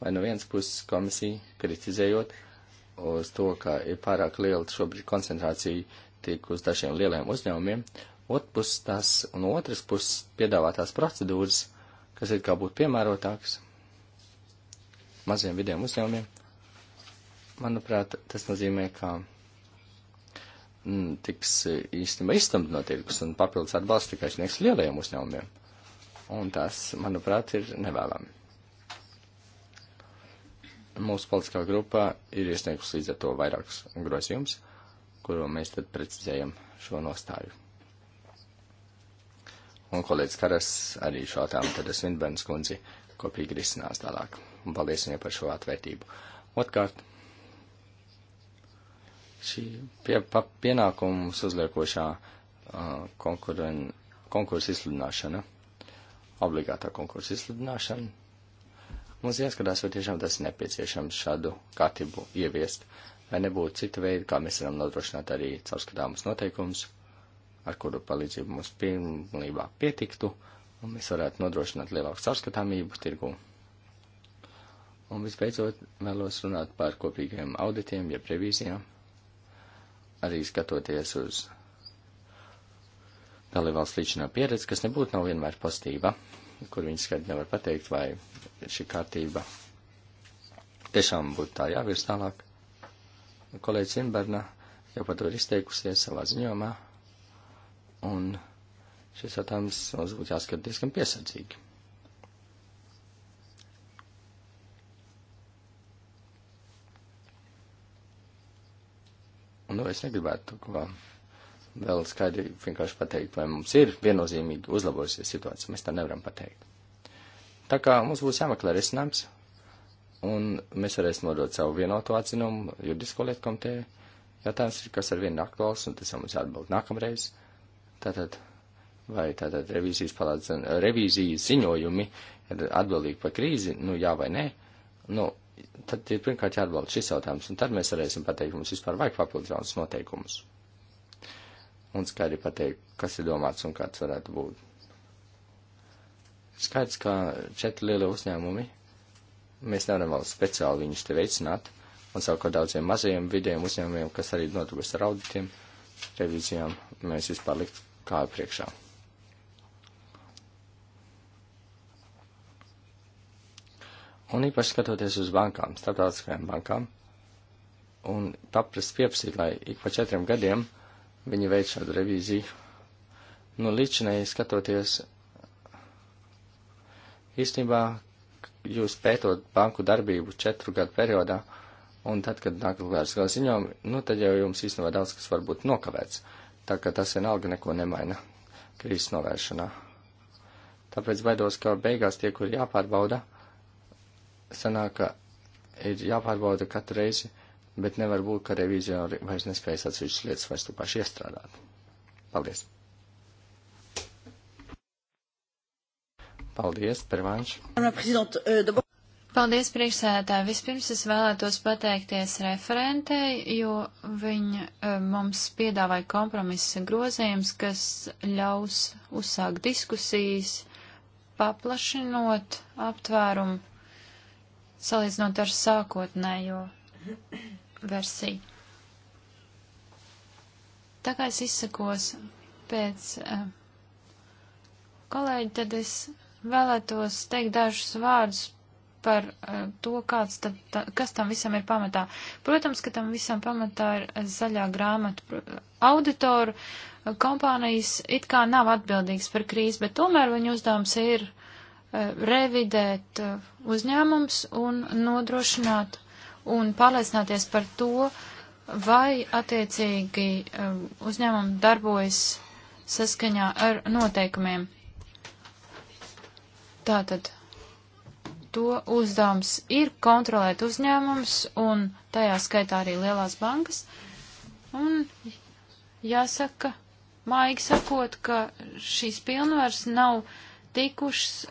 vai no vienas puses komisija kritizējot uz to, ka ir pārāk liela šobrīd koncentrācija tiek uz dažiem lieliem uzņēmumiem, otrs tās un otras puses piedāvātās procedūras, kas ir kā būtu piemērotāks maziem vidiem uzņēmumiem, manuprāt, tas nozīmē, ka mm, tiks īstenībā izstumta no tirgus un papildus atbalsts tikai sniegs lielajiem uzņēmumiem un tas, manuprāt, ir nevēlami. Mūsu politiskā grupā ir iesniegus līdz ar to vairākus grozījumus, kuru mēs tad precizējam šo nostāju. Un kolēģis Karas arī šo tēmu tad es Vinbērns kundzi kopīgi risinās tālāk. Un paldies viņai par šo atvērtību. Otkārt, šī pie, pa, pienākums uzliekošā uh, konkursa izsludināšana. Uh, obligātā konkursa izsludināšana. Mums jāskatās, vai tiešām tas ir nepieciešams šādu kārtību ieviest, lai nebūtu cita veida, kā mēs varam nodrošināt arī caurskatāmus noteikumus, ar kuru palīdzību mums pilnībā pietiktu, un mēs varētu nodrošināt lielāku caurskatāmību tirgū. Un visbeidzot, vēlos runāt par kopīgiem auditiem, jeb revīzijām, arī skatoties uz dalībvalsts līdzinā pieredze, kas nebūtu nav vienmēr pozitīva, kur viņi skaidri nevar pateikt, vai šī kārtība tiešām būtu tā jāvirs tālāk. Kolēģis Imberna jau par to ir izteikusies savā ziņomā, un šis jautājums mums būtu jāskat diezgan piesardzīgi. Un, nu, es negribētu kaut ko vēl skaidri vienkārši pateikt, vai mums ir viennozīmīgi uzlabojusies situācija. Mēs tā nevaram pateikt. Tā kā mums būs jāmeklē risinājums, un mēs varēsim nodot savu vienotu atzinumu juridisko lietu komitejai. Jautājums ir, kas ar vienu aktuāls, un tas mums jāatbild nākamreiz. Tātad, vai tātad revīzijas, palāds, revīzijas ziņojumi ir atbildīgi par krīzi, nu jā vai nē, nu, tad ir pirmkārt jāatbild šis jautājums, un tad mēs varēsim pateikt, mums vispār vajag papildinātus noteikumus un skaidri pateikt, kas ir domāts un kāds varētu būt. Skaidrs, ka četri lielie uzņēmumi, mēs nevaram vēl speciāli viņus te veicināt, un savukārt daudziem mazajiem vidējiem uzņēmumiem, kas arī notuvis ar auditiem, revīzijām, mēs vispār likt kāju priekšā. Un īpaši skatoties uz bankām, starptautiskajām bankām, un paprast pieprasīt, lai ik pa četriem gadiem uh, viņi veic šādu revīziju. Nu, līdšanai skatoties, īstenībā jūs pētot banku darbību četru gadu periodā, un tad, kad nāk vairs gala ziņojumi, nu, tad jau jums īstenībā daudz kas var būt nokavēts, tā ka tas vienalga neko nemaina krīzes novēršanā. Tāpēc baidos, ka beigās tie, kur jāpārbauda, sanāk, ka ir jāpārbauda katru reizi, uh, bet nevar būt, ka revizori vairs nespējas atsevišķas lietas vairs tu paši iestrādāt. Paldies! Paldies, Pervanš! Paldies, priekšsēdētāji! Vispirms es vēlētos pateikties referentei, jo viņa eh, mums piedāvāja kompromisa grozījums, kas ļaus uzsākt diskusijas, paplašinot aptvērumu, salīdzinot ar sākotnējo versiju. Tā kā es izsakos pēc uh, kolēģi, tad es vēlētos teikt dažus vārdus par uh, to, kāds tad, tā, kas tam visam ir pamatā. Protams, ka tam visam pamatā ir eh, zaļā grāmata. Auditoru kompānijas it kā nav atbildīgs par krīzi, bet tomēr viņu uzdevums ir uh, revidēt uh, uzņēmums un nodrošināt un pārliecināties par to, vai attiecīgi um, uzņēmumi darbojas saskaņā ar noteikumiem. Tātad to uzdevums ir kontrolēt uzņēmums un tajā skaitā arī lielās bankas. Un jāsaka, maigi sakot, ka šīs pilnvars nav tikušas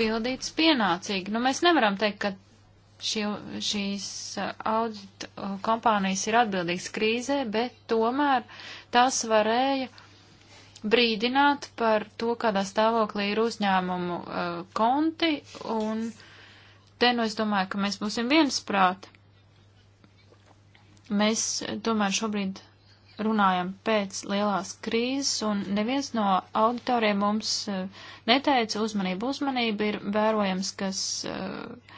pildītas pienācīgi. Nu, mēs nevaram teikt, ka šie, šīs uh, audit uh, kompānijas ir atbildīgas krīzē, bet tomēr tās varēja brīdināt par to, kādā stāvoklī ir uzņēmumu uh, konti, un te nu es domāju, ka mēs būsim viensprāt. Mēs uh, tomēr šobrīd runājam pēc lielās krīzes, un neviens no auditoriem mums uh, neteica uzmanību. Uzmanība ir vērojams, kas uh,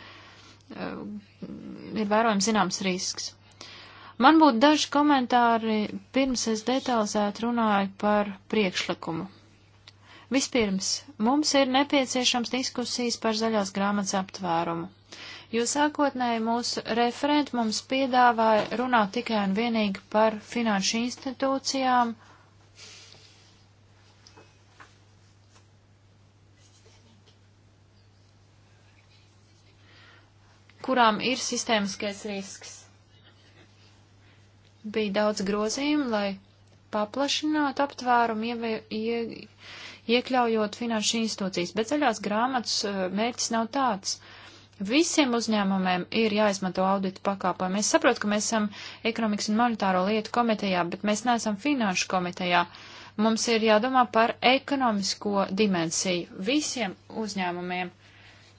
Um, ir vērojams zināms risks. Man būtu daži komentāri, pirms es detalizēti runāju par priekšlikumu. Vispirms, mums ir nepieciešams diskusijas par zaļās grāmatas aptvērumu, jo sākotnēji mūsu referenti mums piedāvāja runāt tikai un vienīgi par finanšu institūcijām, uh, kurām ir sistēmiskais risks. Bija daudz grozījumu, lai paplašinātu aptvērumu, ievie, ie, iekļaujot finanšu institūcijas, bet zaļās grāmatas eh, mērķis nav tāds. Visiem uzņēmumiem ir jāizmanto audita pakāpojumi. Es saprotu, ka mēs esam ekonomikas un monetāro lietu komitejā, bet mēs neesam finanšu komitejā. Mums ir jādomā par ekonomisko dimensiju visiem uzņēmumiem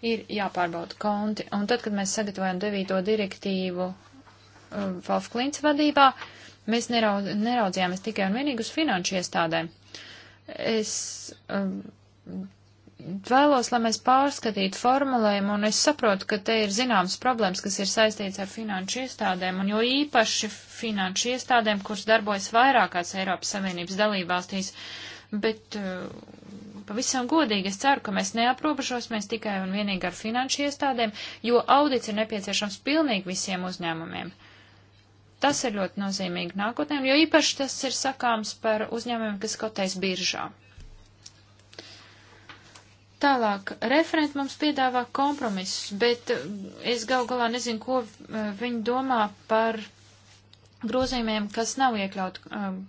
ir jāpārbauda konti. Un tad, kad mēs sagatavojam devīto direktīvu um, Valf Klints vadībā, mēs neraudz, neraudzījāmies tikai un vienīgi uz finanšu iestādēm. Es um, vēlos, lai mēs pārskatītu formulējumu, un es saprotu, ka te ir zināmas problēmas, kas ir saistīts ar finanšu iestādēm, un jo īpaši finanšu iestādēm, kuras darbojas vairākās Eiropas Savienības dalībvalstīs, bet uh, Pavisam godīgi es ceru, ka mēs neaprobežosimies tikai un vienīgi ar finanšu iestādēm, jo audits ir nepieciešams pilnīgi visiem uzņēmumiem. Tas ir ļoti nozīmīgi nākotnē, jo īpaši tas ir sakāms par uzņēmumiem, kas kotēs biržā. Tālāk, referenti mums piedāvā kompromisus, bet eh, es gal galā nezinu, ko eh, viņi domā par grozījumiem, kas nav iekļaut um,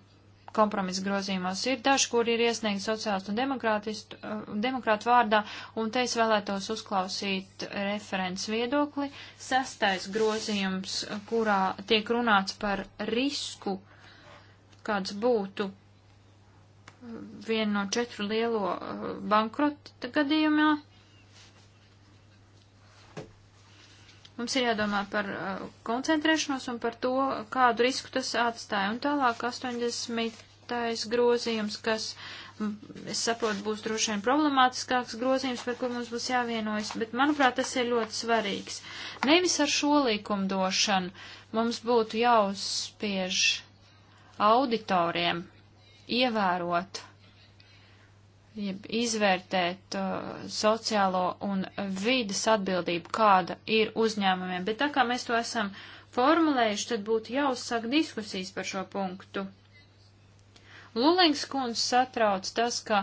kompromisa grozījumos. Ir daži, kur ir iesniegti sociālistu uh, un demokrātu vārdā, un te es vēlētos uzklausīt referents viedokli. Sestais grozījums, uh, kurā tiek runāts par risku, kāds būtu uh, vienu no četru lielo bankrota gadījumā. Mums ir jādomā par uh, koncentrēšanos un par to, kādu risku tas atstāja. Un tālāk 80. grozījums, kas, es saprotu, būs droši vien problemātiskāks grozījums, par kur mums būs jāvienojas, bet manuprāt, tas ir ļoti svarīgs. Nevis ar šo likumdošanu mums būtu jāuzspiež auditoriem ievērot jeb izvērtēt uh, sociālo un vidas atbildību, kāda ir uzņēmumiem. Bet tā kā mēs to esam formulējuši, tad būtu jāuzsāk diskusijas par šo punktu. Lulings kundze satrauc tas, ka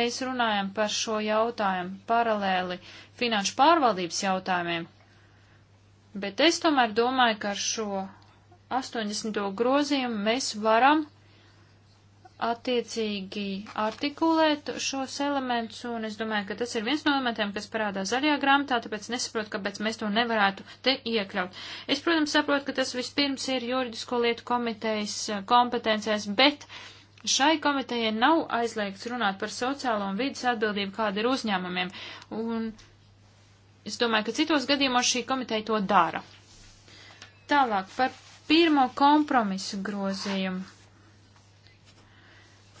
mēs runājam par šo jautājumu paralēli finanšu pārvaldības jautājumiem, bet es tomēr domāju, ka ar šo 80. grozījumu mēs varam attiecīgi artikulēt šos elementus, un es domāju, ka tas ir viens no elementiem, kas parādās zaļajā grāmatā, tāpēc nesaprotu, kāpēc mēs to nevarētu te iekļaut. Es, protams, saprotu, ka tas vispirms ir juridisko lietu komitejas eh, kompetencēs, bet šai komitejai nav aizliegts runāt par sociālo un vidas atbildību, kāda ir uzņēmumiem, un es domāju, ka citos gadījumos šī komiteja to dara. Tālāk par pirmo kompromisu grozījumu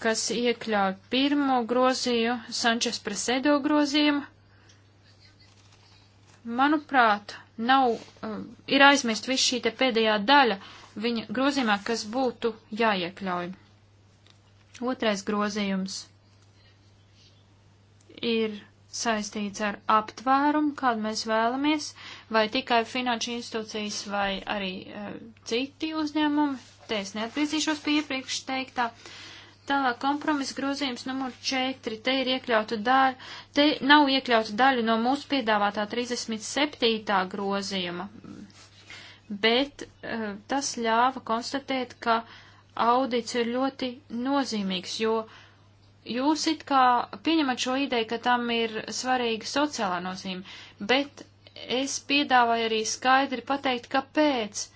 kas iekļauj pirmo grozīju, Sančes Presedo grozījumu. Manuprāt, nav, eh, ir aizmirst viss šī te pēdējā daļa viņa grozījumā, kas būtu jāiekļauj. Otrais grozījums ir saistīts ar aptvērumu, kādu mēs vēlamies, vai tikai finanšu institūcijas vai arī uh, citi uzņēmumi. Te es neatgriezīšos pie iepriekš teiktā. Uh, Tālāk kompromisa grozījums numur 4. Te ir iekļauta daļa, te nav iekļauta daļa no mūsu piedāvātā 37. grozījuma, bet uh, tas ļāva konstatēt, ka audits ir ļoti nozīmīgs, jo jūs it kā pieņemat šo ideju, ka tam ir svarīga sociālā nozīme, bet es piedāvāju arī skaidri pateikt, kāpēc.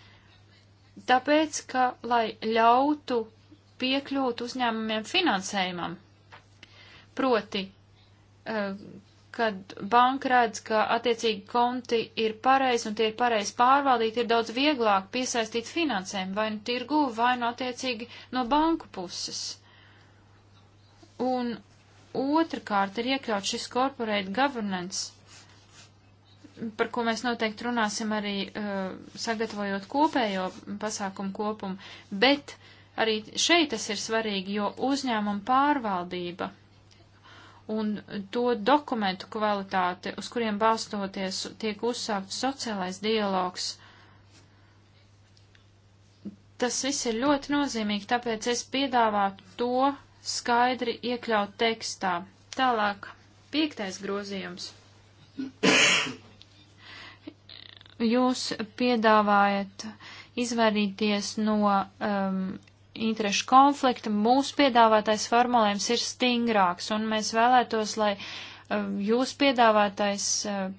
Tāpēc, ka, lai ļautu piekļūt uzņēmumiem finansējumam. Proti, eh, kad banka redz, ka attiecīgi konti ir pareizi un tie ir pareizi pārvaldīti, ir daudz vieglāk piesaistīt finansējumu vai nu tirgu, vai nu attiecīgi no banku puses. Un otrkārt ir iekļaut šis corporate governance, par ko mēs noteikti runāsim arī uh, sagatavojot kopējo pasākumu kopumu, bet uh, Arī šeit tas ir svarīgi, jo uzņēmuma pārvaldība un to dokumentu kvalitāte, uz kuriem balstoties tiek uzsākt sociālais dialogs, tas viss ir ļoti nozīmīgi, tāpēc es piedāvātu to skaidri iekļaut tekstā. Tālāk, piektais grozījums. Jūs piedāvājat izvairīties no um, interešu konflikta, mūsu piedāvātais formulējums ir stingrāks, un mēs vēlētos, lai um, jūs piedāvātais um,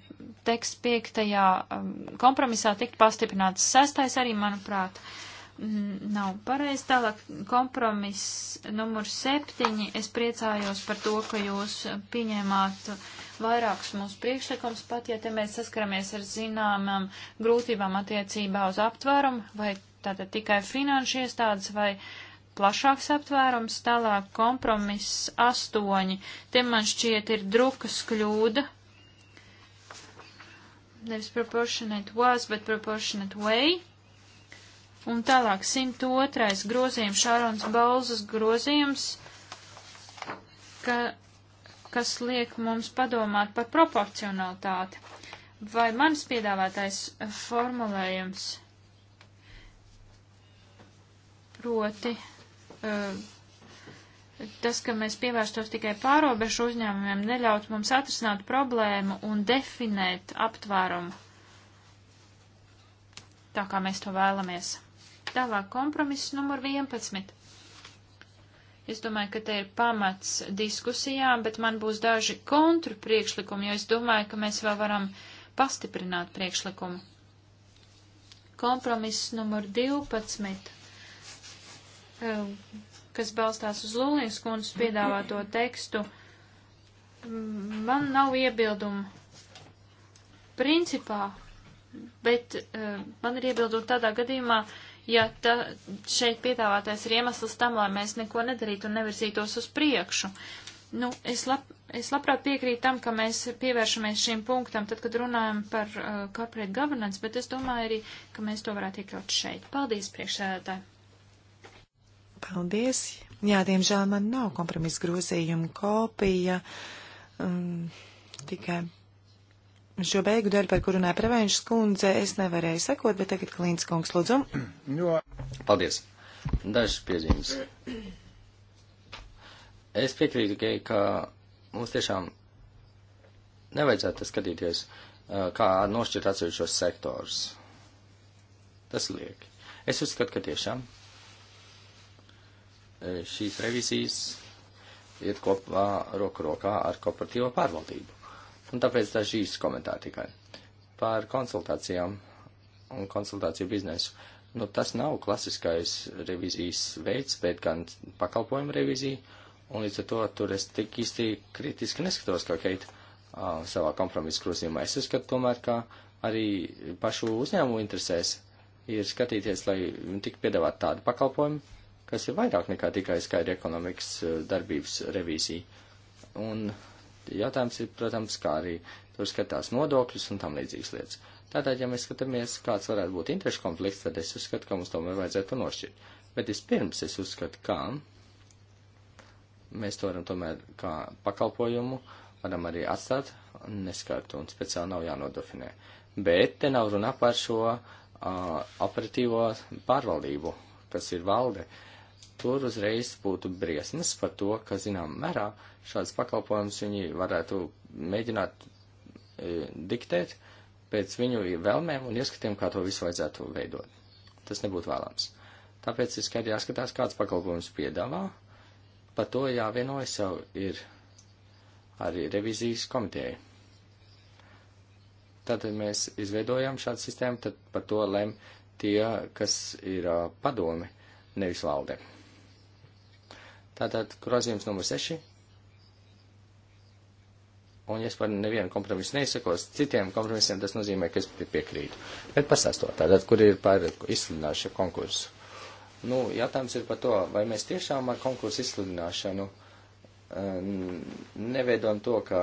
teksts piektajā um, kompromisā tiktu pastiprināts. Sestais arī, manuprāt, nav pareizi. Tālāk kompromiss numur septiņi. Es priecājos par to, ka jūs pieņēmāt vairākus mūsu priekšlikums, pat ja te mēs saskaramies ar zināmām grūtībām attiecībā uz aptvērumu vai tātad tikai finanšu iestādes vai plašāks aptvērums, tālāk kompromiss astoņi. Te man šķiet ir drukas kļūda. Nevis proportionate was, bet proportionate way. Un tālāk 102. grozījums, Šārons Balzas grozījums, ka, kas liek mums padomāt par proporcionalitāti. Vai mans piedāvātais formulējums proti eh, tas, ka mēs pievērstos tikai pārobežu uzņēmumiem, neļaut mums atrisināt problēmu un definēt aptvērumu tā, kā mēs to vēlamies. Tālāk kompromiss numur 11. Es domāju, ka te ir pamats diskusijām, bet man būs daži kontru priekšlikumi, jo es domāju, ka mēs vēl varam pastiprināt priekšlikumu. Kompromiss numur 12 Um, kas balstās uz Lūlīnas kundzes piedāvāto tekstu, man nav iebildumu principā, bet um, man ir iebildumi tādā gadījumā, ja ta, šeit piedāvātais ir iemesls tam, lai mēs neko nedarītu un nevirzītos uz priekšu. Nu, es, lab, es labprāt piekrītu tam, ka mēs pievēršamies šim punktam, tad, kad runājam par uh, corporate governance, bet es domāju arī, ka mēs to varētu iekļaut šeit. Paldies, priekšsēdētāji! Paldies. Jā, diemžēl man nav kompromisa grozījuma kopija. Um, tikai šo beigu daļu, par kuru runāja prevenšas kundze, es nevarēju sekot, bet tagad Klīns kungs lūdzu. Jo. Paldies. Dažas piezīmes. Es piekrītu, ka mums tiešām nevajadzētu skatīties, uh, kā nošķirt atsevišķos sektors. Tas liek. Es uzskatu, ka tiešām E, šīs revizijas iet kopā roku rokā ar kooperatīvo pārvaldību. Un tāpēc daži īsti komentāri tikai. Par konsultācijām un konsultāciju biznesu. Nu, tas nav klasiskais revizijas veids, bet gan pakalpojuma revizija, un līdz ar to tur es tik īsti kritiski neskatos, kā Keit uh, savā kompromisa krūzīmā. Es uzskatu tomēr, ka arī pašu uzņēmumu interesēs ir skatīties, lai tik piedāvāt tādu pakalpojumu, kas ir vairāk nekā tikai skaidra ekonomikas eh, darbības revīzija. Un jautājums ir, protams, kā arī tur skatās nodokļus un tam līdzīgas lietas. Tātad, ja mēs skatāmies, kāds varētu būt interešu konflikts, tad es uzskatu, ka mums tomēr vajadzētu nošķirt. Bet vispirms es uzskatu, kā mēs to varam tomēr kā pakalpojumu, varam arī atstāt neskartu un speciāli nav jānodefinē. Bet te nav runa par šo uh, operatīvo pārvaldību, kas ir valde. Uh, tur uzreiz būtu briesmas par to, ka, zinām, mērā šādas pakalpojumus viņi varētu mēģināt e, diktēt pēc viņu vēlmēm un ieskatiem, kā to visu vajadzētu veidot. Tas nebūtu vēlams. Tāpēc ir skaidri jāskatās, kāds pakalpojums piedāvā. Par to jāvienojas jau ir arī revizijas komiteja. Tātad mēs izveidojam šādu sistēmu, tad par to lem tie, kas ir uh, padomi nevis valde. Tātad grozījums numur 6. Un ja es par nevienu kompromisu neizsakos, citiem kompromisiem tas nozīmē, ka es piekrītu. Bet pastāstot tātad, kur ir par izsludināšanu konkursu. Nu, jautājums ir par to, vai mēs tiešām ar konkursu izsludināšanu um, neveidojam to, ka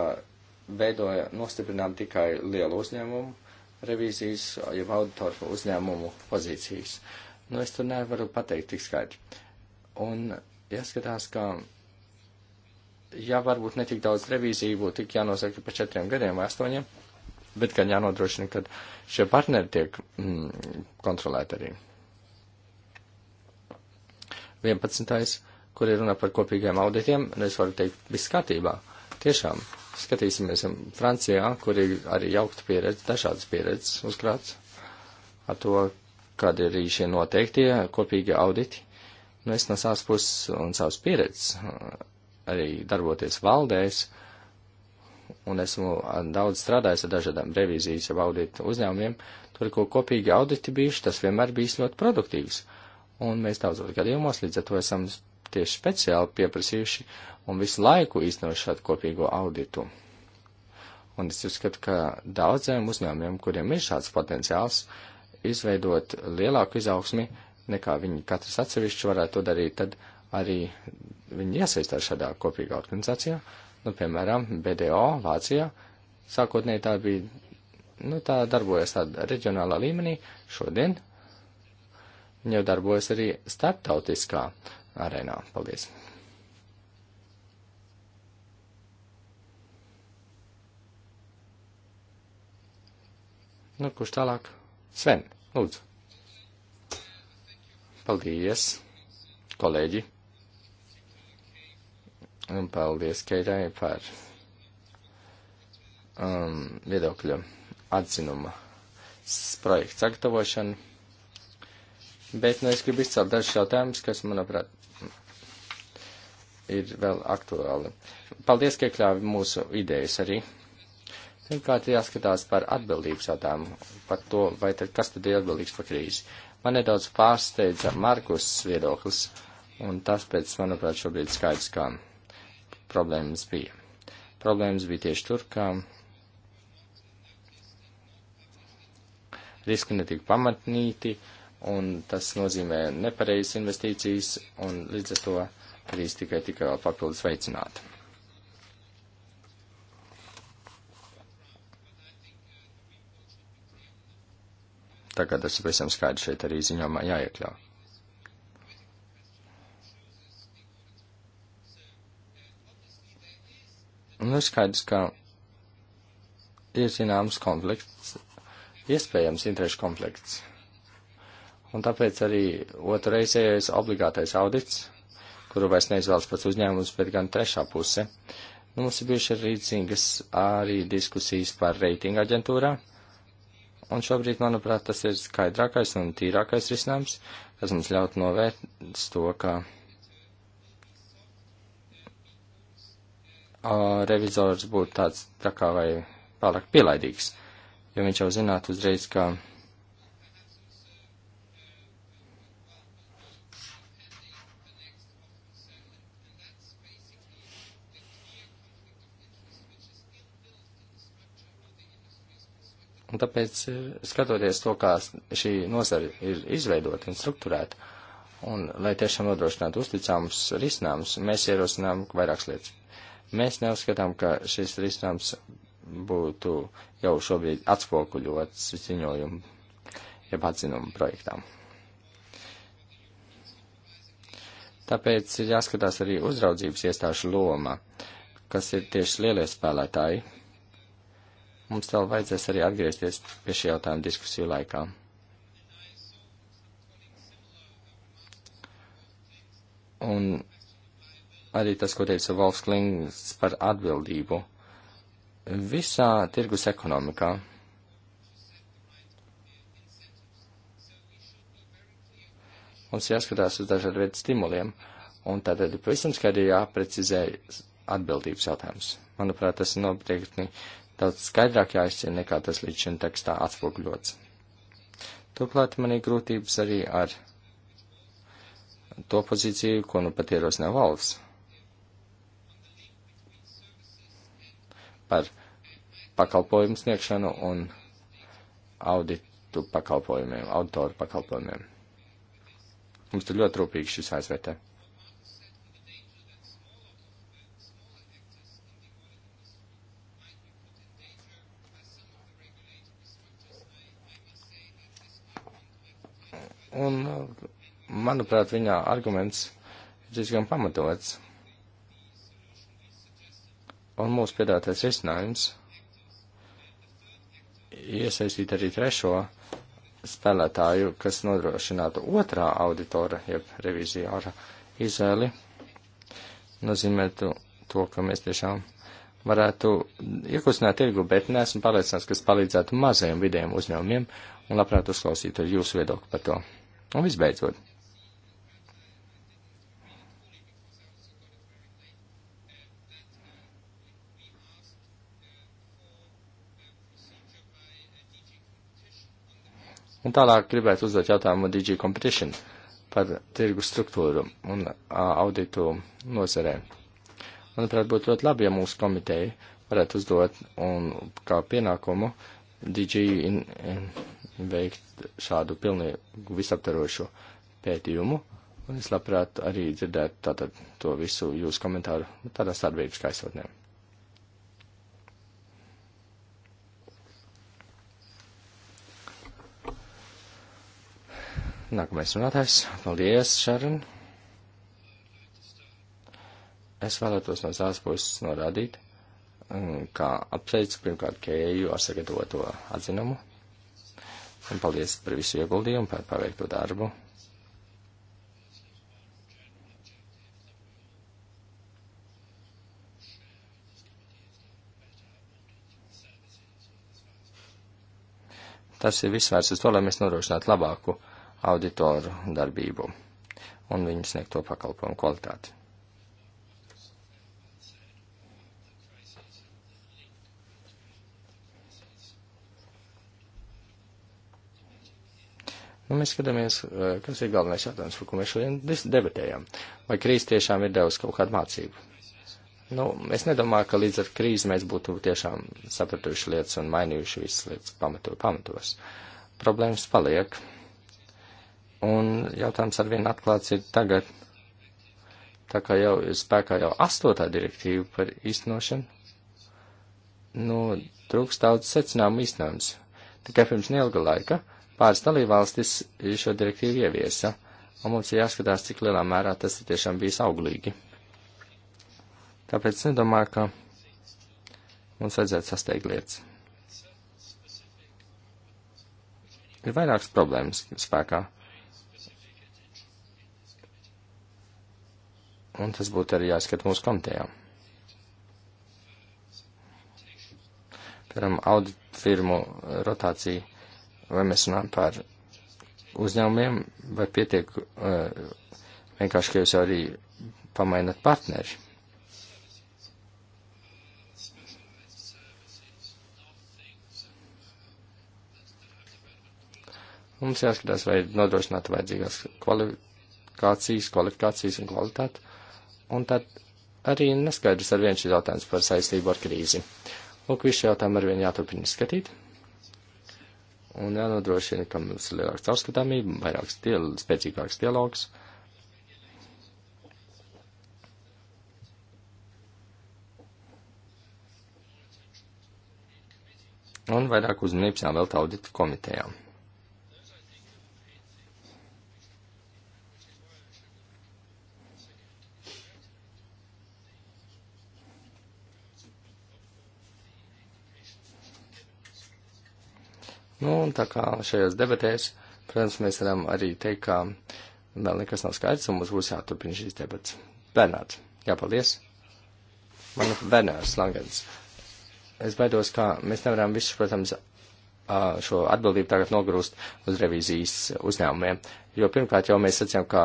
veidoja, nostiprinām tikai lielu uzņēmumu revīzijas, jau auditoru uzņēmumu pozīcijas. Uh, Nu, es tur nevaru pateikt tik skaidri. Un jāskatās, ka, ja varbūt netik daudz revīziju būtu tik jānosaka pa četriem gadiem vai astoņiem, bet gan jānodrošina, ka šie partneri tiek mm, kontrolēti arī. 11. kur ir runa par kopīgiem auditiem, un nu, es varu teikt, viss kārtībā. Tiešām, skatīsimies um, Francijā, kur ir arī jaukta pieredze, dažādas pieredzes uzkrāts ar to, kādi ir arī šie noteiktie kopīgi auditi. Nu, es no savas puses un savas pieredzes arī darboties valdēs, un esmu daudz strādājis ar dažādām revīzijas jau audita uzņēmumiem, tur, ko kopīgi auditi bijuši, tas vienmēr bijis ļoti produktīvs. Un mēs daudzos gadījumos līdz ar to esam tieši speciāli pieprasījuši un visu laiku īstenojuši šādu kopīgo auditu. Un es uzskatu, ka daudziem uzņēmumiem, kuriem ir šāds potenciāls, uh, izveidot lielāku izaugsmi, nekā viņi katrs atsevišķi varētu to darīt, tad arī viņi iesaistās šādā kopīgā organizācijā. Nu, piemēram, BDO Vācijā sākotnēji tā bija, nu, tā darbojas tādā reģionālā līmenī. Šodien viņa jau darbojas arī starptautiskā arēnā. Paldies! Nu, kurš tālāk? Sven, lūdzu. Paldies, kolēģi. Un paldies Keirai par um, viedokļu atzinuma projektu sagatavošanu. Bet nu, es gribu izcelt dažus jautājumus, kas, manuprāt, ir vēl aktuāli. Paldies, ka iekļāvi mūsu idejas arī Pirmkārt, jāskatās par atbildības jautājumu, par to, vai tad kas tad ir atbildīgs par krīzi. Man nedaudz pārsteidza Markus viedoklis, un tas pēc, manuprāt, šobrīd skaidrs, kā problēmas bija. Problēmas bija tieši tur, kā riski netika pamatnīti, un tas nozīmē nepareizas investīcijas, un līdz ar to krīze tikai tikai vēl papildus veicināta. Tagad tas visam skaidrs šeit arī ziņojumā jāiekļauj. Nu, skaidrs, ka ir zināms konflikts, iespējams interešu konflikts. Un tāpēc arī otrreizējais obligātais audits, kuru vairs neizvēlas pats uzņēmums, bet gan trešā puse. Nu, mums ir bijuši arī cīngas arī diskusijas par reitinga aģentūrā. Un šobrīd, manuprāt, tas ir skaidrākais un tīrākais risinājums, kas mums ļaut novērst to, ka uh, revizors būtu tāds tā kā vai pārāk pielaidīgs, jo viņš jau zinātu uzreiz, ka. Kā Un tāpēc, eh, skatoties to, kā šī nozara ir izveidota un strukturēta, un lai tiešām nodrošinātu uzticāmus risinājumus, mēs ierosinām vairākas lietas. Mēs neuzskatām, ka šis risinājums būtu jau šobrīd atspoguļots ziņojumu jeb atzinumu projektām. Tāpēc ir jāskatās arī uzraudzības iestāžu loma, kas ir tieši lielie spēlētāji Mums vēl vajadzēs arī atgriezties pie šī jautājuma diskusiju laikā. Un arī tas, ko teica Volfs Klings par atbildību. Visā tirgus ekonomikā mums jāskatās uz dažādu veidu stimuliem, un tātad pavisam skaidri jāprecizē atbildības jautājums. Manuprāt, tas ir nopietni daudz skaidrāk jāizcina, nekā tas līdz šim tekstā atspogļots. Turklāt man ir grūtības arī ar to pozīciju, ko nu pat ierosina valsts. Par pakalpojumu sniegšanu un auditu pakalpojumiem, autoru pakalpojumiem. Mums tur ļoti rūpīgi šis aizvērtē. Un, manuprāt, viņā arguments ir diezgan pamatots. Un mūsu piedātais risinājums iesaistīt arī trešo spēlētāju, kas nodrošinātu otrā auditora, jeb revizijāra izvēli, nozīmētu to, ka mēs tiešām varētu iekustināt tirgu, bet neesmu pārliecināts, kas palīdzētu mazajiem vidējiem uzņēmumiem un labprāt uzklausītu jūsu viedokli par to. Un visbeidzot. Un tālāk gribētu uzdot jautājumu DG Competition par tirgu struktūru un auditu nozarē. Manuprāt, būtu ļoti labi, ja mūsu komiteja varētu uzdot un kā pienākumu DG in, in, veikt šādu pilnīgi visaptarošu pētījumu, un es labprāt arī dzirdētu tātad to visu jūsu komentāru nu, tādā sadarbības kaisotnē. Nākamais runātājs. Paldies, Šaran. Es vēlētos no savas puses norādīt, mm, kā apsveicu pirmkārt Kēju ar sagatavoto atzinumu Un paldies par visu ieguldījumu, par paveikto darbu. Tas ir viss vērts uz to, lai mēs nodrošinātu labāku auditoru darbību un viņu sniegto pakalpojumu kvalitāti. Nu, mēs skatāmies, eh, kas ir galvenais jautājums, par ko mēs šodien debatējam. Vai krīze tiešām ir devusi kaut kādu mācību? Nu, es nedomāju, ka līdz ar krīzi mēs būtu tiešām sapratuši lietas un mainījuši visas lietas pamato, pamatos. Problēmas paliek. Un jautājums arvien atklāts ir tagad, tā kā jau ir spēkā jau astotā direktīva par īstenošanu, nu, trūkst daudz secinājumu īstenojums. Tikai pirms neilga laika pāris dalībvalstis šo direktīvu ieviesa, un mums ir jāskatās, cik lielā mērā tas ir tiešām bijis auglīgi. Tāpēc nedomāju, ka mums vajadzētu sasteigt lietas. Ir vairākas problēmas spēkā. Un tas būtu arī jāskat mūsu komitejām. Piemēram, audit firmu rotācija vai mēs runājam par uzņēmumiem, vai pietiek uh, vienkārši, ka jūs arī pamainat partneri. Mums jāskatās, vai nodrošināt vajadzīgās kvalifikācijas, kvalifikācijas un kvalitāti. Un tad arī neskaidrs ar vienu šis jautājums par saistību ar krīzi. Lūk, visu jautājumu ar vienu jāturpina skatīt un jānodrošina, ka mums ir lielāks caurskatāmība, vairāks diel, spēcīgāks dialogs. Un vairāk uzmanības jāvēlta audita komitejām. Nu, un tā kā šajās debatēs, protams, mēs varam arī teikt, ka vēl nekas nav skaidrs, un mums būs jāturpina šīs debats. Bernārds, jāpaldies. Man ir Bernārds Langens. Es baidos, ka mēs nevaram visus, protams, šo atbildību tagad nogrūst uz revīzijas uzņēmumiem. Jo pirmkārt jau mēs sacījām, ka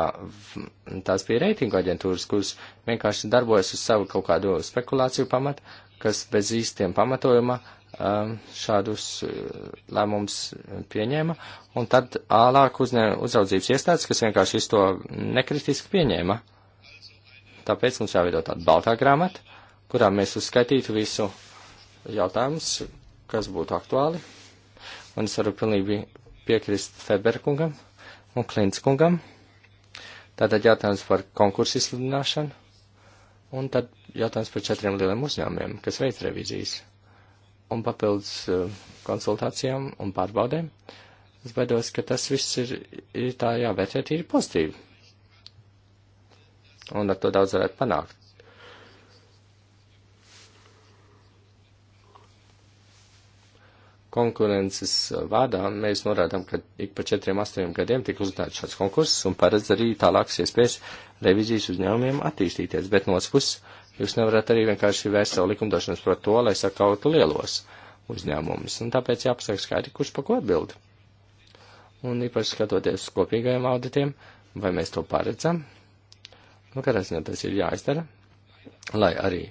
tās bija reitingu aģentūras, kuras vienkārši darbojas uz savu kaut kādu spekulāciju pamatu, kas bez īstiem pamatojuma uh, Um, šādus uh, lēmumus pieņēma, un tad ālāk uzne, uzraudzības iestādes, kas vienkārši visu to nekritiski pieņēma. Tāpēc mums jāveido tāda baltā grāmata, kurā mēs uzskaitītu visu jautājumus, kas būtu aktuāli. Un es varu pilnīgi piekrist Feberkungam un Klinskungam. Tātad jautājums par konkursu izsludināšanu, un tad jautājums par četriem lieliem uzņēmumiem, kas veic revīzijas un papildus eh, konsultācijām un pārbaudēm. Es baidos, ka tas viss ir, ir tā jāvērtē tīri pozitīvi. Un ar to daudz varētu panākt. Konkurences eh, vārdā mēs norādām, ka ik pa četriem, astoņiem gadiem tika uzdāts šāds konkurss un paredz arī tālākas iespējas revizijas uzņēmumiem attīstīties, bet no otras puses Jūs nevarat arī vienkārši vērst savu likumdošanas par to, lai sakautu lielos uzņēmumus. Un tāpēc jāpasaka skaidri, kurš pa ko atbild. Un īpaši skatoties uz kopīgajiem auditiem, vai mēs to paredzam, nu, kādā ziņā tas ir jāizdara, lai arī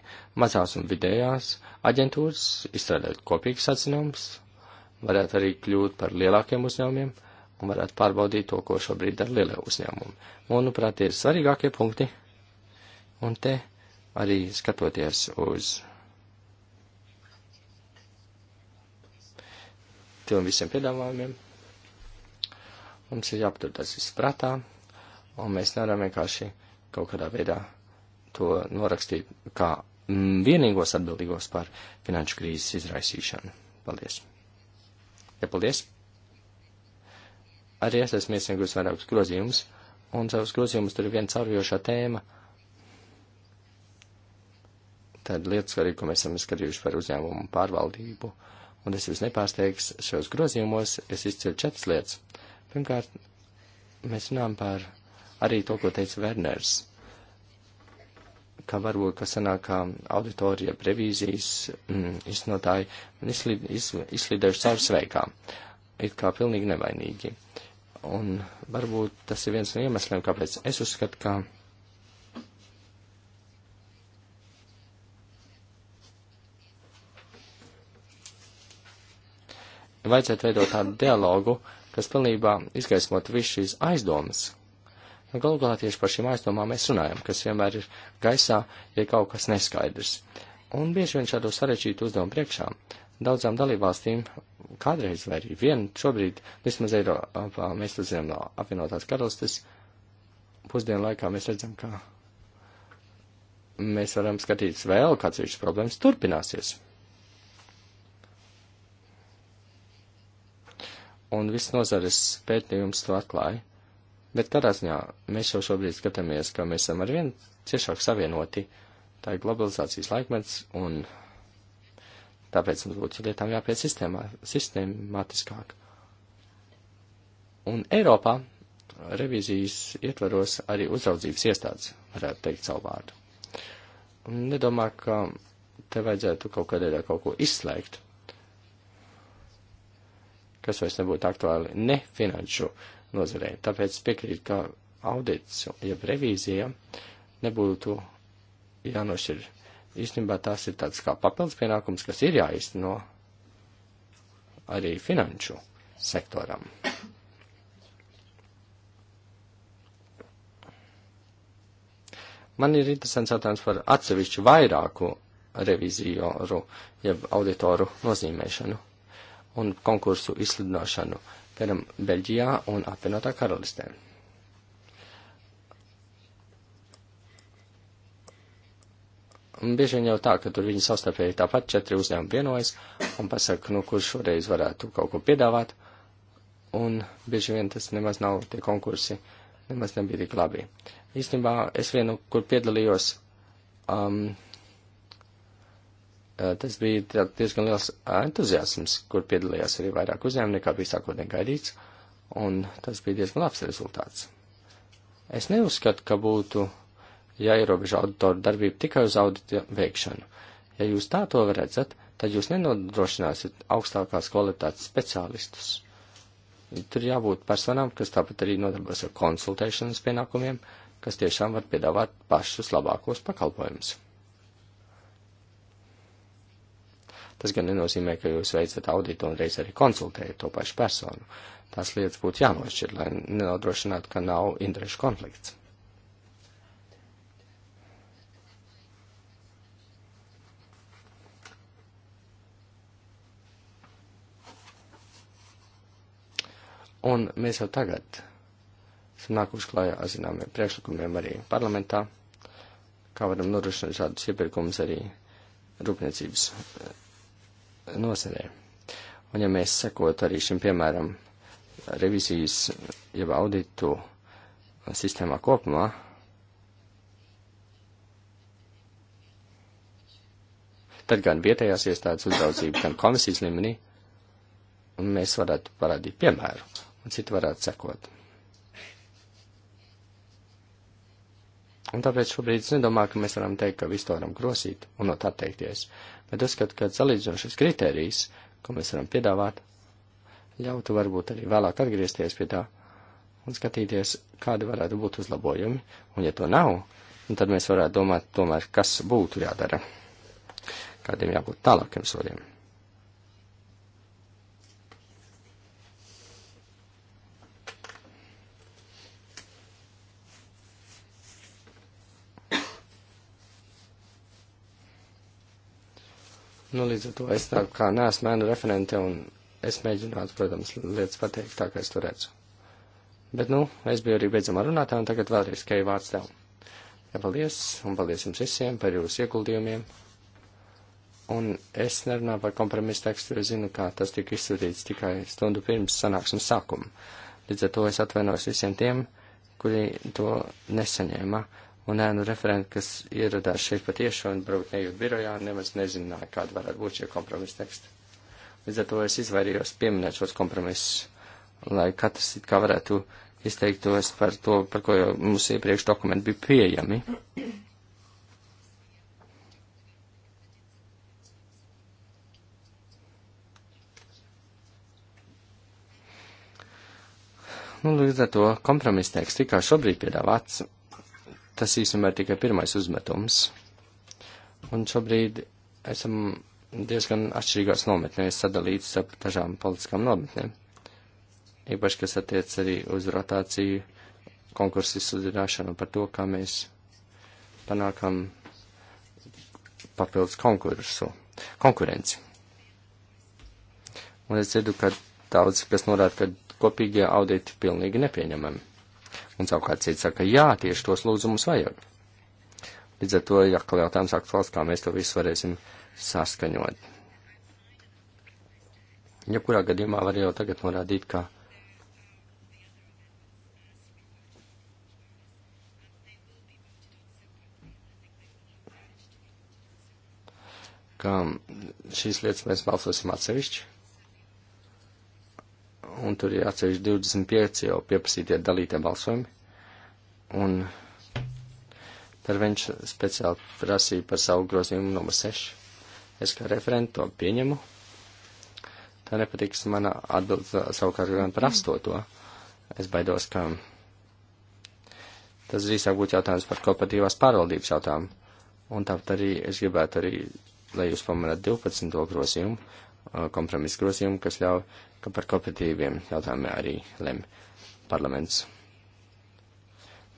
mazās un vidējās aģentūras izstrādājot kopīgas atzinumus, varētu arī kļūt par lielākiem uzņēmumiem un varētu pārbaudīt to, ko šobrīd dara lielie uzņēmumi. Manuprāt, tie ir svarīgākie punkti. Un te Arī skatoties uz tiem visiem piedāvājumiem, mums ir jāaptur tas viss prātā, un mēs nevaram vienkārši kaut kādā veidā to norakstīt kā mm, vienīgos atbildīgos par finanšu krīzes izraisīšanu. Paldies! Ja paldies! Arī es esmu iesniegus vairākus grozījumus, un savus grozījumus tur ir viena caurjošā tēma tad lietas, arī, ko mēs esam skatījuši par uzņēmumu pārvaldību. Un es jūs nepārsteigšu, šajos grozījumos es izceļu četras lietas. Pirmkārt, mēs runājam par arī to, ko teica Werners, ka varbūt, ka sanāk, ka auditorija revīzijas mm, iznotāji izslid, iz, izslidējuši caur sveikām, it kā pilnīgi nevainīgi. Un varbūt tas ir viens no iemesliem, kāpēc es uzskatu, ka ka vajadzētu veidot tādu dialogu, kas pilnībā izgaismot visu šīs aizdomas. Nu, galu galā tieši par šīm aizdomām mēs runājam, kas vienmēr ir gaisā, ja kaut kas neskaidrs. Un bieži vien šādu sarežģītu uzdevumu priekšā daudzām dalībvalstīm kādreiz vai arī vien šobrīd, vismaz Eiropā, mēs to zinām no apvienotās karalistes, pusdienu laikā mēs redzam, ka mēs varam skatīties vēl, kāds ir šis problēmas turpināsies. un viss nozares pētījums to atklāja. Bet kādā ziņā mēs jau šobrīd skatāmies, ka mēs esam arvien ciešāk savienoti. Tā ir globalizācijas laikmets, un tāpēc mums būtu lietām jāpiet sistēmā, sistēmātiskāk. Un Eiropā revīzijas ietvaros arī uzraudzības iestādes, varētu teikt savu vārdu. Un nedomā, ka te vajadzētu kaut kādā veidā kaut ko izslēgt kas vairs nebūtu aktuāli ne finanšu nozarē. Tāpēc piekrīt, ka audits, jeb revīzija, nebūtu jānošķir. Īstenībā tās ir tāds kā papildus pienākums, kas ir jāizteno arī finanšu sektoram. Man ir interesants jautājums par atsevišķu vairāku revizioru, jeb auditoru nozīmēšanu un konkursu izsludināšanu, piemēram, Beļģijā un apvienotā karalistē. Un bieži vien jau tā, ka tur viņi savstarpēji tāpat četri uzņēmumi vienojas un pasaka, nu, kurš šoreiz varētu kaut ko piedāvāt, un bieži vien tas nemaz nav tie konkursi, nemaz nebija tik labi. Īstenībā es vienu, kur piedalījos, um, Eh, tas bija diezgan liels entuziasms, kur piedalījās arī vairāk uzņēmumu nekā bija sākotnēji gaidīts, un tas bija diezgan labs rezultāts. Es neuzskatu, ka būtu jāierobežo auditoru darbību tikai uz audita veikšanu. Ja jūs tā to redzat, tad jūs nenodrošināsiet augstākās kvalitātes speciālistus. Tur jābūt personām, kas tāpat arī nodarbojas ar konsultēšanas pienākumiem, kas tiešām var piedāvāt pašus labākos pakalpojumus. Tas gan nenozīmē, ka jūs veicat auditu un reiz arī konsultējat to pašu personu. Tās lietas būtu jānošķir, lai nenodrošinātu, ka nav interešu konflikts. Un mēs jau tagad esam nākuši klājā ar zināmiem priekšlikumiem arī parlamentā, kā varam nodrošināt šādus iepirkumus arī rūpniecības nozarē. Un ja mēs sekot arī šim, piemēram, revizijas, jeb auditu sistēmā kopumā, tad gan vietējās iestādes uzraudzība, gan komisijas līmenī, un mēs varētu parādīt piemēru, un citi varētu sekot. Un tāpēc šobrīd es nedomāju, ka mēs varam teikt, ka visu to varam grosīt un no tā teikties bet uzskatu, ka salīdzinošas kritērijas, ko mēs varam piedāvāt, ļautu varbūt arī vēlāk atgriezties pie tā un skatīties, kādi varētu būt uzlabojumi, un ja to nav, nu tad mēs varētu domāt tomēr, kas būtu jādara, kādiem jābūt tālākiem sodiem. Nu, līdz ar to es tā kā neesmu mēnu referente un es mēģinātu, protams, lietas pateikt tā, kā es to redzu. Bet, nu, es biju arī beidzamā runātā un tagad vēlreiz Keja vārds tev. Jā, paldies un paldies jums visiem par jūsu ieguldījumiem. Un es nerunāju par kompromisu tekstu, jo zinu, kā tas tika izsūtīts tikai stundu pirms sanāksmes sākuma. Līdz ar to es atvainojos visiem tiem, kuri to nesaņēma un ēnu referenti, kas ieradās šeit patieši un varbūt nejūt birojā, nemaz nezināja, kāda varētu būt šie kompromisa teksti. Līdz ar to es izvairījos pieminēt šos kompromisus, lai katrs it kā varētu izteiktos par to, par ko jau mums iepriekš dokumenti bija pieejami. Nu, līdz ar to kompromiss teksts tikā šobrīd piedāvāts Tas īstenībā ir tikai pirmais uzmetums. Un šobrīd esam diezgan atšķirīgās nometnēs sadalīts ap dažām politiskām nometnēm. Īpaši, kas attiec arī uz rotāciju, konkursu izsludināšanu par to, kā mēs panākam papildus konkursu, konkurenci. Un es dzirdu, ka daudz, kas norāda, ka kopīgie auditi pilnīgi nepieņemami un savukārt cits saka, jā, tieši tos lūdzumus vajag. Līdz ar to ir atkal jautājums aktuāls, kā mēs to visu varēsim saskaņot. Jebkurā gadījumā var jau tagad norādīt, ka ka šīs lietas mēs balsosim atsevišķi, un tur ir atsevišķi 25 jau pieprasītie dalītie balsojumi, un tad viņš speciāli prasīja par savu grozījumu numur 6. Es kā referentu to pieņemu. Tā nepatiks mana atbilde savukārt gan par astoto. Es baidos, ka tas drīzāk būtu jautājums par kooperatīvās pārvaldības jautājumu. Un tāpat arī es gribētu arī, lai jūs pamanāt 12. grozījumu, Uh, kompromisu grozījumu, kas ļauj, ka par kooperatīviem jautājumiem arī lem parlaments.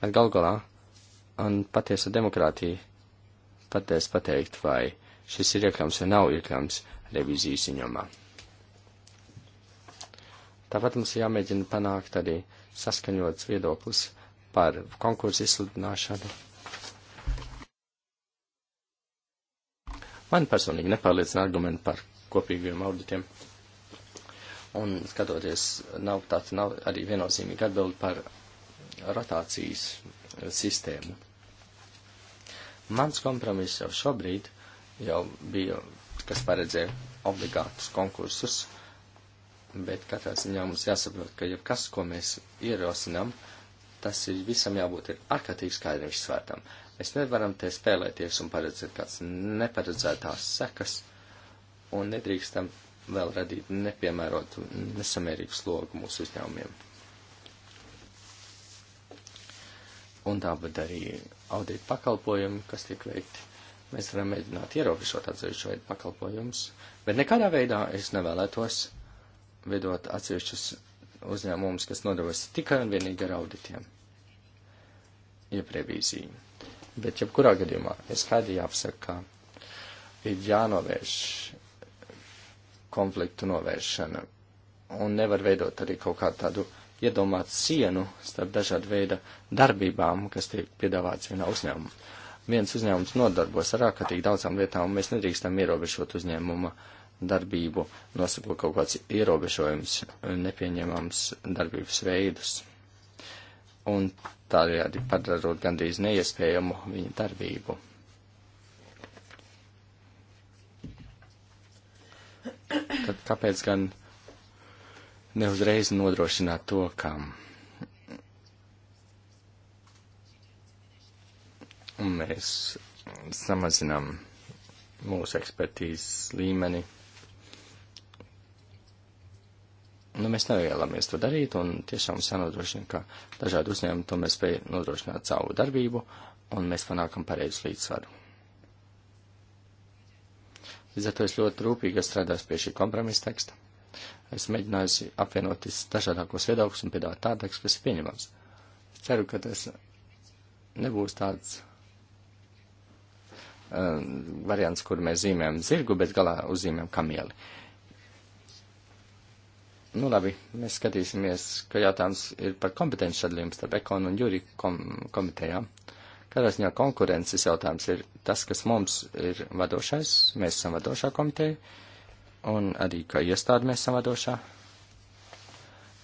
Bet gal galā, un patiesa demokrātija patēs pateikt, vai šis ir iekļams vai nav iekļams revizijas ziņomā. Tāpat mums jāmēģina panākt arī saskaņots viedoklis par konkursu izsludināšanu. Man personīgi nepārliecina argumenti par kopīgiem auditiem. Un skatoties, nav tāds nav arī viennozīmīgi atbildi par rotācijas eh, sistēmu. Mans kompromiss jau šobrīd jau bija, kas paredzēja obligātus konkursus, bet katrā ziņā mums jāsaprot, ka jebkas, ko mēs ierosinam, tas ir visam jābūt ir ārkārtīgi skaidri izsvērtam. Mēs nevaram te spēlēties un paredzēt kāds neparedzētās sekas un nedrīkstam vēl radīt nepiemērotu, nesamērīgu slogu mūsu uzņēmumiem. Un tāpat arī audīt pakalpojumi, kas tiek veikti. Mēs varam mēģināt ierobežot atsevišķu veidu pakalpojumus, bet nekādā veidā es nevēlētos vedot atsevišķus uzņēmumus, kas nodarbojas tikai un vienīgi ar auditiem, jeb revīziju. Bet jebkurā gadījumā ir skaidri jāapsaka, ka ir jānovērš konfliktu novēršana. Un nevar veidot arī kaut kādu tādu iedomātu sienu starp dažādu veidu darbībām, kas tiek piedāvāts vienā uzņēmumā. Viens uzņēmums nodarbos ar ārkārtīgi daudzām lietām, un mēs nedrīkstam ierobežot uzņēmuma darbību, nosakot kaut kāds ierobežojums, nepieņemams darbības veidus. Un tādējādi padarot gandrīz neiespējamu viņa darbību. tad kāpēc gan neuzreiz nodrošināt to, ka mēs samazinām mūsu ekspertīzes līmeni. Nu, mēs nevēlamies to darīt, un tiešām mums jānodrošina, ka dažādi uzņēmumi to mēs spēj nodrošināt savu darbību, un mēs panākam pareizu līdzsvaru. Līdz ar to es ļoti rūpīgi strādāju pie šī kompromisa teksta. Es mēģināju apvienot visdažādākos viedokļus un piedāvāt tādu tekstu, kas ir pieņemams. Es ceru, ka tas nebūs tāds um, variants, kur mēs zīmējam zirgu, bet galā uzzīmējam kamieli. Nu, labi, mēs skatīsimies, ka jautājums ir par kompetenci sadalījumu starp ekonu un jūri kom komitejām. Uh, Kādā ziņā konkurences jautājums ir tas, kas mums ir vadošais, mēs esam vadošā komiteja, un arī kā iestāde mēs esam vadošā.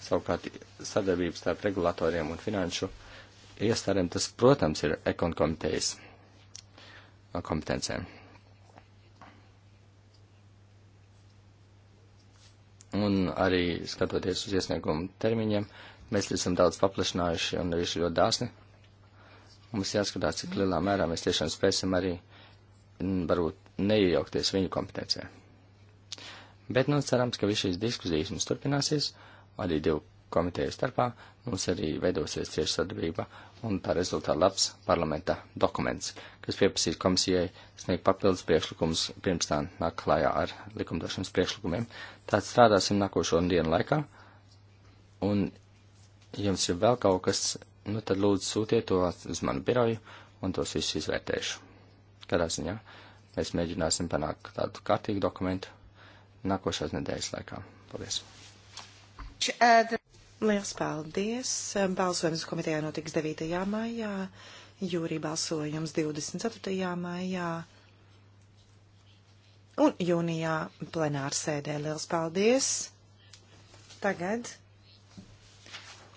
Savukārt sadarbības starp regulatoriem un finanšu iestādēm tas, protams, ir ekon komitejas kompetencēm. Un arī skatoties uz iesniegumu termiņiem, mēs esam daudz paplašinājuši un bijuši ļoti dāsni Mums jāskatās, cik lielā mērā mēs tiešām spēsim arī varbūt neiejaukties viņu kompetencē. Bet, nu, cerams, ka viss šīs diskusijas mums turpināsies, arī divu komiteju starpā mums arī veidosies cieša sadarbība un tā rezultātā labs parlamenta dokuments, kas pieprasīs komisijai sniegt papildus priekšlikumus pirms tā nāk klājā ar likumdošanas priekšlikumiem. Tāds strādāsim nākošo dienu laikā. Un jums ir vēl kaut kas nu tad lūdzu sūtiet to uz manu biroju un tos visus izvērtēšu. Kādā ziņā mēs mēģināsim panākt tādu kārtīgu dokumentu nākošās nedēļas laikā. Paldies! Liels paldies! Balsojums komitejā notiks 9. maijā, jūrī balsojums 24. maijā un jūnijā plenārsēdē. Liels paldies! Tagad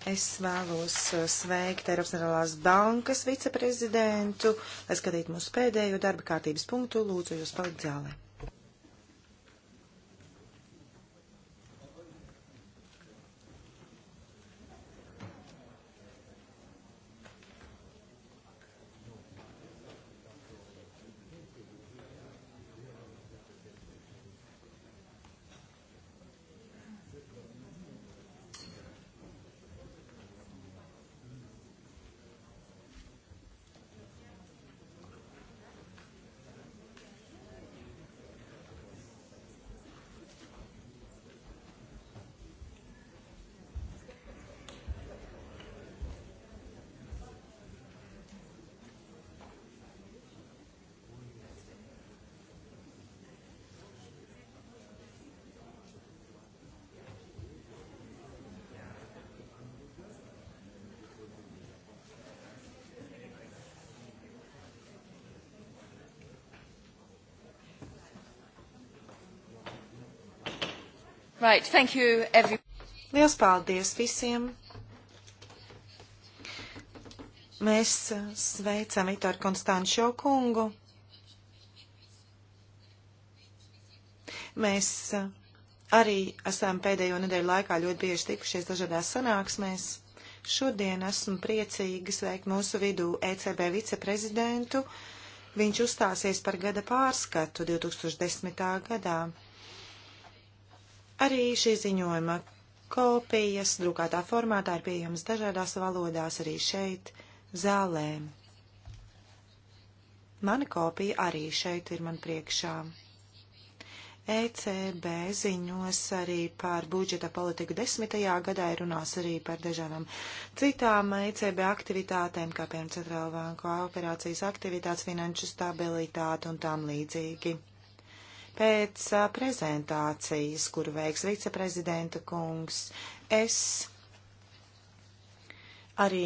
Es vēlos uh, sveikt Eiropas Centrālās bankas viceprezidentu, lai skatītu mūsu pēdējo darba kārtības punktu. Lūdzu, jūs palikt zālē. Right, thank you every... Liels paldies visiem! Mēs uh, sveicam Itoru Konstančo kungu. Mēs uh, arī esam pēdējo nedēļu laikā ļoti bieži tikušies dažādās sanāksmēs. Šodien esmu priecīgi sveikt mūsu vidū ECB viceprezidentu. Viņš uzstāsies par gada pārskatu 2010. gadā. Arī šī ziņojuma kopijas drukātā formātā ir pieejamas dažādās valodās arī šeit, zālē. Mana kopija arī šeit ir man priekšā. ECB ziņos arī par budžeta politiku desmitajā gadā ir runās arī par dažādām citām ECB aktivitātēm, kā piemēram centrāla banka operācijas aktivitātes, finanšu stabilitāte un tām līdzīgi. Pēc uh, prezentācijas, kuru veiks viceprezidenta kungs, es arī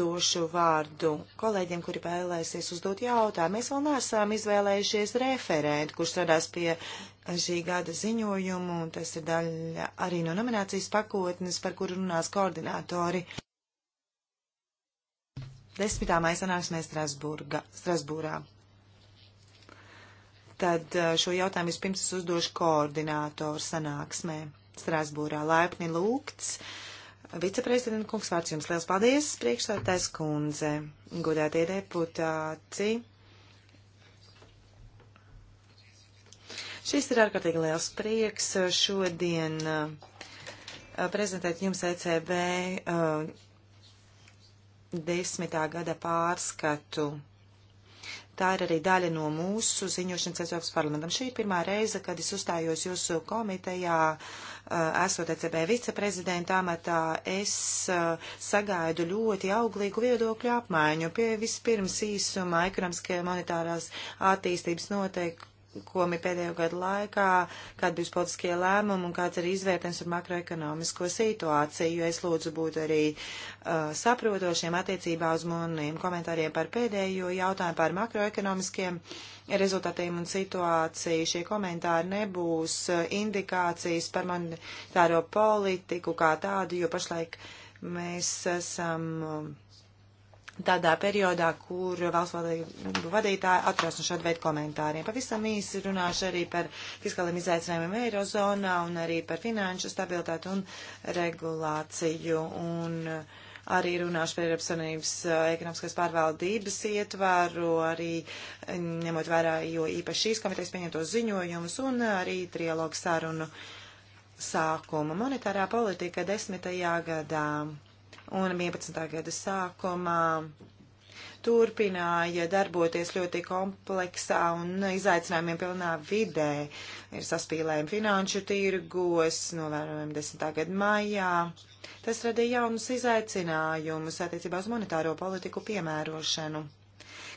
došu vārdu kolēģiem, kuri vēlēsies uzdot jautājumu. Mēs vēl neesam izvēlējušies referentu, kurš strādās pie šī gada ziņojumu, un tas ir daļa arī no nominācijas pakotnes, par kuru runās koordinātori. Desmitā maija sanāksmē Strasburgā tad uh, šo jautājumu vispirms es uzdošu koordinātoru sanāksmē Strasbūrā. Laipni lūgts. Viceprezidenta kungs, vārds jums liels paldies, priekšsētājs kundze, godētie deputāti. Šis ir ārkārtīgi liels prieks uh, šodien uh, prezentēt jums ECB desmitā gada pārskatu Tā ir arī daļa no mūsu ziņošanas Eiropas parlamentam. Šī ir pirmā reize, kad es uzstājos jūsu komitejā, eh, esot ECB viceprezidenta amatā. Es eh, sagaidu ļoti auglīgu viedokļu apmaiņu pie vispirms īsuma ekonomiskajā monetārās attīstības noteikumu komi pēdējo gadu laikā, kāda bija politiskie lēmumi un kāds ir izvērtējums ar makroekonomisko situāciju, jo es lūdzu būt arī uh, saprotošiem attiecībā uz maniem komentāriem par pēdējo jautājumu par makroekonomiskiem rezultātiem un situāciju. Šie komentāri nebūs uh, indikācijas par monetāro politiku kā tādu, jo pašlaik mēs esam. Uh, tādā periodā, kur valsts vadītāji atrās no šāda veida komentāriem. Pavisam īsi runāšu arī par fiskāliem izaicinājumiem Eirozonā un arī par finanšu stabilitāti un regulāciju. Un arī runāšu par Eiropas Savienības eh, ekonomiskās pārvaldības ietvaru, arī eh, ņemot vērā, jo īpaši šīs komitejas pieņemto ziņojumus un arī trialogu sarunu sākuma. Monetārā politika desmitajā gadā un 11. gada sākumā turpināja darboties ļoti kompleksā un izaicinājumiem pilnā vidē. Ir saspīlējumi finanšu tirgos, novērojami 10. gada maijā. Tas radīja jaunus izaicinājumus attiecībā uz monetāro politiku piemērošanu.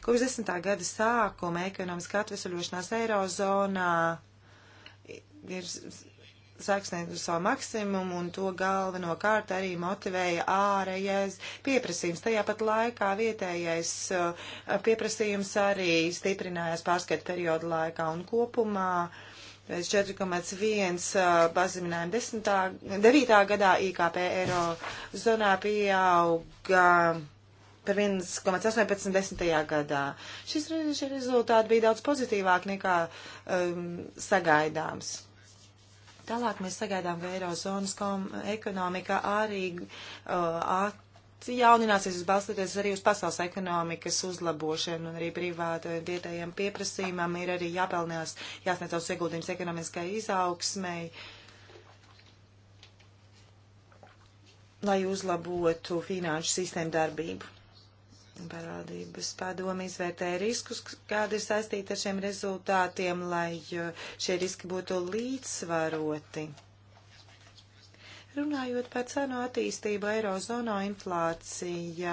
Kopš 10. gada sākuma ekonomiskā atvesaļošanās Eirozonā ir sasniegt savu maksimumu, un to galvenokārt arī motivēja ārējais pieprasījums. Tajā pat laikā vietējais uh, pieprasījums arī stiprinājās pārskatu periodu laikā un kopumā. 4,1 uh, pazeminājumi 9. gadā IKP eiro zonā pieauga par 1,18 gadā. Šis, šie rezultāti bija daudz pozitīvāk nekā um, sagaidāms. Tālāk mēs sagaidām, ka Eirozonas ekonomika arī uh, jaunināsies uz balstoties arī uz pasaules ekonomikas uzlabošanu un arī privātu un vietējiem pieprasījumam ir arī jāpelnās, jāsniedz savus ieguldījums ekonomiskai izaugsmai, lai uzlabotu finanšu sistēmu darbību. Parādības padomi izvērtēja riskus, kādi ir saistīti ar šiem rezultātiem, lai eh, šie riski būtu līdzsvaroti. Runājot par cenu attīstību Eirozonā, inflācija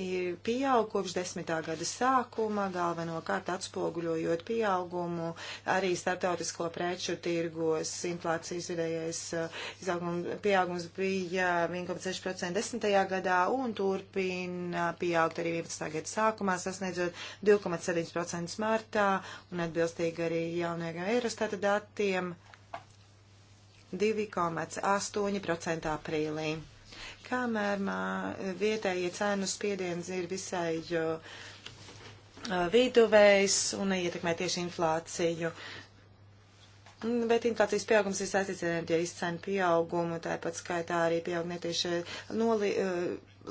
ir pieaug kopš desmitā gada sākuma, galvenokārt atspoguļojot pieaugumu arī starptautisko preču tirgos. Inflācijas vidējais eh, izaugums, pieaugums bija 1,6% desmitajā gadā un turpina pieaugt arī 11. gada sākumā, sasniedzot 2,7% martā un atbilstīgi arī jaunajiem Eurostata datiem. 2,8% aprīlī. Kamēr mā, vietējie cēnu spiediens ir visai uh, viduvējs un ietekmē tieši inflāciju. Mm, bet inflācijas pieaugums ir saistīts ar enerģijas cenu pieaugumu, tāpat skaitā arī pieaug netieši noli,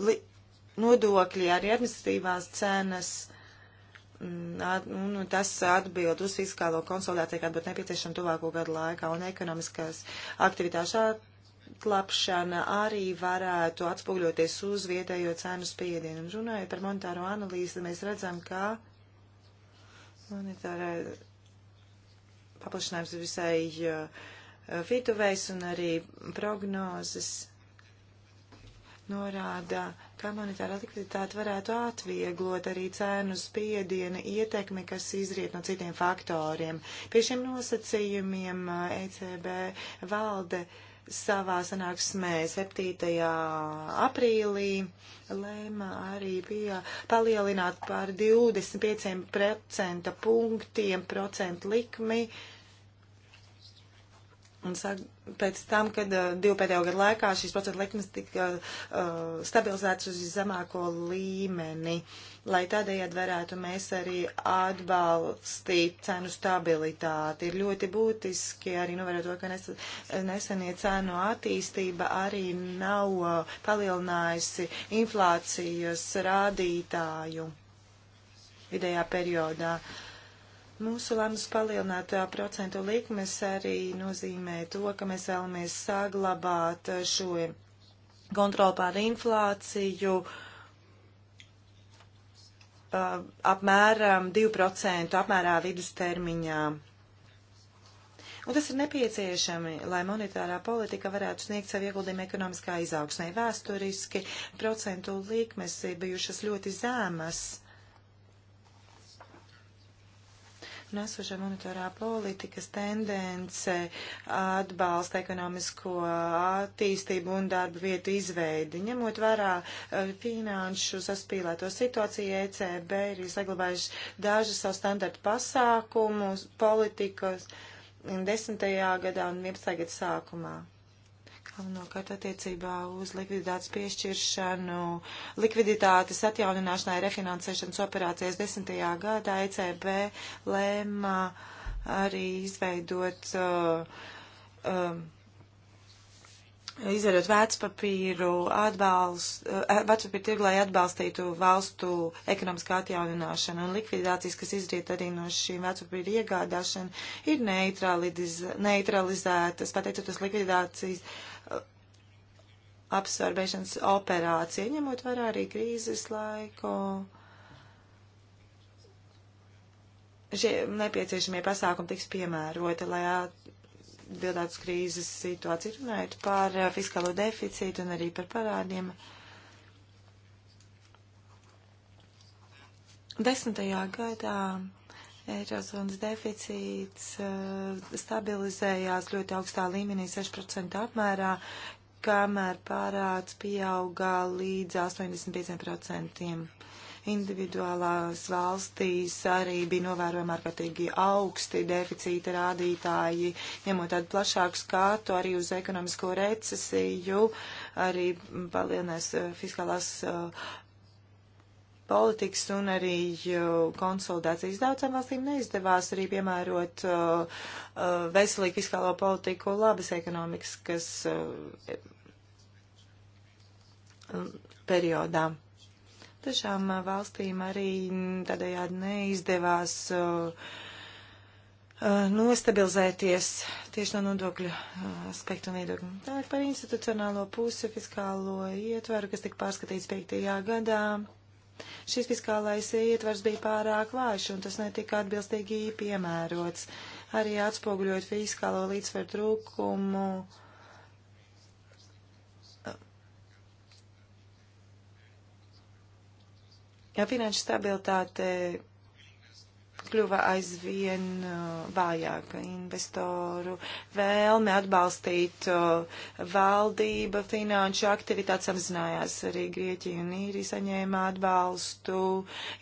li, nodokļi, arī administratīvās cenas. Mm, un tas atbild uz fiskālo konsolidāciju, kāda būtu nepieciešama tuvāko gadu laikā, un ekonomiskās aktivitāšu atlapšana arī varētu atspūgļoties uz vietējo cenu spiedienu. Un runājot par monetāro analīzi, mēs redzam, ka monetārā paplašinājums ir visai uh, vituvējs un arī prognozes norāda, kā monetāra likviditāte varētu atvieglot arī cēnu spiediena ietekmi, kas izriet no citiem faktoriem. Pie šiem nosacījumiem ECB valde savā sanāksmē 7. aprīlī lēma arī bija palielināt par 25% punktiem procentu likmi. Uh, Un sāk, pēc tam, kad uh, divu pēdējo gadu laikā šīs procentu likmes tika uh, stabilizētas uz zemāko līmeni, lai tādējādi varētu mēs arī atbalstīt cenu stabilitāti. Ir ļoti būtiski arī novērot to, ka nes, nesenie cenu attīstība arī nav uh, palielinājusi inflācijas rādītāju vidējā periodā. Uh, Mūsu lēmums palielināt procentu likmes arī nozīmē to, ka mēs vēlamies saglabāt šo kontroli pār inflāciju apmēram 2% apmērā vidustermiņā. Un tas ir nepieciešami, lai monetārā politika varētu sniegt savu ieguldījumu ekonomiskā izaugsmē. Vēsturiski procentu likmes ir bijušas ļoti zēmas Un esošā monetārā politikas tendence atbalsta ekonomisko attīstību un darba vietu izveidi. Ņemot vērā e, finanšu saspīlēto situāciju, ECB ir saglabājuši dažus savu standartu pasākumus politikas 10. gadā un 11. gada sākumā galvenokārt attiecībā uz likviditātes piešķiršanu, likviditātes atjaunināšanai, refinansēšanas operācijas desmitajā gadā ECB lēma arī izveidot uh, um, izdarot vecpapīru atbalstu, eh, vecpapīru tirgu, lai atbalstītu valstu ekonomiskā atjaunināšanu un likvidācijas, kas izriet arī no šīm vecpapīru iegādāšana, ir neutraliz, neutralizētas, pateicoties likvidācijas eh, absorbēšanas operācija, ņemot vērā arī krīzes laiku. Šie nepieciešamie pasākumi tiks piemēroti, lai at bildātas krīzes situāciju, runājot par eh, fiskālo deficītu un arī par parādiem. Desmitajā gadā Eirozonas deficīts eh, stabilizējās ļoti augstā līmenī 6% apmērā, kamēr pārāds pieaugā līdz 85%. Individuālās valstīs arī bija novērojami ārkārtīgi augsti deficīta rādītāji, ņemot tādu plašāku skatu arī uz ekonomisko recesiju, arī palielinās eh, fiskālās eh, politikas un arī eh, konsolidācijas daudzām valstīm neizdevās arī piemērot uh, veselīgu fiskālo politiku labas ekonomikas, kas uh, periodā. Dažām valstīm arī tādējādi neizdevās nostabilizēties tieši no nodokļu aspektu un iedokļu. Tālāk par institucionālo pusi fiskālo ietveru, kas tika pārskatīts 5. gadā. Šis fiskālais ietvers bija pārāk vājš, un tas netika atbilstīgi piemērots, arī atspoguļot fiskālo līdzsveru trūkumu. Uh, ja finanšu stabilitāte kļuva aizvien uh, vājāka investoru vēlme atbalstīt uh, valdība, finanšu aktivitātes samazinājās. Arī Grieķija un Īrija saņēma atbalstu,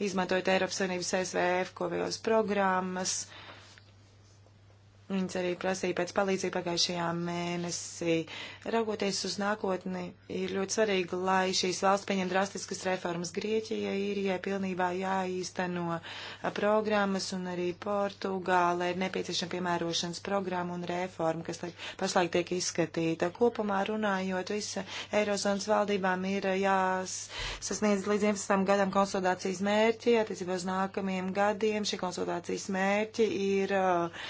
izmantojot Eiropas Savienības SVF, ko vēlas programmas. Uh, Viņas arī prasīja pēc palīdzību pagājušajā mēnesī. Raugoties uz nākotni, ir ļoti svarīgi, lai šīs valsts pieņem drastiskas reformas. Grieķija, Īrijai pilnībā jāīsteno programmas un arī Portugāla ir nepieciešama piemērošanas programma un reforma, kas pašlaik tiek izskatīta. Kopumā runājot, visa Eirozonas valdībām ir jāsasniedz līdz 11. gadam konsultācijas mērķi, attiecībā uz nākamajiem gadiem. Šie konsultācijas mērķi ir uh,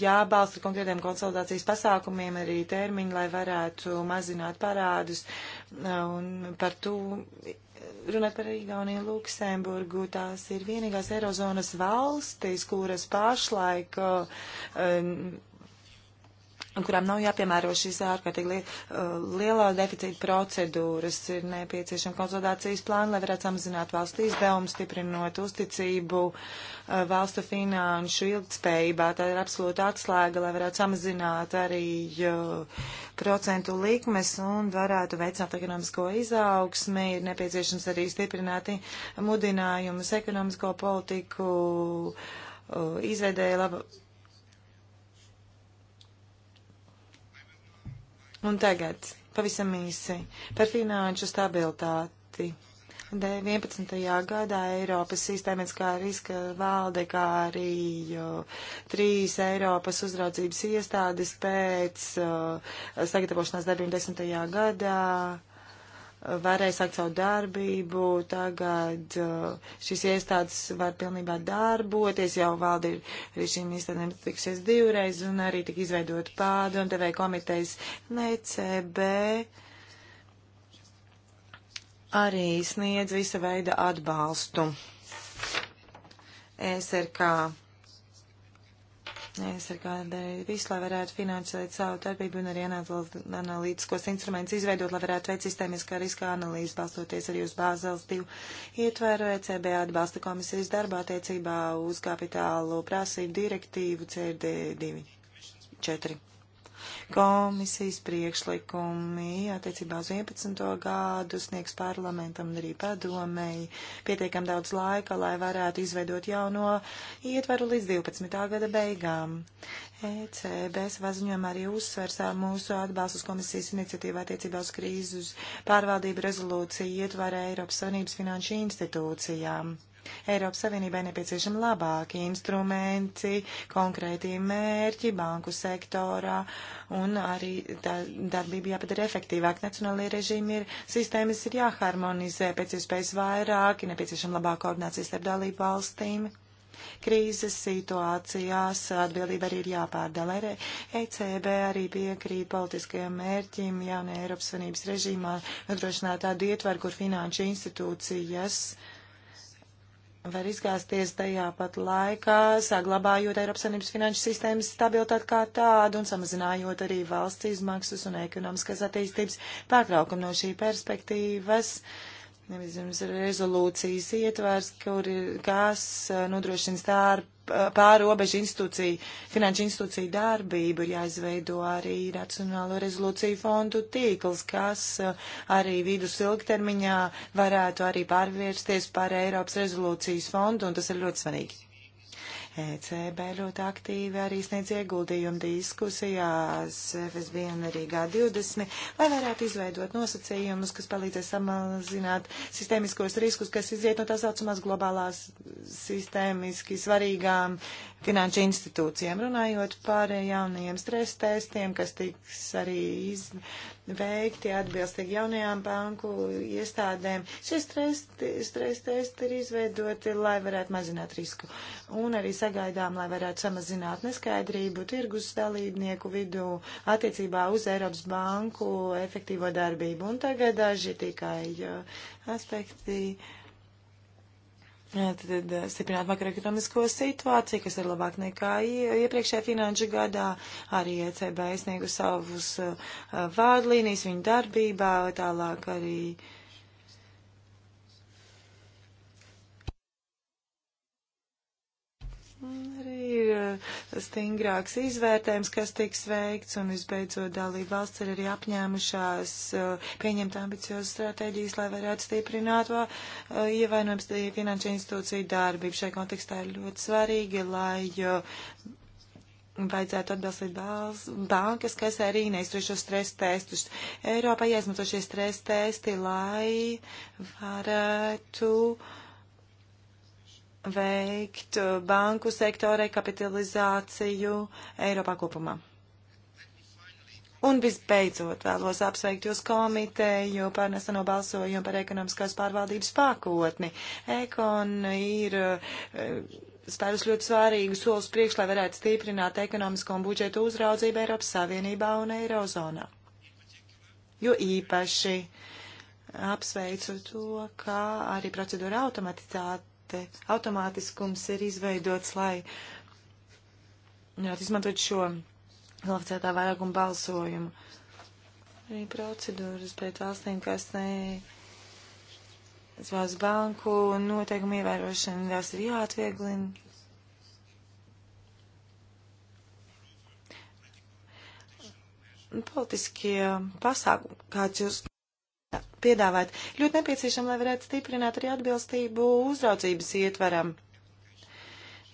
jābalsta konkrētiem konsolidācijas pasākumiem arī termiņi, lai varētu mazināt parādus. Un par to runāt par Igauniju Luksemburgu, tās ir vienīgās Eirozonas valstis, kuras pašlaik uh, un kurām nav jāpiemēro šīs ārkārtīgi li uh, lielā deficīta procedūras, ir nepieciešama konsultācijas plāna, lai varētu samazināt valstu izdevumus, stiprinot uzticību uh, valstu finanšu ilgtspējībā. Tā ir absolūta atslēga, lai varētu samazināt arī uh, procentu likmes un varētu veicināt ekonomisko izaugsmi. Ir nepieciešams arī stiprināt mudinājumus ekonomisko politiku izveidēja laba Un tagad pavisam īsi par finanšu stabilitāti. 11. gadā Eiropas sistēmiskā riska valde, kā arī jo, trīs Eiropas uzraudzības iestādes pēc uh, sagatavošanās darbiem 10. gadā varēja sākt savu darbību, tagad eh, šīs iestādes var pilnībā darboties, jau valdi arī šīm iestādēm tiksies divreiz un arī tik izveidot pārdomdevēja komitejas NCB. E arī sniedz visa veida atbalstu. SRK aizsargādēji visu, lai varētu finansēt savu darbību un arī analītiskos instrumentus izveidot, lai varētu veikt sistēmiskā riska analīzes, balstoties arī uz Bāzels 2 ietvēru ECB atbalsta komisijas darbā attiecībā uz kapitālu prasību direktīvu CRD 2. 4. Komisijas priekšlikumi attiecībā uz 11. gadu sniegs parlamentam un arī padomēji pietiekam daudz laika, lai varētu izveidot jauno ietvaru līdz 12. gada beigām. ECB svaziņojumā arī uzsvers ar mūsu atbalstus komisijas iniciatīvā attiecībā uz krīzes pārvaldību rezolūciju ietvarē Eiropas Savienības finanšu institūcijām. Eiropas Savienībai nepieciešami labāki instrumenti, konkrēti mērķi banku sektorā un arī tā, darbība jāpadara efektīvāk. Nacionālajie režīmi ir, sistēmas ir jāharmonizē pēc iespējas vairāk, ir nepieciešama labāka koordinācija starp dalību valstīm. Krīzes situācijās atbildība arī ir jāpārdala. ECB e arī piekrīt politiskajam mērķim jaunajā Eiropas Savienības režīmā nodrošināt tādu ietvaru, kur finanšu institūcijas uh, var izgāzties tajā pat laikā, saglabājot Eiropas Savienības finanšu sistēmas stabilitāti kā tādu un samazinājot arī valsts izmaksas un ekonomiskās attīstības pārtraukumu no šī perspektīvas. Uh, Nevis zemes rezolūcijas ietvars, kur ir kas eh, nodrošina stār eh, pārobežu institūciju, finanšu institūciju darbību, ir jāizveido arī Nacionālo rezolūciju fondu tīkls, kas eh, arī vidus ilgtermiņā varētu arī pārvērsties par Eiropas rezolūcijas fondu, un tas ir ļoti svarīgi. ECB ļoti aktīvi arī sniedz ieguldījumu diskusijās FSB un arī G20, lai varētu izveidot nosacījumus, kas palīdzēs samazināt sistēmiskos riskus, kas iziet no tā saucamās globālās sistēmiski svarīgām finanšu institūcijām. Runājot par jaunajiem stres testiem, kas tiks arī iz, veikti atbilstīgi jaunajām banku iestādēm. Šie stres, stres testi ir izveidoti, lai varētu mazināt risku. Un arī sagaidām, lai varētu samazināt neskaidrību tirgus dalībnieku vidū attiecībā uz Eiropas banku efektīvo darbību. Un tagad daži tikai uh, aspekti tad stiprināt makroekonomisko situāciju, kas ir labāk nekā iepriekšējā finanšu gadā. Arī ECB sniegu savus vārdlīnijas viņu darbībā, tālāk arī ir stingrāks izvērtējums, kas tiks veikts, un visbeidzot dalība valsts ir arī apņēmušās uh, pieņemt ambiciozas stratēģijas, lai varētu stiprināt uh, ievainojums finanšu institūciju darbību. Šajā kontekstā ir ļoti svarīgi, lai uh, vajadzētu atbalstīt bals, bankas, kas arī neizturēšo stresa testus. Eiropā jāizmanto šie stresa testi, lai varētu uh, veikt uh, banku sektorai kapitalizāciju Eiropā kopumā. Un visbeidzot vēlos apsveikt jūs komiteju par neseno balsojumu par ekonomiskās pārvaldības pakotni. Ekon ir uh, spērus ļoti svārīgu solis priekš, lai varētu stiprināt ekonomisko un budžetu uzraudzību Eiropas Savienībā un Eirozonā. Jo īpaši apsveicu to, ka arī procedūra automatizācija te automātiskums ir izveidots, lai varētu izmantot šo kvalificētā vairākuma balsojumu. Arī procedūras pret valstīm, kas ne zvās banku noteikumu ievērošana, tās ir jāatvieglina. Politiskie pasākumi, kāds jūs piedāvāt. Ļoti nepieciešama, lai varētu stiprināt arī atbilstību uzraudzības ietvaram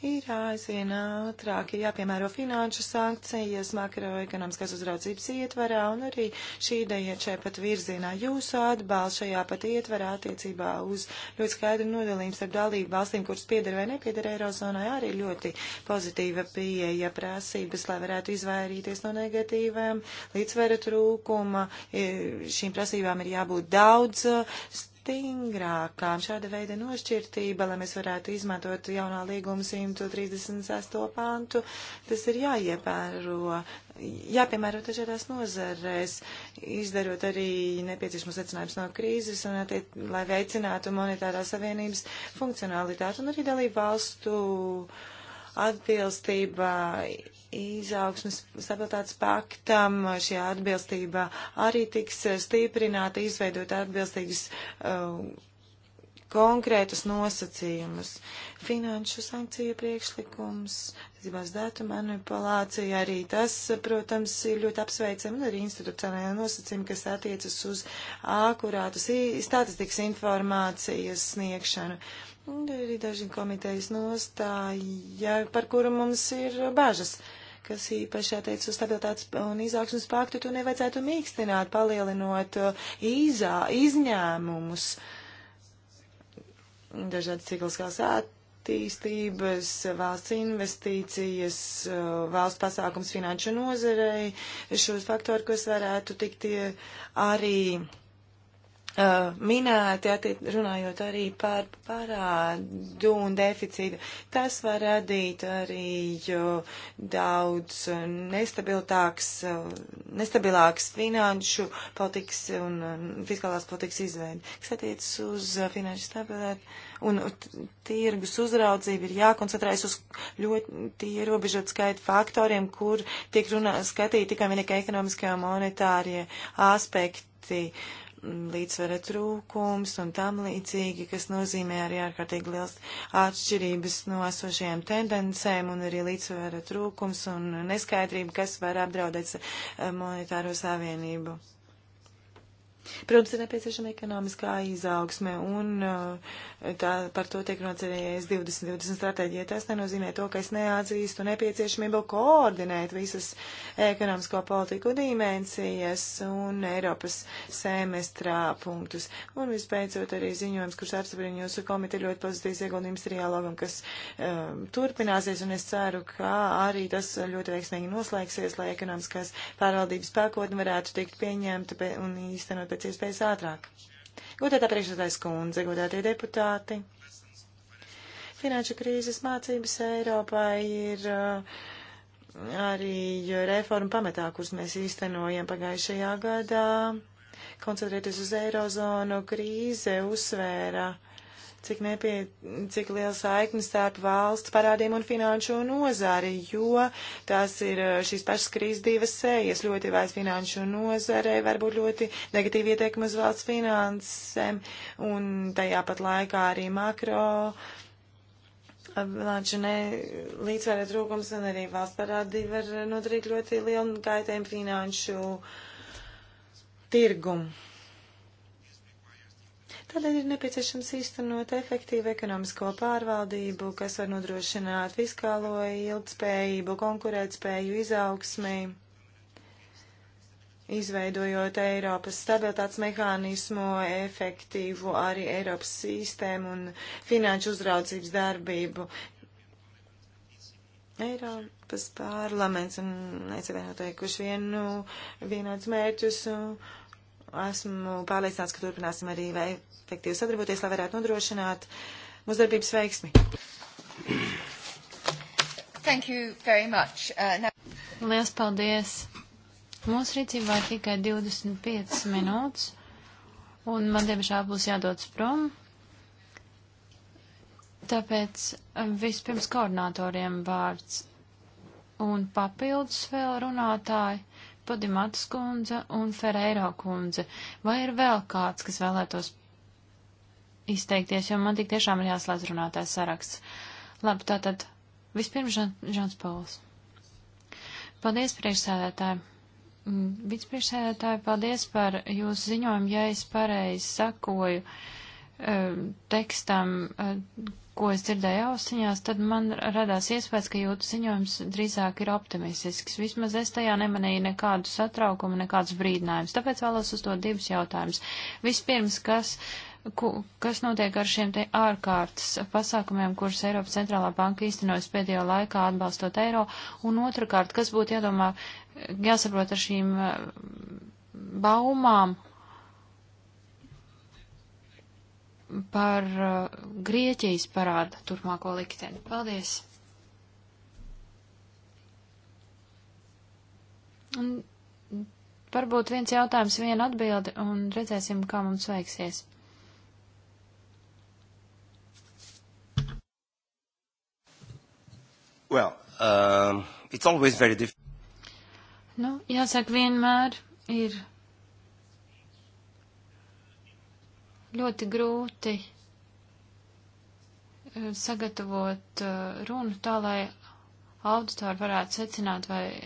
ir jāzina ātrāk, ir jāpiemēro finanšu sankcijas makroekonomiskās uzraudzības ietvarā, un arī šī ideja šai pat virzienā jūsu atbalstu šajā pat ietvarā attiecībā uz ļoti skaidru nodalījumu starp dalību valstīm, kuras pieder vai nepieder Eirozonai, arī ļoti pozitīva pieeja prasības, lai varētu izvairīties no negatīvām līdzsvera trūkuma. E, šīm prasībām ir jābūt daudz stingrākām. Šāda veida nošķirtība, lai mēs varētu izmantot jaunā līguma 136. pantu, tas ir jāiepēro, jāpiemēro dažādās nozarēs, izdarot arī nepieciešamos secinājumus no krīzes, un attiec, lai veicinātu monetārās savienības funkcionalitāti un arī dalību valstu atbilstība izaugsmes stabilitātes paktam šī atbilstība arī tiks stiprināta, izveidot atbilstīgas uh, konkrētus nosacījumus. Finanšu sankciju priekšlikums, zibās datu manipulācija, arī tas, protams, ir ļoti apsveicami, un arī institucionālajā nosacījumi, kas attiecas uz akurātus statistikas informācijas sniegšanu. Un arī daži komitejas nostāja, par kuru mums ir bažas. Uh, kas īpaši attiec uz stabilitātes un izaugsmas paktu, to nevajadzētu mīkstināt, palielinot uh, izā, izņēmumus, dažādas cikliskās attīstības, valsts investīcijas, uh, valsts pasākums finanšu nozarei, šos faktori, kas varētu tikt uh, arī Eh, minēti, attiet, runājot arī par parādu un deficītu. Tas var radīt arī daudz nestabilitāks, eh, nestabilāks finanšu politikas un um, fiskālās politikas izveidi, kas attiecas uz eh, finanšu stabilitāti. Un tirgus uzraudzība ir jākoncentrējas uz ļoti ierobežot skaitu faktoriem, kur tiek runā, skatīti tikai vienīgi ekonomiskie un monetārie aspekti. Uh, līdzsvara trūkums un tam līdzīgi, kas nozīmē arī ārkārtīgi liels atšķirības no esošajām tendencēm un arī līdzsvara trūkums un neskaidrība, kas var apdraudēt eh, monetāro savienību. Protams, ir nepieciešama ekonomiskā izaugsme, un uh, tā, par to tiek runāts arī es 2020 stratēģija. Tas nenozīmē to, ka es neatzīstu nepieciešamību koordinēt visas ekonomisko politiku dimensijas un Eiropas semestrā punktus. Un vispēcot arī ziņojums, kurš apstiprina jūsu komiteja ļoti pozitīvs ieguldījums trialogam, kas um, turpināsies, un es ceru, ka arī tas ļoti veiksmīgi noslēgsies, lai ekonomiskās pārvaldības pakotne varētu tikt pieņemta un īstenot pēc iespējas ātrāk. Godētā priekšsēdājas kundze, godētie deputāti, finanšu krīzes mācības Eiropā ir uh, arī reforma pamatā, kuras mēs īstenojam pagājušajā gadā. Koncentrēties uz eirozonu krīze uzsvēra uh, cik, nepie, cik liela saikne starp valsts parādiem un finanšu nozari, jo tās ir eh, šīs pašas krīzes divas sejas. Ļoti vairs finanšu nozarei var būt ļoti negatīvi ieteikumi uz valsts finansēm un tajā pat laikā arī makro. Eh, Lāču ne līdzsvēra trūkums un arī valsts parādi var nodarīt ļoti lielu kaitējumu finanšu tirgumu. Tādēļ ir nepieciešams īstenot efektīvu ekonomisko pārvaldību, kas var nodrošināt fiskālo ilgspējību, konkurētspēju, izaugsmi, izveidojot Eiropas stabilitātes mehānismu, efektīvu arī Eiropas sistēmu un finanšu uzraudzības darbību. Eiropas parlaments un nesavienotāji, kurš vienu vienāds mērķus. Un, Esmu pārliecināts, ka turpināsim arī efektīvi sadarboties, lai varētu nodrošināt mūsu darbības veiksmi. Thank you very much. Uh, now... Lielas paldies. Mūsu rīcībā ir tikai 25 minūtes, un man diemžēl būs jādodas prom. Tāpēc uh, vispirms koordinatoriem vārds un papildus vēl runātāji. Podimats kundze un Ferreiro kundze. Vai ir vēl kāds, kas vēlētos izteikties, jo man tik tiešām ir jāslēdz runātājs saraksts. Labi, tātad vispirms Žan, Žans Pauls. Paldies, priekšsēdētāji. Mm, vicepriekšsēdētāji, paldies par jūsu ziņojumu, ja es pareizi sakoju. Uh, Um, tekstam, uh, ko es dzirdēju ausiņās, tad man radās iespējas, ka jūtu ziņojums drīzāk ir optimistisks. Vismaz es tajā nemanīju nekādu satraukumu, nekādus brīdinājumus. Tāpēc vēlos uzdot divus jautājumus. Vispirms, kas, ku, kas notiek ar šiem te ārkārtas pasākumiem, kurus Eiropas centrālā banka īstenojas pēdējo laikā atbalstot eiro? Un otrkārt, kas būtu jādomā, jāsaprot ar šīm uh, baumām par uh, Grieķijas parāda turpmāko likteni. Paldies! Un varbūt viens jautājums, viena atbilde, un redzēsim, kā mums veiksies. Well, um, it's always very difficult. Nu, jāsaka, vienmēr ir ļoti grūti eh, sagatavot eh, runu tā, lai auditori varētu secināt, vai eh,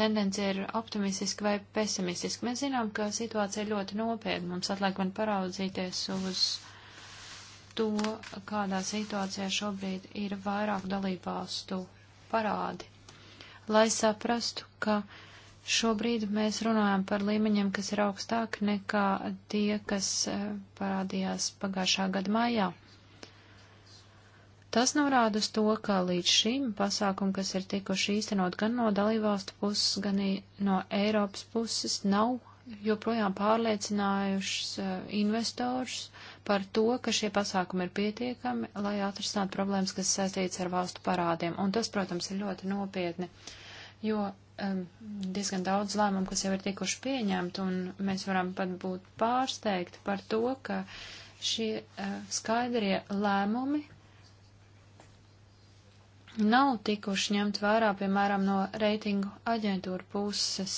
tendence ir optimistiska vai pesimistiska. Mēs zinām, ka situācija ir ļoti nopietna. Mums atliek man paraudzīties uz to, kādā situācijā šobrīd ir vairāk dalībvalstu parādi, lai saprastu, ka uh, Šobrīd mēs runājam par līmeņiem, kas ir augstāk nekā tie, kas eh, parādījās pagājušā gada maijā. Tas norāda uz to, ka līdz šim pasākumi, kas ir tikuši īstenot gan no dalībvalstu puses, gan no Eiropas puses, nav joprojām pārliecinājušas eh, investors par to, ka šie pasākumi ir pietiekami, lai atrisinātu problēmas, kas saistītas ar valstu parādiem. Un tas, protams, ir ļoti nopietni, jo um, diezgan daudz lēmumu, kas jau ir tikuši pieņemti, un mēs varam pat būt pārsteigti par to, ka šie uh, skaidrie lēmumi nav tikuši ņemt vērā, piemēram, no reitingu aģentūra puses.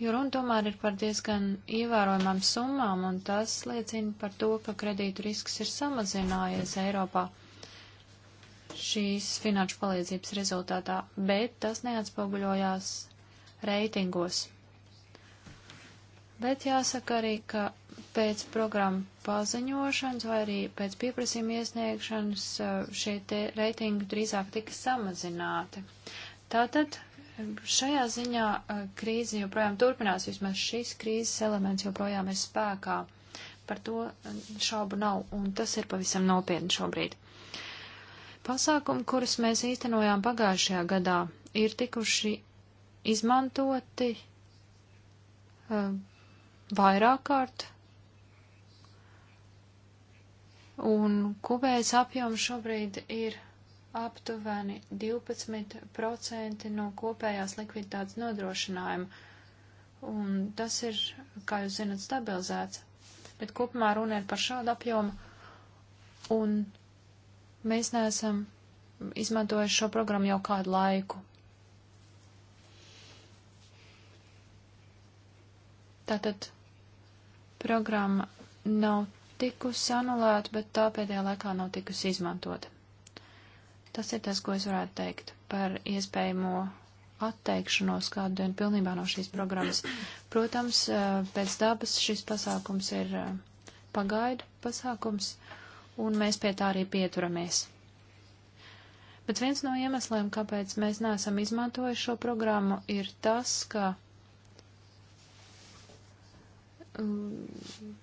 Jo runa tomēr ir par diezgan ievērojamām summām, un tas liecina par to, ka kredītu risks ir samazinājies Eiropā. Mm šīs finanšu palīdzības rezultātā, bet tas neatspoguļojās reitingos. Bet jāsaka arī, ka pēc programmu paziņošanas vai arī pēc pieprasījuma iesniegšanas eh, šie reitingi drīzāk tika samazināti. Tātad eh, šajā ziņā eh, krīze joprojām turpinās, vismaz šis krīzes elements joprojām ir spēkā. Par to šaubu nav, un tas ir pavisam nopietni šobrīd. Pasākumi, kurus mēs īstenojām pagājušajā gadā, ir tikuši izmantoti uh, vairāk kārt, un kuvējas apjoms šobrīd ir aptuveni 12% no kopējās likviditātes nodrošinājuma, un tas ir, kā jūs zinat, stabilizēts. Bet kopumā runa ir par šādu apjomu, un Mēs neesam izmantojuši šo programmu jau kādu laiku. Tātad programma nav tikusi anulēta, bet tā pēdējā laikā nav tikusi izmantota. Tas ir tas, ko es varētu teikt par iespējamo atteikšanos kādu dienu pilnībā no šīs programmas. Protams, eh, pēc dabas šis pasākums ir eh, pagaidu pasākums. Uh, un mēs pie tā arī pieturamies. Bet viens no iemesliem, kāpēc mēs neesam izmantojuši šo programmu, ir tas, ka mm,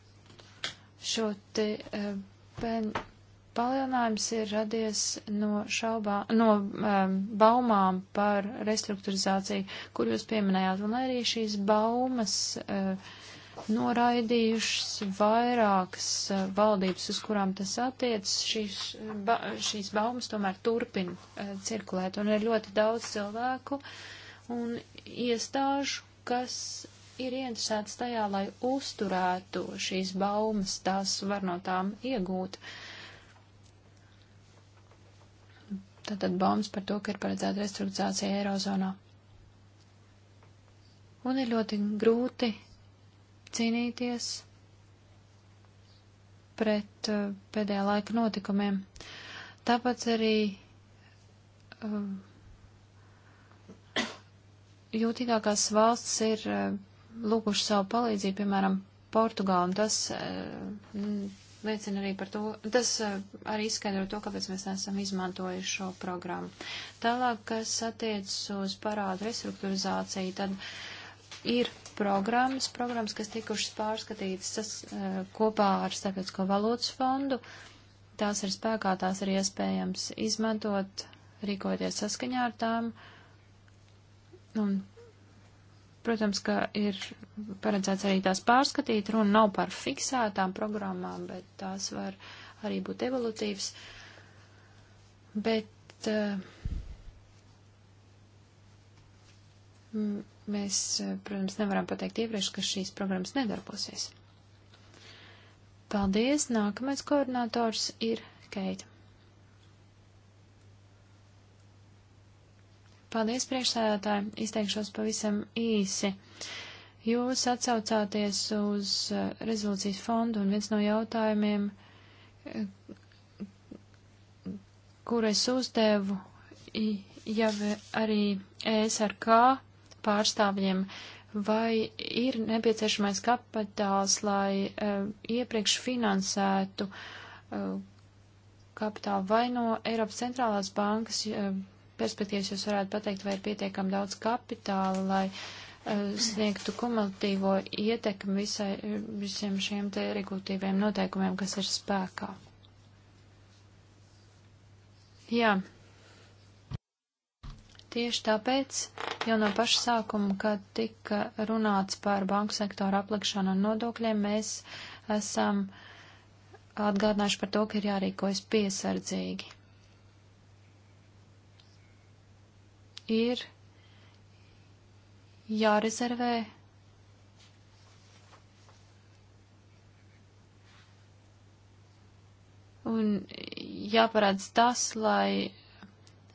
šo te eh, pen, palielinājums ir radies no, šaubā, no um, baumām par restruktūrizāciju, kur jūs pieminējāt, un arī šīs baumas uh, noraidījušas vairākas eh, valdības, uz kurām tas attiecas, šīs, eh, ba šīs baumas tomēr turpina uh, cirkulēt, un ir ļoti daudz cilvēku un iestāžu, kas ir interesēts tajā, lai uzturētu šīs baumas, tās var no tām iegūt. Tātad baumas par to, ka ir paredzēta restruktūrizācija Eirozonā. Un ir ļoti grūti cīnīties pret uh, pēdējā laika notikumiem. Tāpēc arī uh, jūtīgākās valsts ir uh, eh, lūguši savu palīdzību, piemēram, Portugāla, un tas liecina arī par to, tas arī izskaidro to, kāpēc mēs neesam izmantojuši šo programmu. Tālāk, kas attiecas uz parādu restruktūrizāciju, tad ir programmas, programmas, kas tikušas pārskatītas tas, eh, kopā ar Starptautisko valūtas fondu. Tās ir spēkā, tās ir iespējams izmantot, rīkoties saskaņā ar tām. Un, protams, ka ir paredzēts arī tās pārskatīt, runa nav par fiksētām programmām, bet tās var arī būt evolutīvas. Bet uh, Mēs, eh, protams, nevaram pateikt iepriekš, ka šīs programmas nedarbosies. Paldies! Nākamais koordinators ir Keita. Paldies, priekšsēdētāji! Izteikšos pavisam īsi. Jūs atsaucāties uz eh, rezolūcijas fondu un viens no jautājumiem, eh, kur es uzdevu, jau arī ESRK pārstāvjiem, vai ir nepieciešamais kapitāls, lai uh, iepriekš finansētu uh, kapitālu vai no Eiropas centrālās bankas uh, perspektīvas jūs varētu pateikt, vai ir pietiekami daudz kapitāla, lai uh, sniegtu kumulatīvo ietekmi visai, visiem šiem te regulatīviem noteikumiem, kas ir spēkā. Jā. Tieši tāpēc Jau no paša sākuma, kad tika runāts par banku sektoru aplikšanu un nodokļiem, mēs esam atgādinājuši par to, ka ir jārīkojas piesardzīgi. Ir jārezervē un jāparāds tas, lai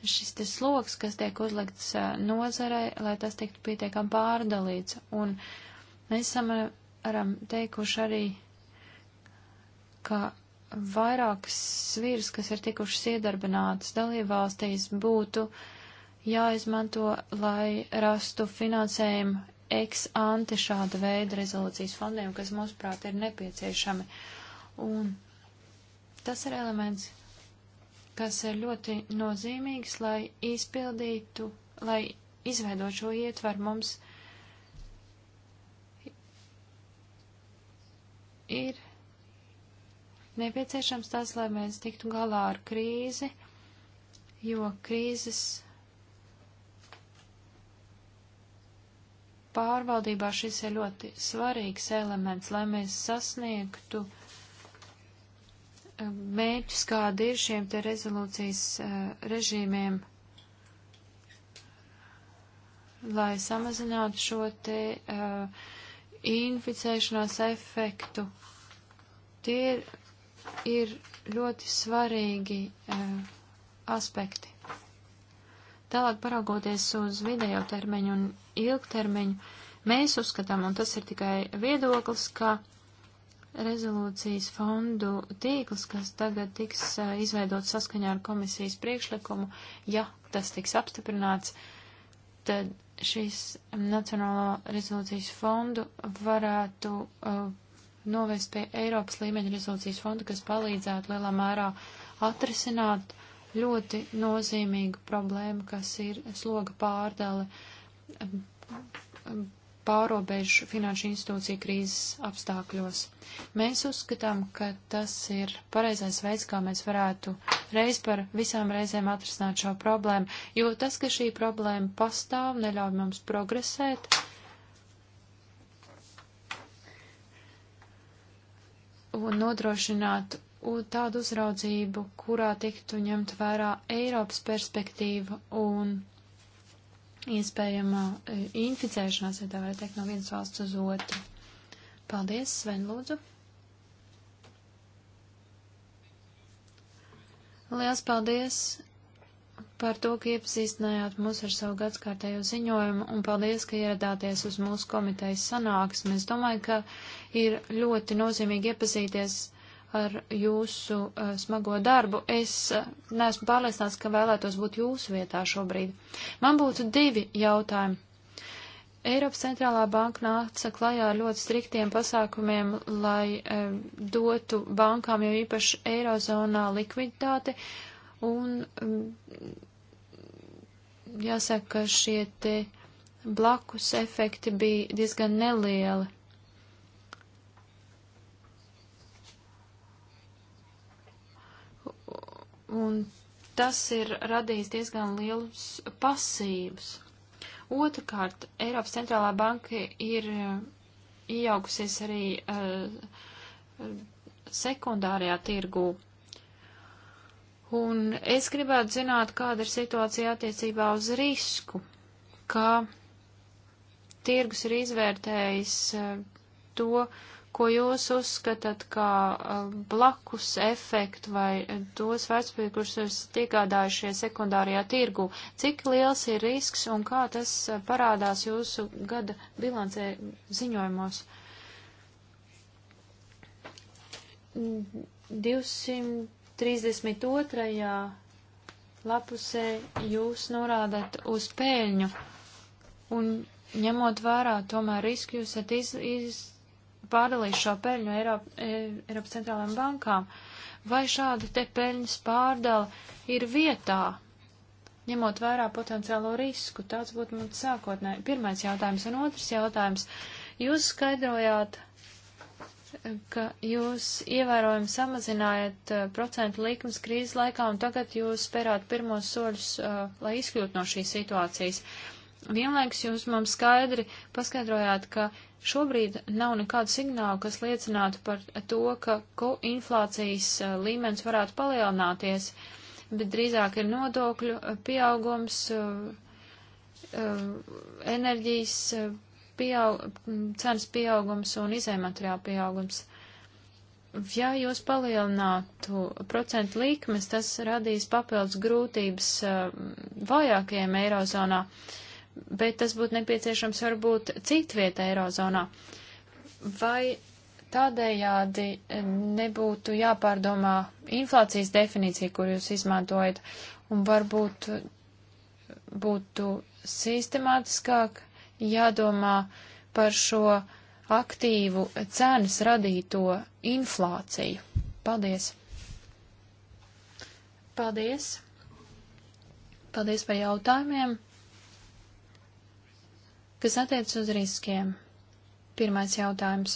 šis te sloks, kas tiek uzlikts nozarei, lai tas tiktu pietiekam pārdalīts. Un mēs esam teikuši arī, ka vairākas svīras, kas ir tikušas iedarbinātas dalībvalstīs, būtu jāizmanto, lai rastu finansējumu ex ante šāda veida rezolūcijas fondiem, kas, mūsuprāt, ir nepieciešami. Un tas ir elements, kas ir ļoti nozīmīgs, lai izpildītu, lai izveidot šo ietvaru mums ir nepieciešams tas, lai mēs tiktu galā ar krīzi, jo krīzes pārvaldībā šis ir ļoti svarīgs elements, lai mēs sasniegtu mērķus, kādi ir šiem te rezolūcijas eh, režīmiem, lai samazinātu šo te uh, inficēšanās efektu. Tie ir, ir ļoti svarīgi uh, aspekti. Tālāk paraugoties uz vidējo termiņu un ilgtermiņu, mēs uzskatām, un tas ir tikai viedoklis, ka uh, rezolūcijas fondu tīkls, kas tagad tiks izveidot saskaņā ar komisijas priekšlikumu, ja tas tiks apstiprināts, tad šīs Nacionālo rezolūcijas fondu varētu uh, novest pie Eiropas līmeņa rezolūcijas fonda, kas palīdzētu lielā mērā atrisināt ļoti nozīmīgu problēmu, kas ir sloga pārdale pārobežu finanšu institūciju krīzes apstākļos. Mēs uzskatām, ka tas ir pareizais veids, kā mēs varētu reiz par visām reizēm atrisināt šo problēmu, jo tas, ka šī problēma pastāv, neļauj mums progresēt. Un nodrošināt tādu uzraudzību, kurā tiktu ņemt vērā Eiropas perspektīva un iespējamā e, inficēšanās, ja tā varētu teikt, no vienas valsts uz otru. Paldies, Sven, lūdzu. Liels paldies par to, ka iepazīstinājāt mūs ar savu gadskārtējo ziņojumu, un paldies, ka ieradāties uz mūsu komitejas sanāksmi. Es domāju, ka ir ļoti nozīmīgi iepazīties ar jūsu uh, smago darbu. Es uh, neesmu pārliecināts, ka vēlētos būt jūsu vietā šobrīd. Man būtu divi jautājumi. Eiropas centrālā banka nāca klajā ar ļoti striktiem pasākumiem, lai e, dotu bankām jau īpaši eirozonā likviditāti, un mm, jāsaka, ka šie te blakus efekti bija diezgan nelieli. un tas ir radījis diezgan lielus pasības. Otrakārt, Eiropas centrālā banka ir eh, iejaukusies arī uh, sekundārajā tirgū. Un es gribētu zināt, kāda ir situācija attiecībā uz risku, kā tirgus ir izvērtējis uh, to, uh, ko jūs uzskatāt kā um, blakus efektu vai tos vērtspapīrus, kurus esat iegādājušies sekundārajā tirgu. Cik liels ir risks un kā tas uh, parādās jūsu gada bilancē ziņojumos? 232. lapusē jūs norādat uz pēļņu un ņemot vērā tomēr risku, jūs esat iz, iz, pārdalīs šo peļņu Eiropa, e, Eiropas centrālajām bankām, vai šāda te peļņas pārdala ir vietā, ņemot vērā potenciālo risku? Tāds būtu mums sākotnē pirmais jautājums. Un otrs jautājums. Jūs skaidrojāt, ka jūs ievērojami samazinājat e, procentu likmes krīzes laikā, un tagad jūs spērāt pirmos soļus, e, lai izkļūtu no šīs situācijas. Uh, Vienlaiks jūs mums skaidri paskaidrojāt, ka šobrīd nav nekādu signālu, kas liecinātu par to, ka inflācijas eh, līmenis varētu palielināties, bet drīzāk ir nodokļu eh, pieaugums, eh, enerģijas pieaug, cenas pieaugums un izējumateriāla pieaugums ja jūs palielinātu procentu likmes, tas radīs papildus grūtības uh, vajākajiem eirozonā. Uh, bet tas būtu nepieciešams varbūt citvietā Eirozonā. Vai tādējādi eh, nebūtu jāpārdomā inflācijas definīcija, kur jūs izmantojat, un varbūt būtu sistemātiskāk jādomā par šo aktīvu cenas radīto inflāciju. Paldies! Paldies! Paldies par jautājumiem! Kas attiec uz riskiem? Pirmais jautājums.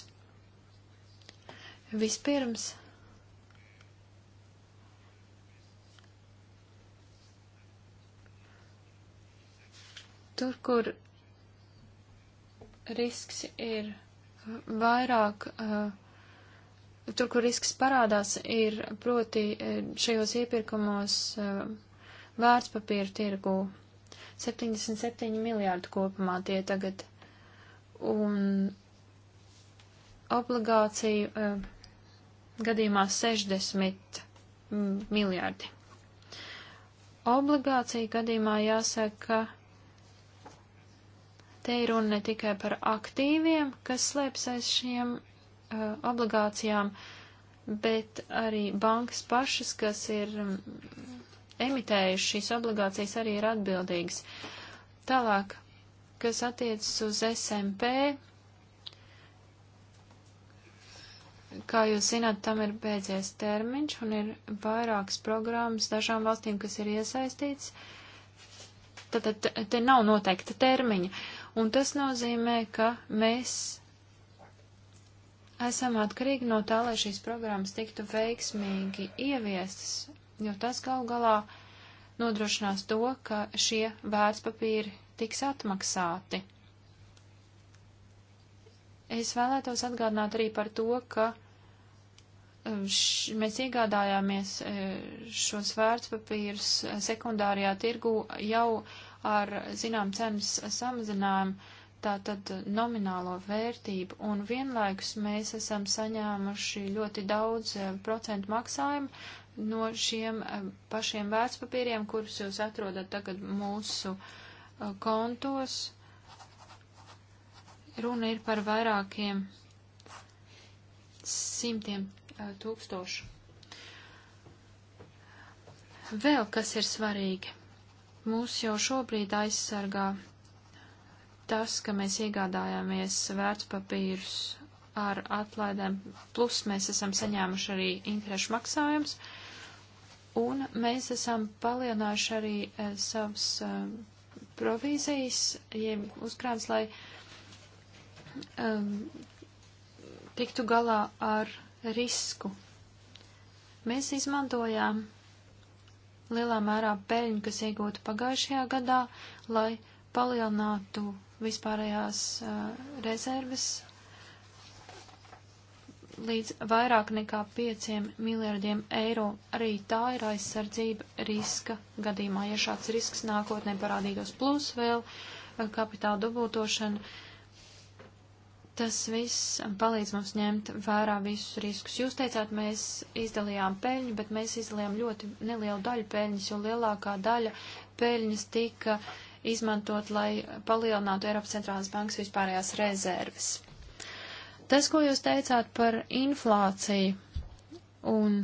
Vispirms. Tur, kur risks ir vairāk, eh, tur, kur risks parādās, ir proti eh, šajos iepirkumos eh, vērtspapīra tirgū. 77 miljārdi kopumā tie tagad. Un obligāciju uh, gadījumā 60 mm, miljārdi. Obligācija gadījumā jāsaka, ka te ir runa ne tikai par aktīviem, kas slēpjas aiz šiem uh, obligācijām, bet arī bankas pašas, kas ir um, emitējuši šīs obligācijas, arī ir atbildīgas. Tālāk, kas attiecas uz SMP, kā jūs zināt, tam ir beidzies termiņš un ir vairākas programmas dažām valstīm, kas ir iesaistīts. Tad te, te nav noteikta termiņa. Un tas nozīmē, ka mēs esam atkarīgi no tā, lai šīs programmas tiktu veiksmīgi ieviestas jo tas gal galā nodrošinās to, ka šie vērtspapīri tiks atmaksāti. Es vēlētos atgādināt arī par to, ka e, š, mēs iegādājāmies e, šos vērtspapīrus e, sekundārajā tirgu jau ar zinām cenas samazinājumu, tātad nominālo vērtību, un vienlaikus mēs esam saņēmuši ļoti daudz procentu maksājumu no šiem eh, pašiem vērtspapīriem, kurus jūs atrodat tagad mūsu eh, kontos. Runa ir par vairākiem simtiem eh, tūkstošu. Vēl kas ir svarīgi. Mūs jau šobrīd aizsargā tas, ka mēs iegādājāmies vērtspapīrus ar atlaidēm, plus mēs esam saņēmuši arī interešu maksājums. Uh, Un mēs esam palielinājuši arī uh, savas uh, provīzijas, jeb uzkrājums, lai um, tiktu galā ar risku. Mēs izmantojām lielā mērā peļņu, kas iegūta pagājušajā gadā, lai palielinātu vispārējās uh, rezerves līdz vairāk nekā 5 miljardiem eiro. Arī tā ir aizsardzība riska gadījumā. Ja šāds risks nākotnē parādītos plus vēl eh, kapitāla dubultošana, tas viss palīdz mums ņemt vērā visus riskus. Jūs teicāt, mēs izdalījām peļņu, bet mēs izdalījām ļoti nelielu daļu peļņas, jo lielākā daļa peļņas tika izmantot, lai palielinātu Eiropas centrālās bankas vispārējās rezerves. Tas, ko jūs teicāt par inflāciju un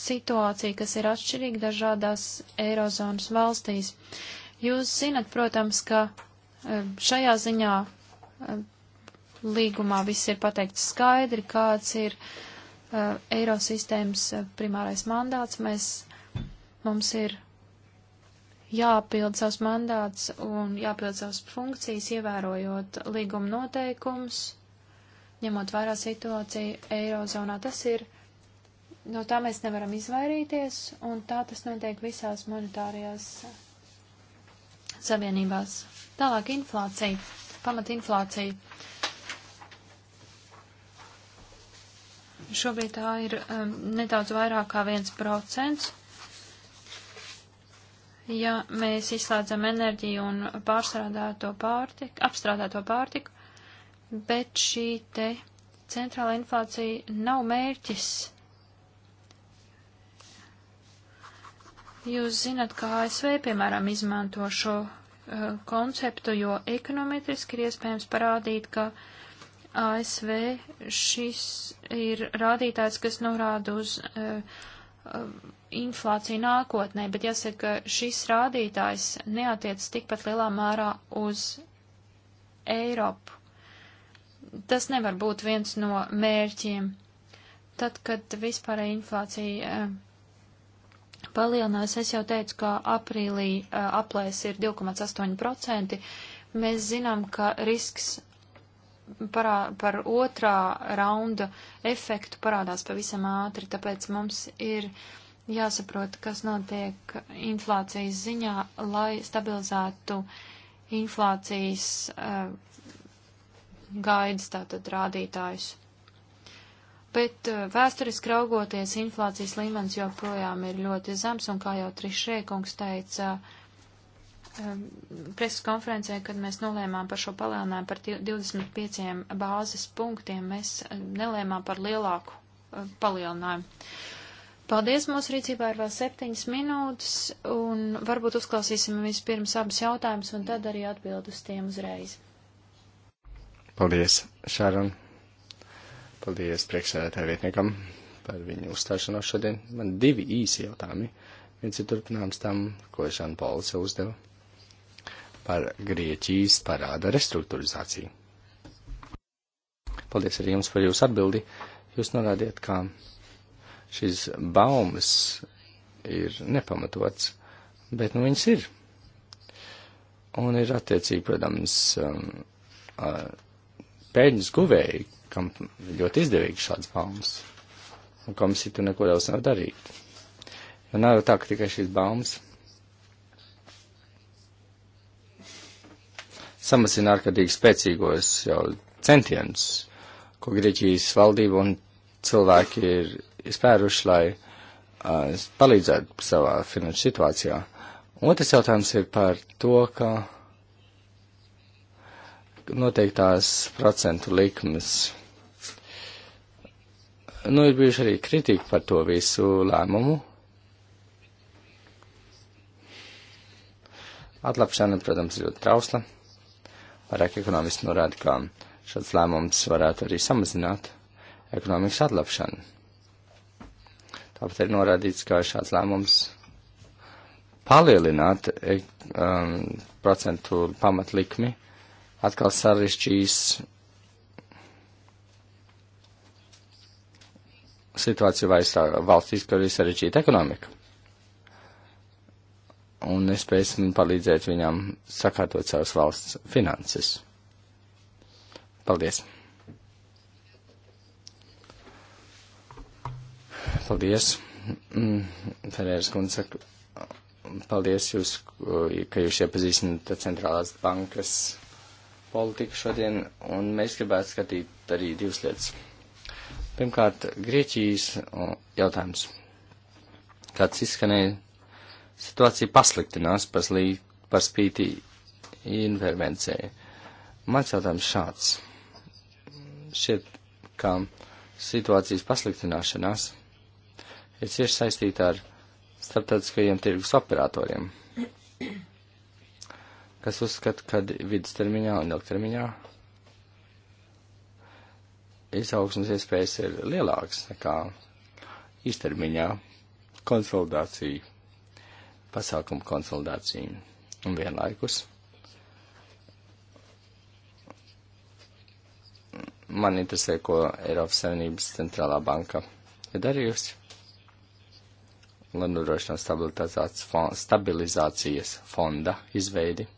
situāciju, kas ir atšķirīga dažādās Eirozonas valstīs, jūs zinat, protams, ka e, šajā ziņā e, līgumā viss ir pateikts skaidri, kāds ir uh, Eirosistēmas primārais mandāts. Mēs, mums ir jāpild savs mandāts un jāpild savas funkcijas, ievērojot līguma noteikums ņemot vērā situāciju Eirozonā. Tas ir, no tā mēs nevaram izvairīties, un tā tas notiek visās monetārajās savienībās. Tālāk inflācija, pamatinflācija. Šobrīd tā ir um, nedaudz vairāk kā viens procents. Ja mēs izslēdzam enerģiju un pārstrādāto pārtiku, apstrādāto pārtiku, bet šī te centrāla inflācija nav mērķis. Jūs zinat, kā ASV, piemēram, izmanto šo uh, konceptu, jo ekonometriski ir iespējams parādīt, ka ASV šis ir rādītājs, kas norāda uz uh, uh, inflāciju nākotnē, bet jāsaka, ka šis rādītājs neatiec tikpat lielā mērā uz Eiropu tas nevar būt viens no mērķiem. Tad, kad vispārēja inflācija eh, palielinās, es jau teicu, ka aprīlī eh, aplēs ir 2,8%. Mēs zinām, ka risks parā, par otrā raunda efektu parādās pavisam ātri, tāpēc mums ir jāsaprot, kas notiek inflācijas ziņā, lai stabilizētu inflācijas uh, gaidas, tātad rādītājus. Bet eh, vēsturiski raugoties, inflācijas līmenis joprojām ir ļoti zems, un kā jau Trišēkungs teica preses konferencē, kad mēs nolēmām par šo palielinājumu par 25 bāzes punktiem, mēs nelēmām par lielāku palielinājumu. Paldies, mūsu rīcībā ir vēl septiņas minūtes, un varbūt uzklausīsim vispirms abus jautājumus, un tad arī atbild uz tiem uzreiz. Paldies, Šāron. Paldies priekšsēdētāju vietniekam par viņu uzstāšanos šodien. Man divi īsi jautājumi. Viens ir turpinājums tam, ko Žana Pauls jau uzdeva par Grieķijas parāda restruktūrizāciju. Paldies arī jums par jūsu atbildi. Jūs norādiet, ka šīs baumas ir nepamatots, bet nu viņas ir. Un ir attiecīgi, protams, um, uh, peļņas guvēji, kam ļoti izdevīgi šāds baumas, un komisija tur neko daudz nav darīt. Jo nav jau tā, ka tikai šīs baumas samazina ārkārtīgi spēcīgos jau centienus, ko Grieķijas valdība un cilvēki ir izpēruši, lai uh, palīdzētu savā finanšu situācijā. Otrs jautājums ir par to, ka noteiktās procentu likmes. Nu, ir bijuši arī kritika par to visu lēmumu. Atlapšana, protams, ļoti trausla. Vairāk ekonomisti norāda, ka šāds lēmums varētu arī samazināt ekonomikas atlapšanu. Tāpat ir norādīts, ka šāds lēmums palielināt eh, um, procentu pamatlikmi uh, atkal sarežģīs situāciju vairā valstīs, kur ir sarežģīta ekonomika. Un es spēsim palīdzēt viņam sakārtot savas valsts finanses. Paldies! Paldies, mm, Ferēras kundze. Paldies jūs, ka jūs iepazīstināt centrālās bankas politiku šodien, un mēs gribētu skatīt arī divas lietas. Pirmkārt, Grieķijas jautājums. Kāds izskanēja, situācija pasliktinās par, slī, par spīti intervencijai. Mans jautājums šāds. Šķiet, ka situācijas pasliktināšanās ir cieši saistīta ar starptautiskajiem tirgus operatoriem kas uzskata, ka vidustermiņā un ilgtermiņā izaugsmas iespējas ir lielākas nekā īstermiņā konsolidācija, pasākumu konsolidācija un vienlaikus. Man interesē, ko Eiropas Savienības centrālā banka ir darījusi, lai nodrošinātu stabilizācijas fonda izveidi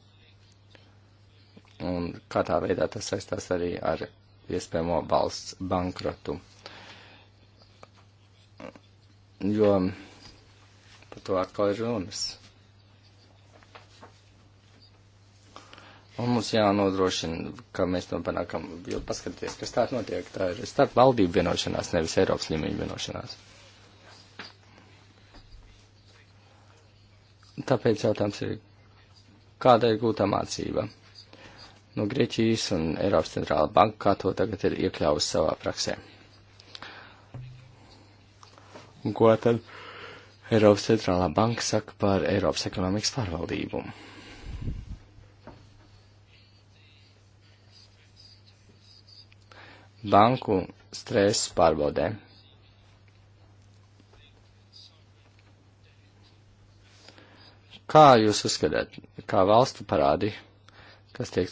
un kādā veidā tas saistās arī ar iespējamo valsts bankrotu. Jo par to atkal ir runas. Un mums jānodrošina, ka mēs to panākam, jo paskatieties, kas tā notiek. Tā ir starp valdību vienošanās, nevis Eiropas līmeņa vienošanās. Tāpēc jautājums ir, kāda ir gūta mācība? no Grieķijas un Eiropas centrāla banka, kā to tagad ir iekļāvusi savā praksē. Un ko tad Eiropas centrālā banka saka par Eiropas ekonomikas pārvaldību? Banku stresa pārbaudē. Kā jūs uzskatāt, kā valstu parādi kas tiek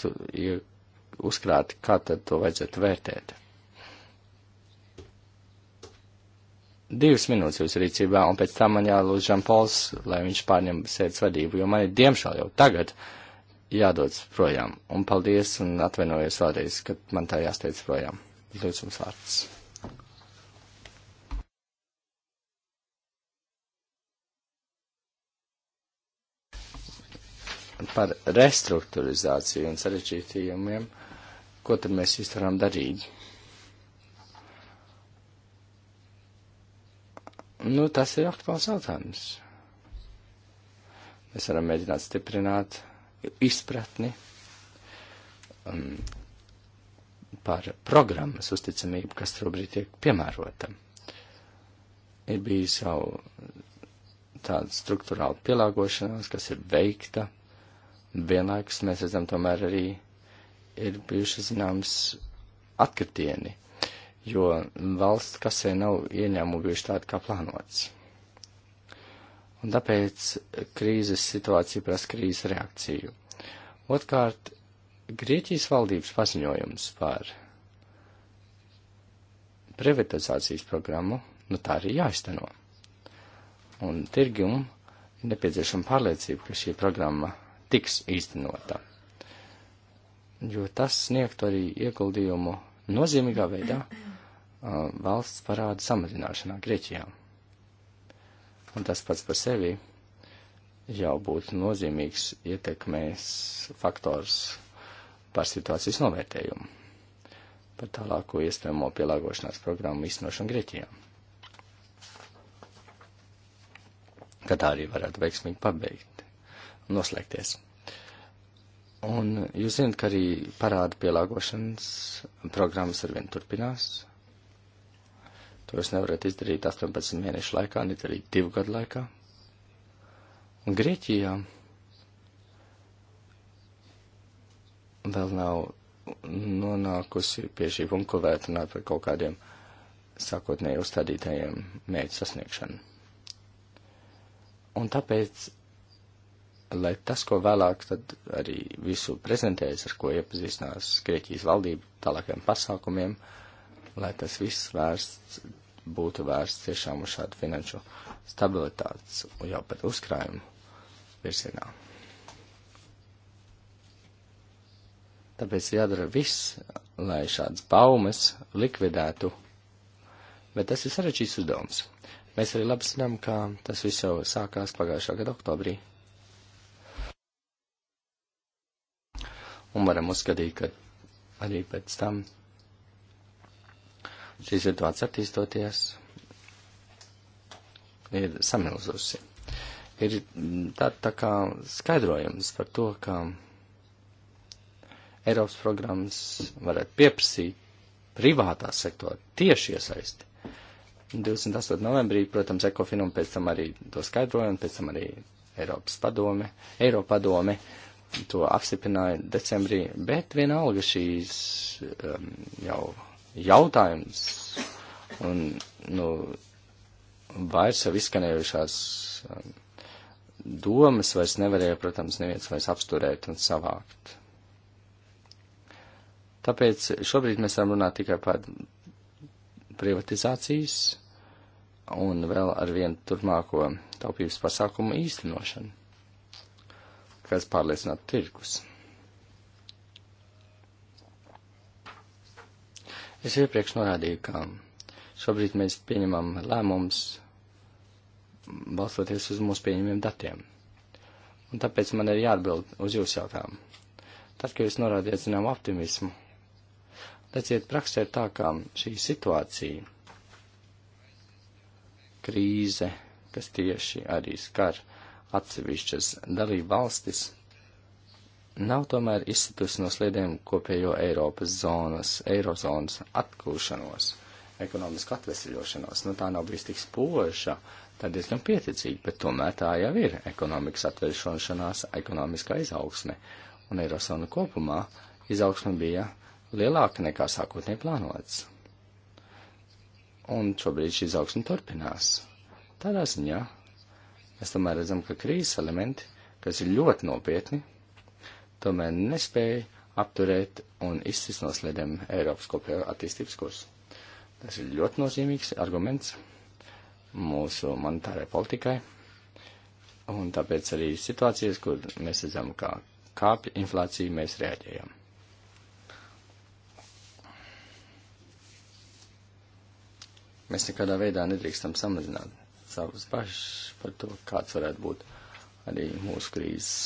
uzkrāti, kā tad to vajadzētu vērtēt. Divas minūtes jūsu rīcībā, un pēc tam man jālūdz Žanpols, lai viņš pārņem sēdes vadību, jo man ir diemžēl jau tagad jādodas projām. Un paldies un atvainojos vēlreiz, ka man tā jāsteidz projām. Lūdzu, jums vārds. par restruktūrizāciju un sarežģītījumiem, ko tad mēs visu varam darīt. Nu, tas ir aktuāls jautājums. Mēs varam mēģināt stiprināt izpratni um, par programmas uzticamību, kas šobrīd tiek piemērota. Ir bijis jau tāda struktūrāla pielāgošanās, kas ir veikta vienlaikus mēs redzam tomēr arī ir bijuši zināms atkritieni, jo valsts kasē nav ieņēmumu bijuši tādi kā plānots. Un tāpēc krīzes situācija prasa krīzes reakciju. Otkārt, Grieķijas valdības paziņojums par privatizācijas programmu, nu tā arī jāizteno. Un tirgum ir nepieciešama pārliecība, ka šī programma tiks īstenota. Jo tas sniegtu arī ieguldījumu nozīmīgā veidā valsts parāda samazināšanā Grieķijā. Un tas pats par sevi jau būtu nozīmīgs ietekmēs faktors par situācijas novērtējumu, par tālāko iespējamo pielāgošanās programmu iznošanu Grieķijā. Kad tā arī varētu veiksmīgi pabeigt noslēgties. Un jūs zināt, ka arī parāda pielāgošanas programmas arvien turpinās. To jūs nevarat izdarīt 18 mēnešu laikā, ne arī 2 gadu laikā. Un Grieķijā vēl nav nonākusi pie šī punkta, ko vērtināt par kaut kādiem sākotnēji uzstādītajiem mērķu sasniegšanu. Un tāpēc lai tas, ko vēlāk tad arī visu prezentēs, ar ko iepazīstinās Grieķijas valdība tālākiem pasākumiem, lai tas viss vērsts būtu vērsts tiešām uz šādu finanšu stabilitātes un jau pat uzkrājumu virzienā. Tāpēc jādara viss, lai šādas baumas likvidētu, bet tas ir sarežģīts uzdevums. Mēs arī labi zinām, ka tas viss jau sākās pagājušā gada oktobrī, un varam uzskatīt, ka arī pēc tam šī situācija attīstoties ir samilzusi. Ir tā, tā kā skaidrojums par to, ka Eiropas programmas varētu pieprasīt privātā sektora tieši iesaisti. 28. novembrī, protams, Ekofinum pēc tam arī to skaidroja un pēc tam arī Eiropas padome, Eiropadome to apstiprināja decembrī, bet vienalga šīs um, jau jautājums un, nu, vairs jau izskanējušās um, domas vairs nevarēja, protams, neviens vairs apsturēt un savākt. Tāpēc šobrīd mēs varam runāt tikai par privatizācijas un vēl ar vienu turpmāko taupības pasākumu īstenošanu lielākais pārliecinātu tirgus. Es iepriekš norādīju, ka šobrīd mēs pieņemam lēmumus balstoties uz mūsu pieņemiem datiem. Un tāpēc man ir jāatbild uz jūsu jautājumu. Tad, kad jūs norādījat zinām optimismu, redziet, praksē ir tā, kā šī situācija, krīze, kas tieši arī skar atsevišķas dalība valstis nav tomēr izsitusi no sliediem kopējo Eiropas zonas, Eirozonas atklūšanos, ekonomisku atvesļošanos. Nu, tā nav bijusi tik spoža, tā diezgan pieticīga, bet tomēr tā jau ir ekonomikas atvesļošanās, ekonomiskā izaugsme. Un Eirozona kopumā izaugsme bija lielāka nekā sākotnēji plānots. Un šobrīd šī izaugsme turpinās. Tādā ziņā Mēs tomēr redzam, ka krīzes elementi, kas ir ļoti nopietni, tomēr nespēja apturēt un izcist no sliedēm Eiropas kopējo attīstības kursu. Tas ir ļoti nozīmīgs arguments mūsu monetārai politikai, un tāpēc arī situācijas, kur mēs redzam, kā kāpja inflācija, mēs reaģējam. Mēs nekādā veidā nedrīkstam samazināt savas bažas par to, kāds varētu būt arī mūsu krīzes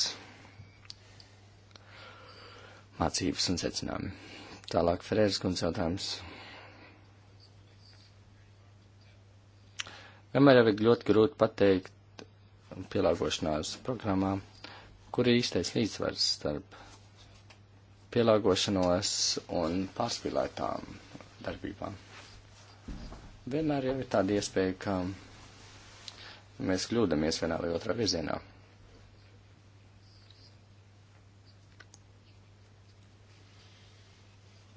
mācības un secinājumi. Tālāk Ferēras kundze jautājums. Vienmēr ir ļoti grūti pateikt pielāgošanās programmā, kur ir īstais līdzsvars starp pielāgošanos un pārspīlētām darbībām. Vienmēr jau ir tāda iespēja, ka mēs kļūdamies vienā vai otrā virzienā.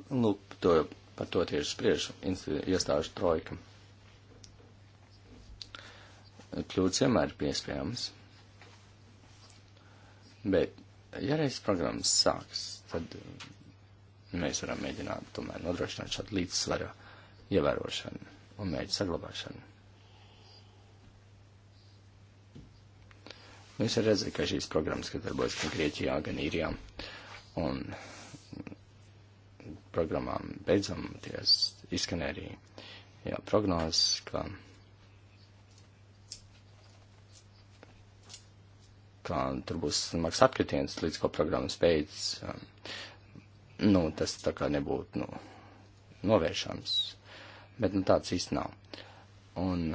Lūk, to, par to tieši spriež iestāžu trojka. Kļūdas vienmēr ir piespējams, bet, ja reiz programmas sāks, tad uh, mēs varam mēģināt tomēr nodrošināt šādu līdzsvaru ievērošanu un mēģinājumu saglabāšanu. Jūs redzat, ka šīs programmas, kas darbojas gan Grieķijā, gan Īrijā, un programmām beidzam ties izskan arī jā, prognozes, ka, ka tur būs smags apkritiens, līdz ko programmas beidz. Um, nu, tas tā kā nebūtu, nu, novēršams. Bet, nu, tāds īsti nav. Un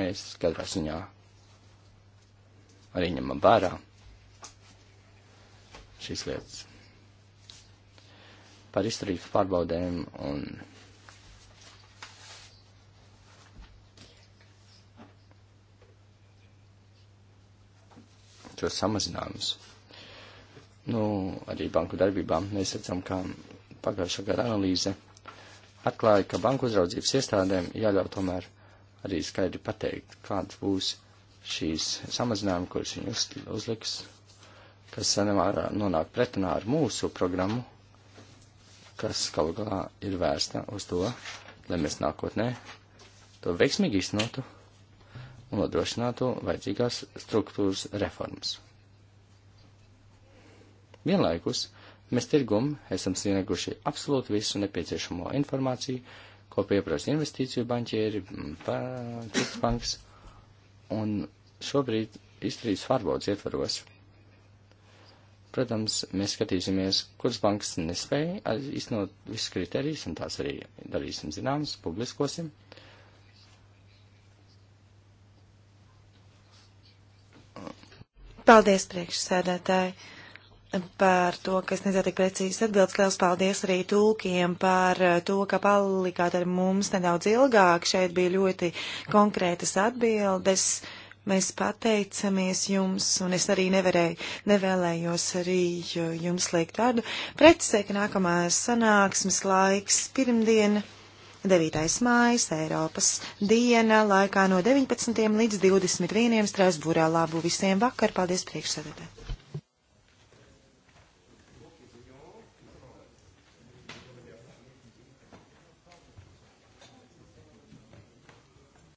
mēs katrā ziņā arī ņemam vērā šīs lietas. Par izturības pārbaudēm un šo samazinājumus. Nu, arī banku darbībām mēs redzam, ka pagājušā gada analīze atklāja, ka banku uzraudzības iestādēm jāļauj tomēr arī skaidri pateikt, kāds būs uh, šīs samazinājumi, kurus viņi uz, uzliks, kas sanamārā nonāk pretunā ar mūsu programmu, kas galu galā ir vērsta uz to, lai mēs nākotnē to veiksmīgi iznotu un nodrošinātu vajadzīgās struktūras reformas. Vienlaikus mēs tirgum esam snieguši absolūti visu nepieciešamo informāciju, ko pieprasa investīciju banķieri, citas bankas, un šobrīd izturības pārbaudas ietvaros. Protams, mēs skatīsimies, kuras bankas nespēja iznot visus kriterijus, un tās arī darīsim zināmas, publiskosim. Paldies, priekšsēdētāji, par to, ka es nezinu tik precīzi atbildes. Liels paldies arī tulkiem par eh, to, ka palikāt ar mums nedaudz ilgāk. Šeit bija ļoti konkrētas atbildes. Uh, Mēs pateicamies jums, un es arī nevarēju, nevēlējos arī jums liekt tādu precisē, ka nākamā sanāksmes laiks pirmdien, 9. mājas, Eiropas diena, laikā no 19. līdz 21. Strasbūrā labu visiem vakar. Paldies priekšsēdētāji!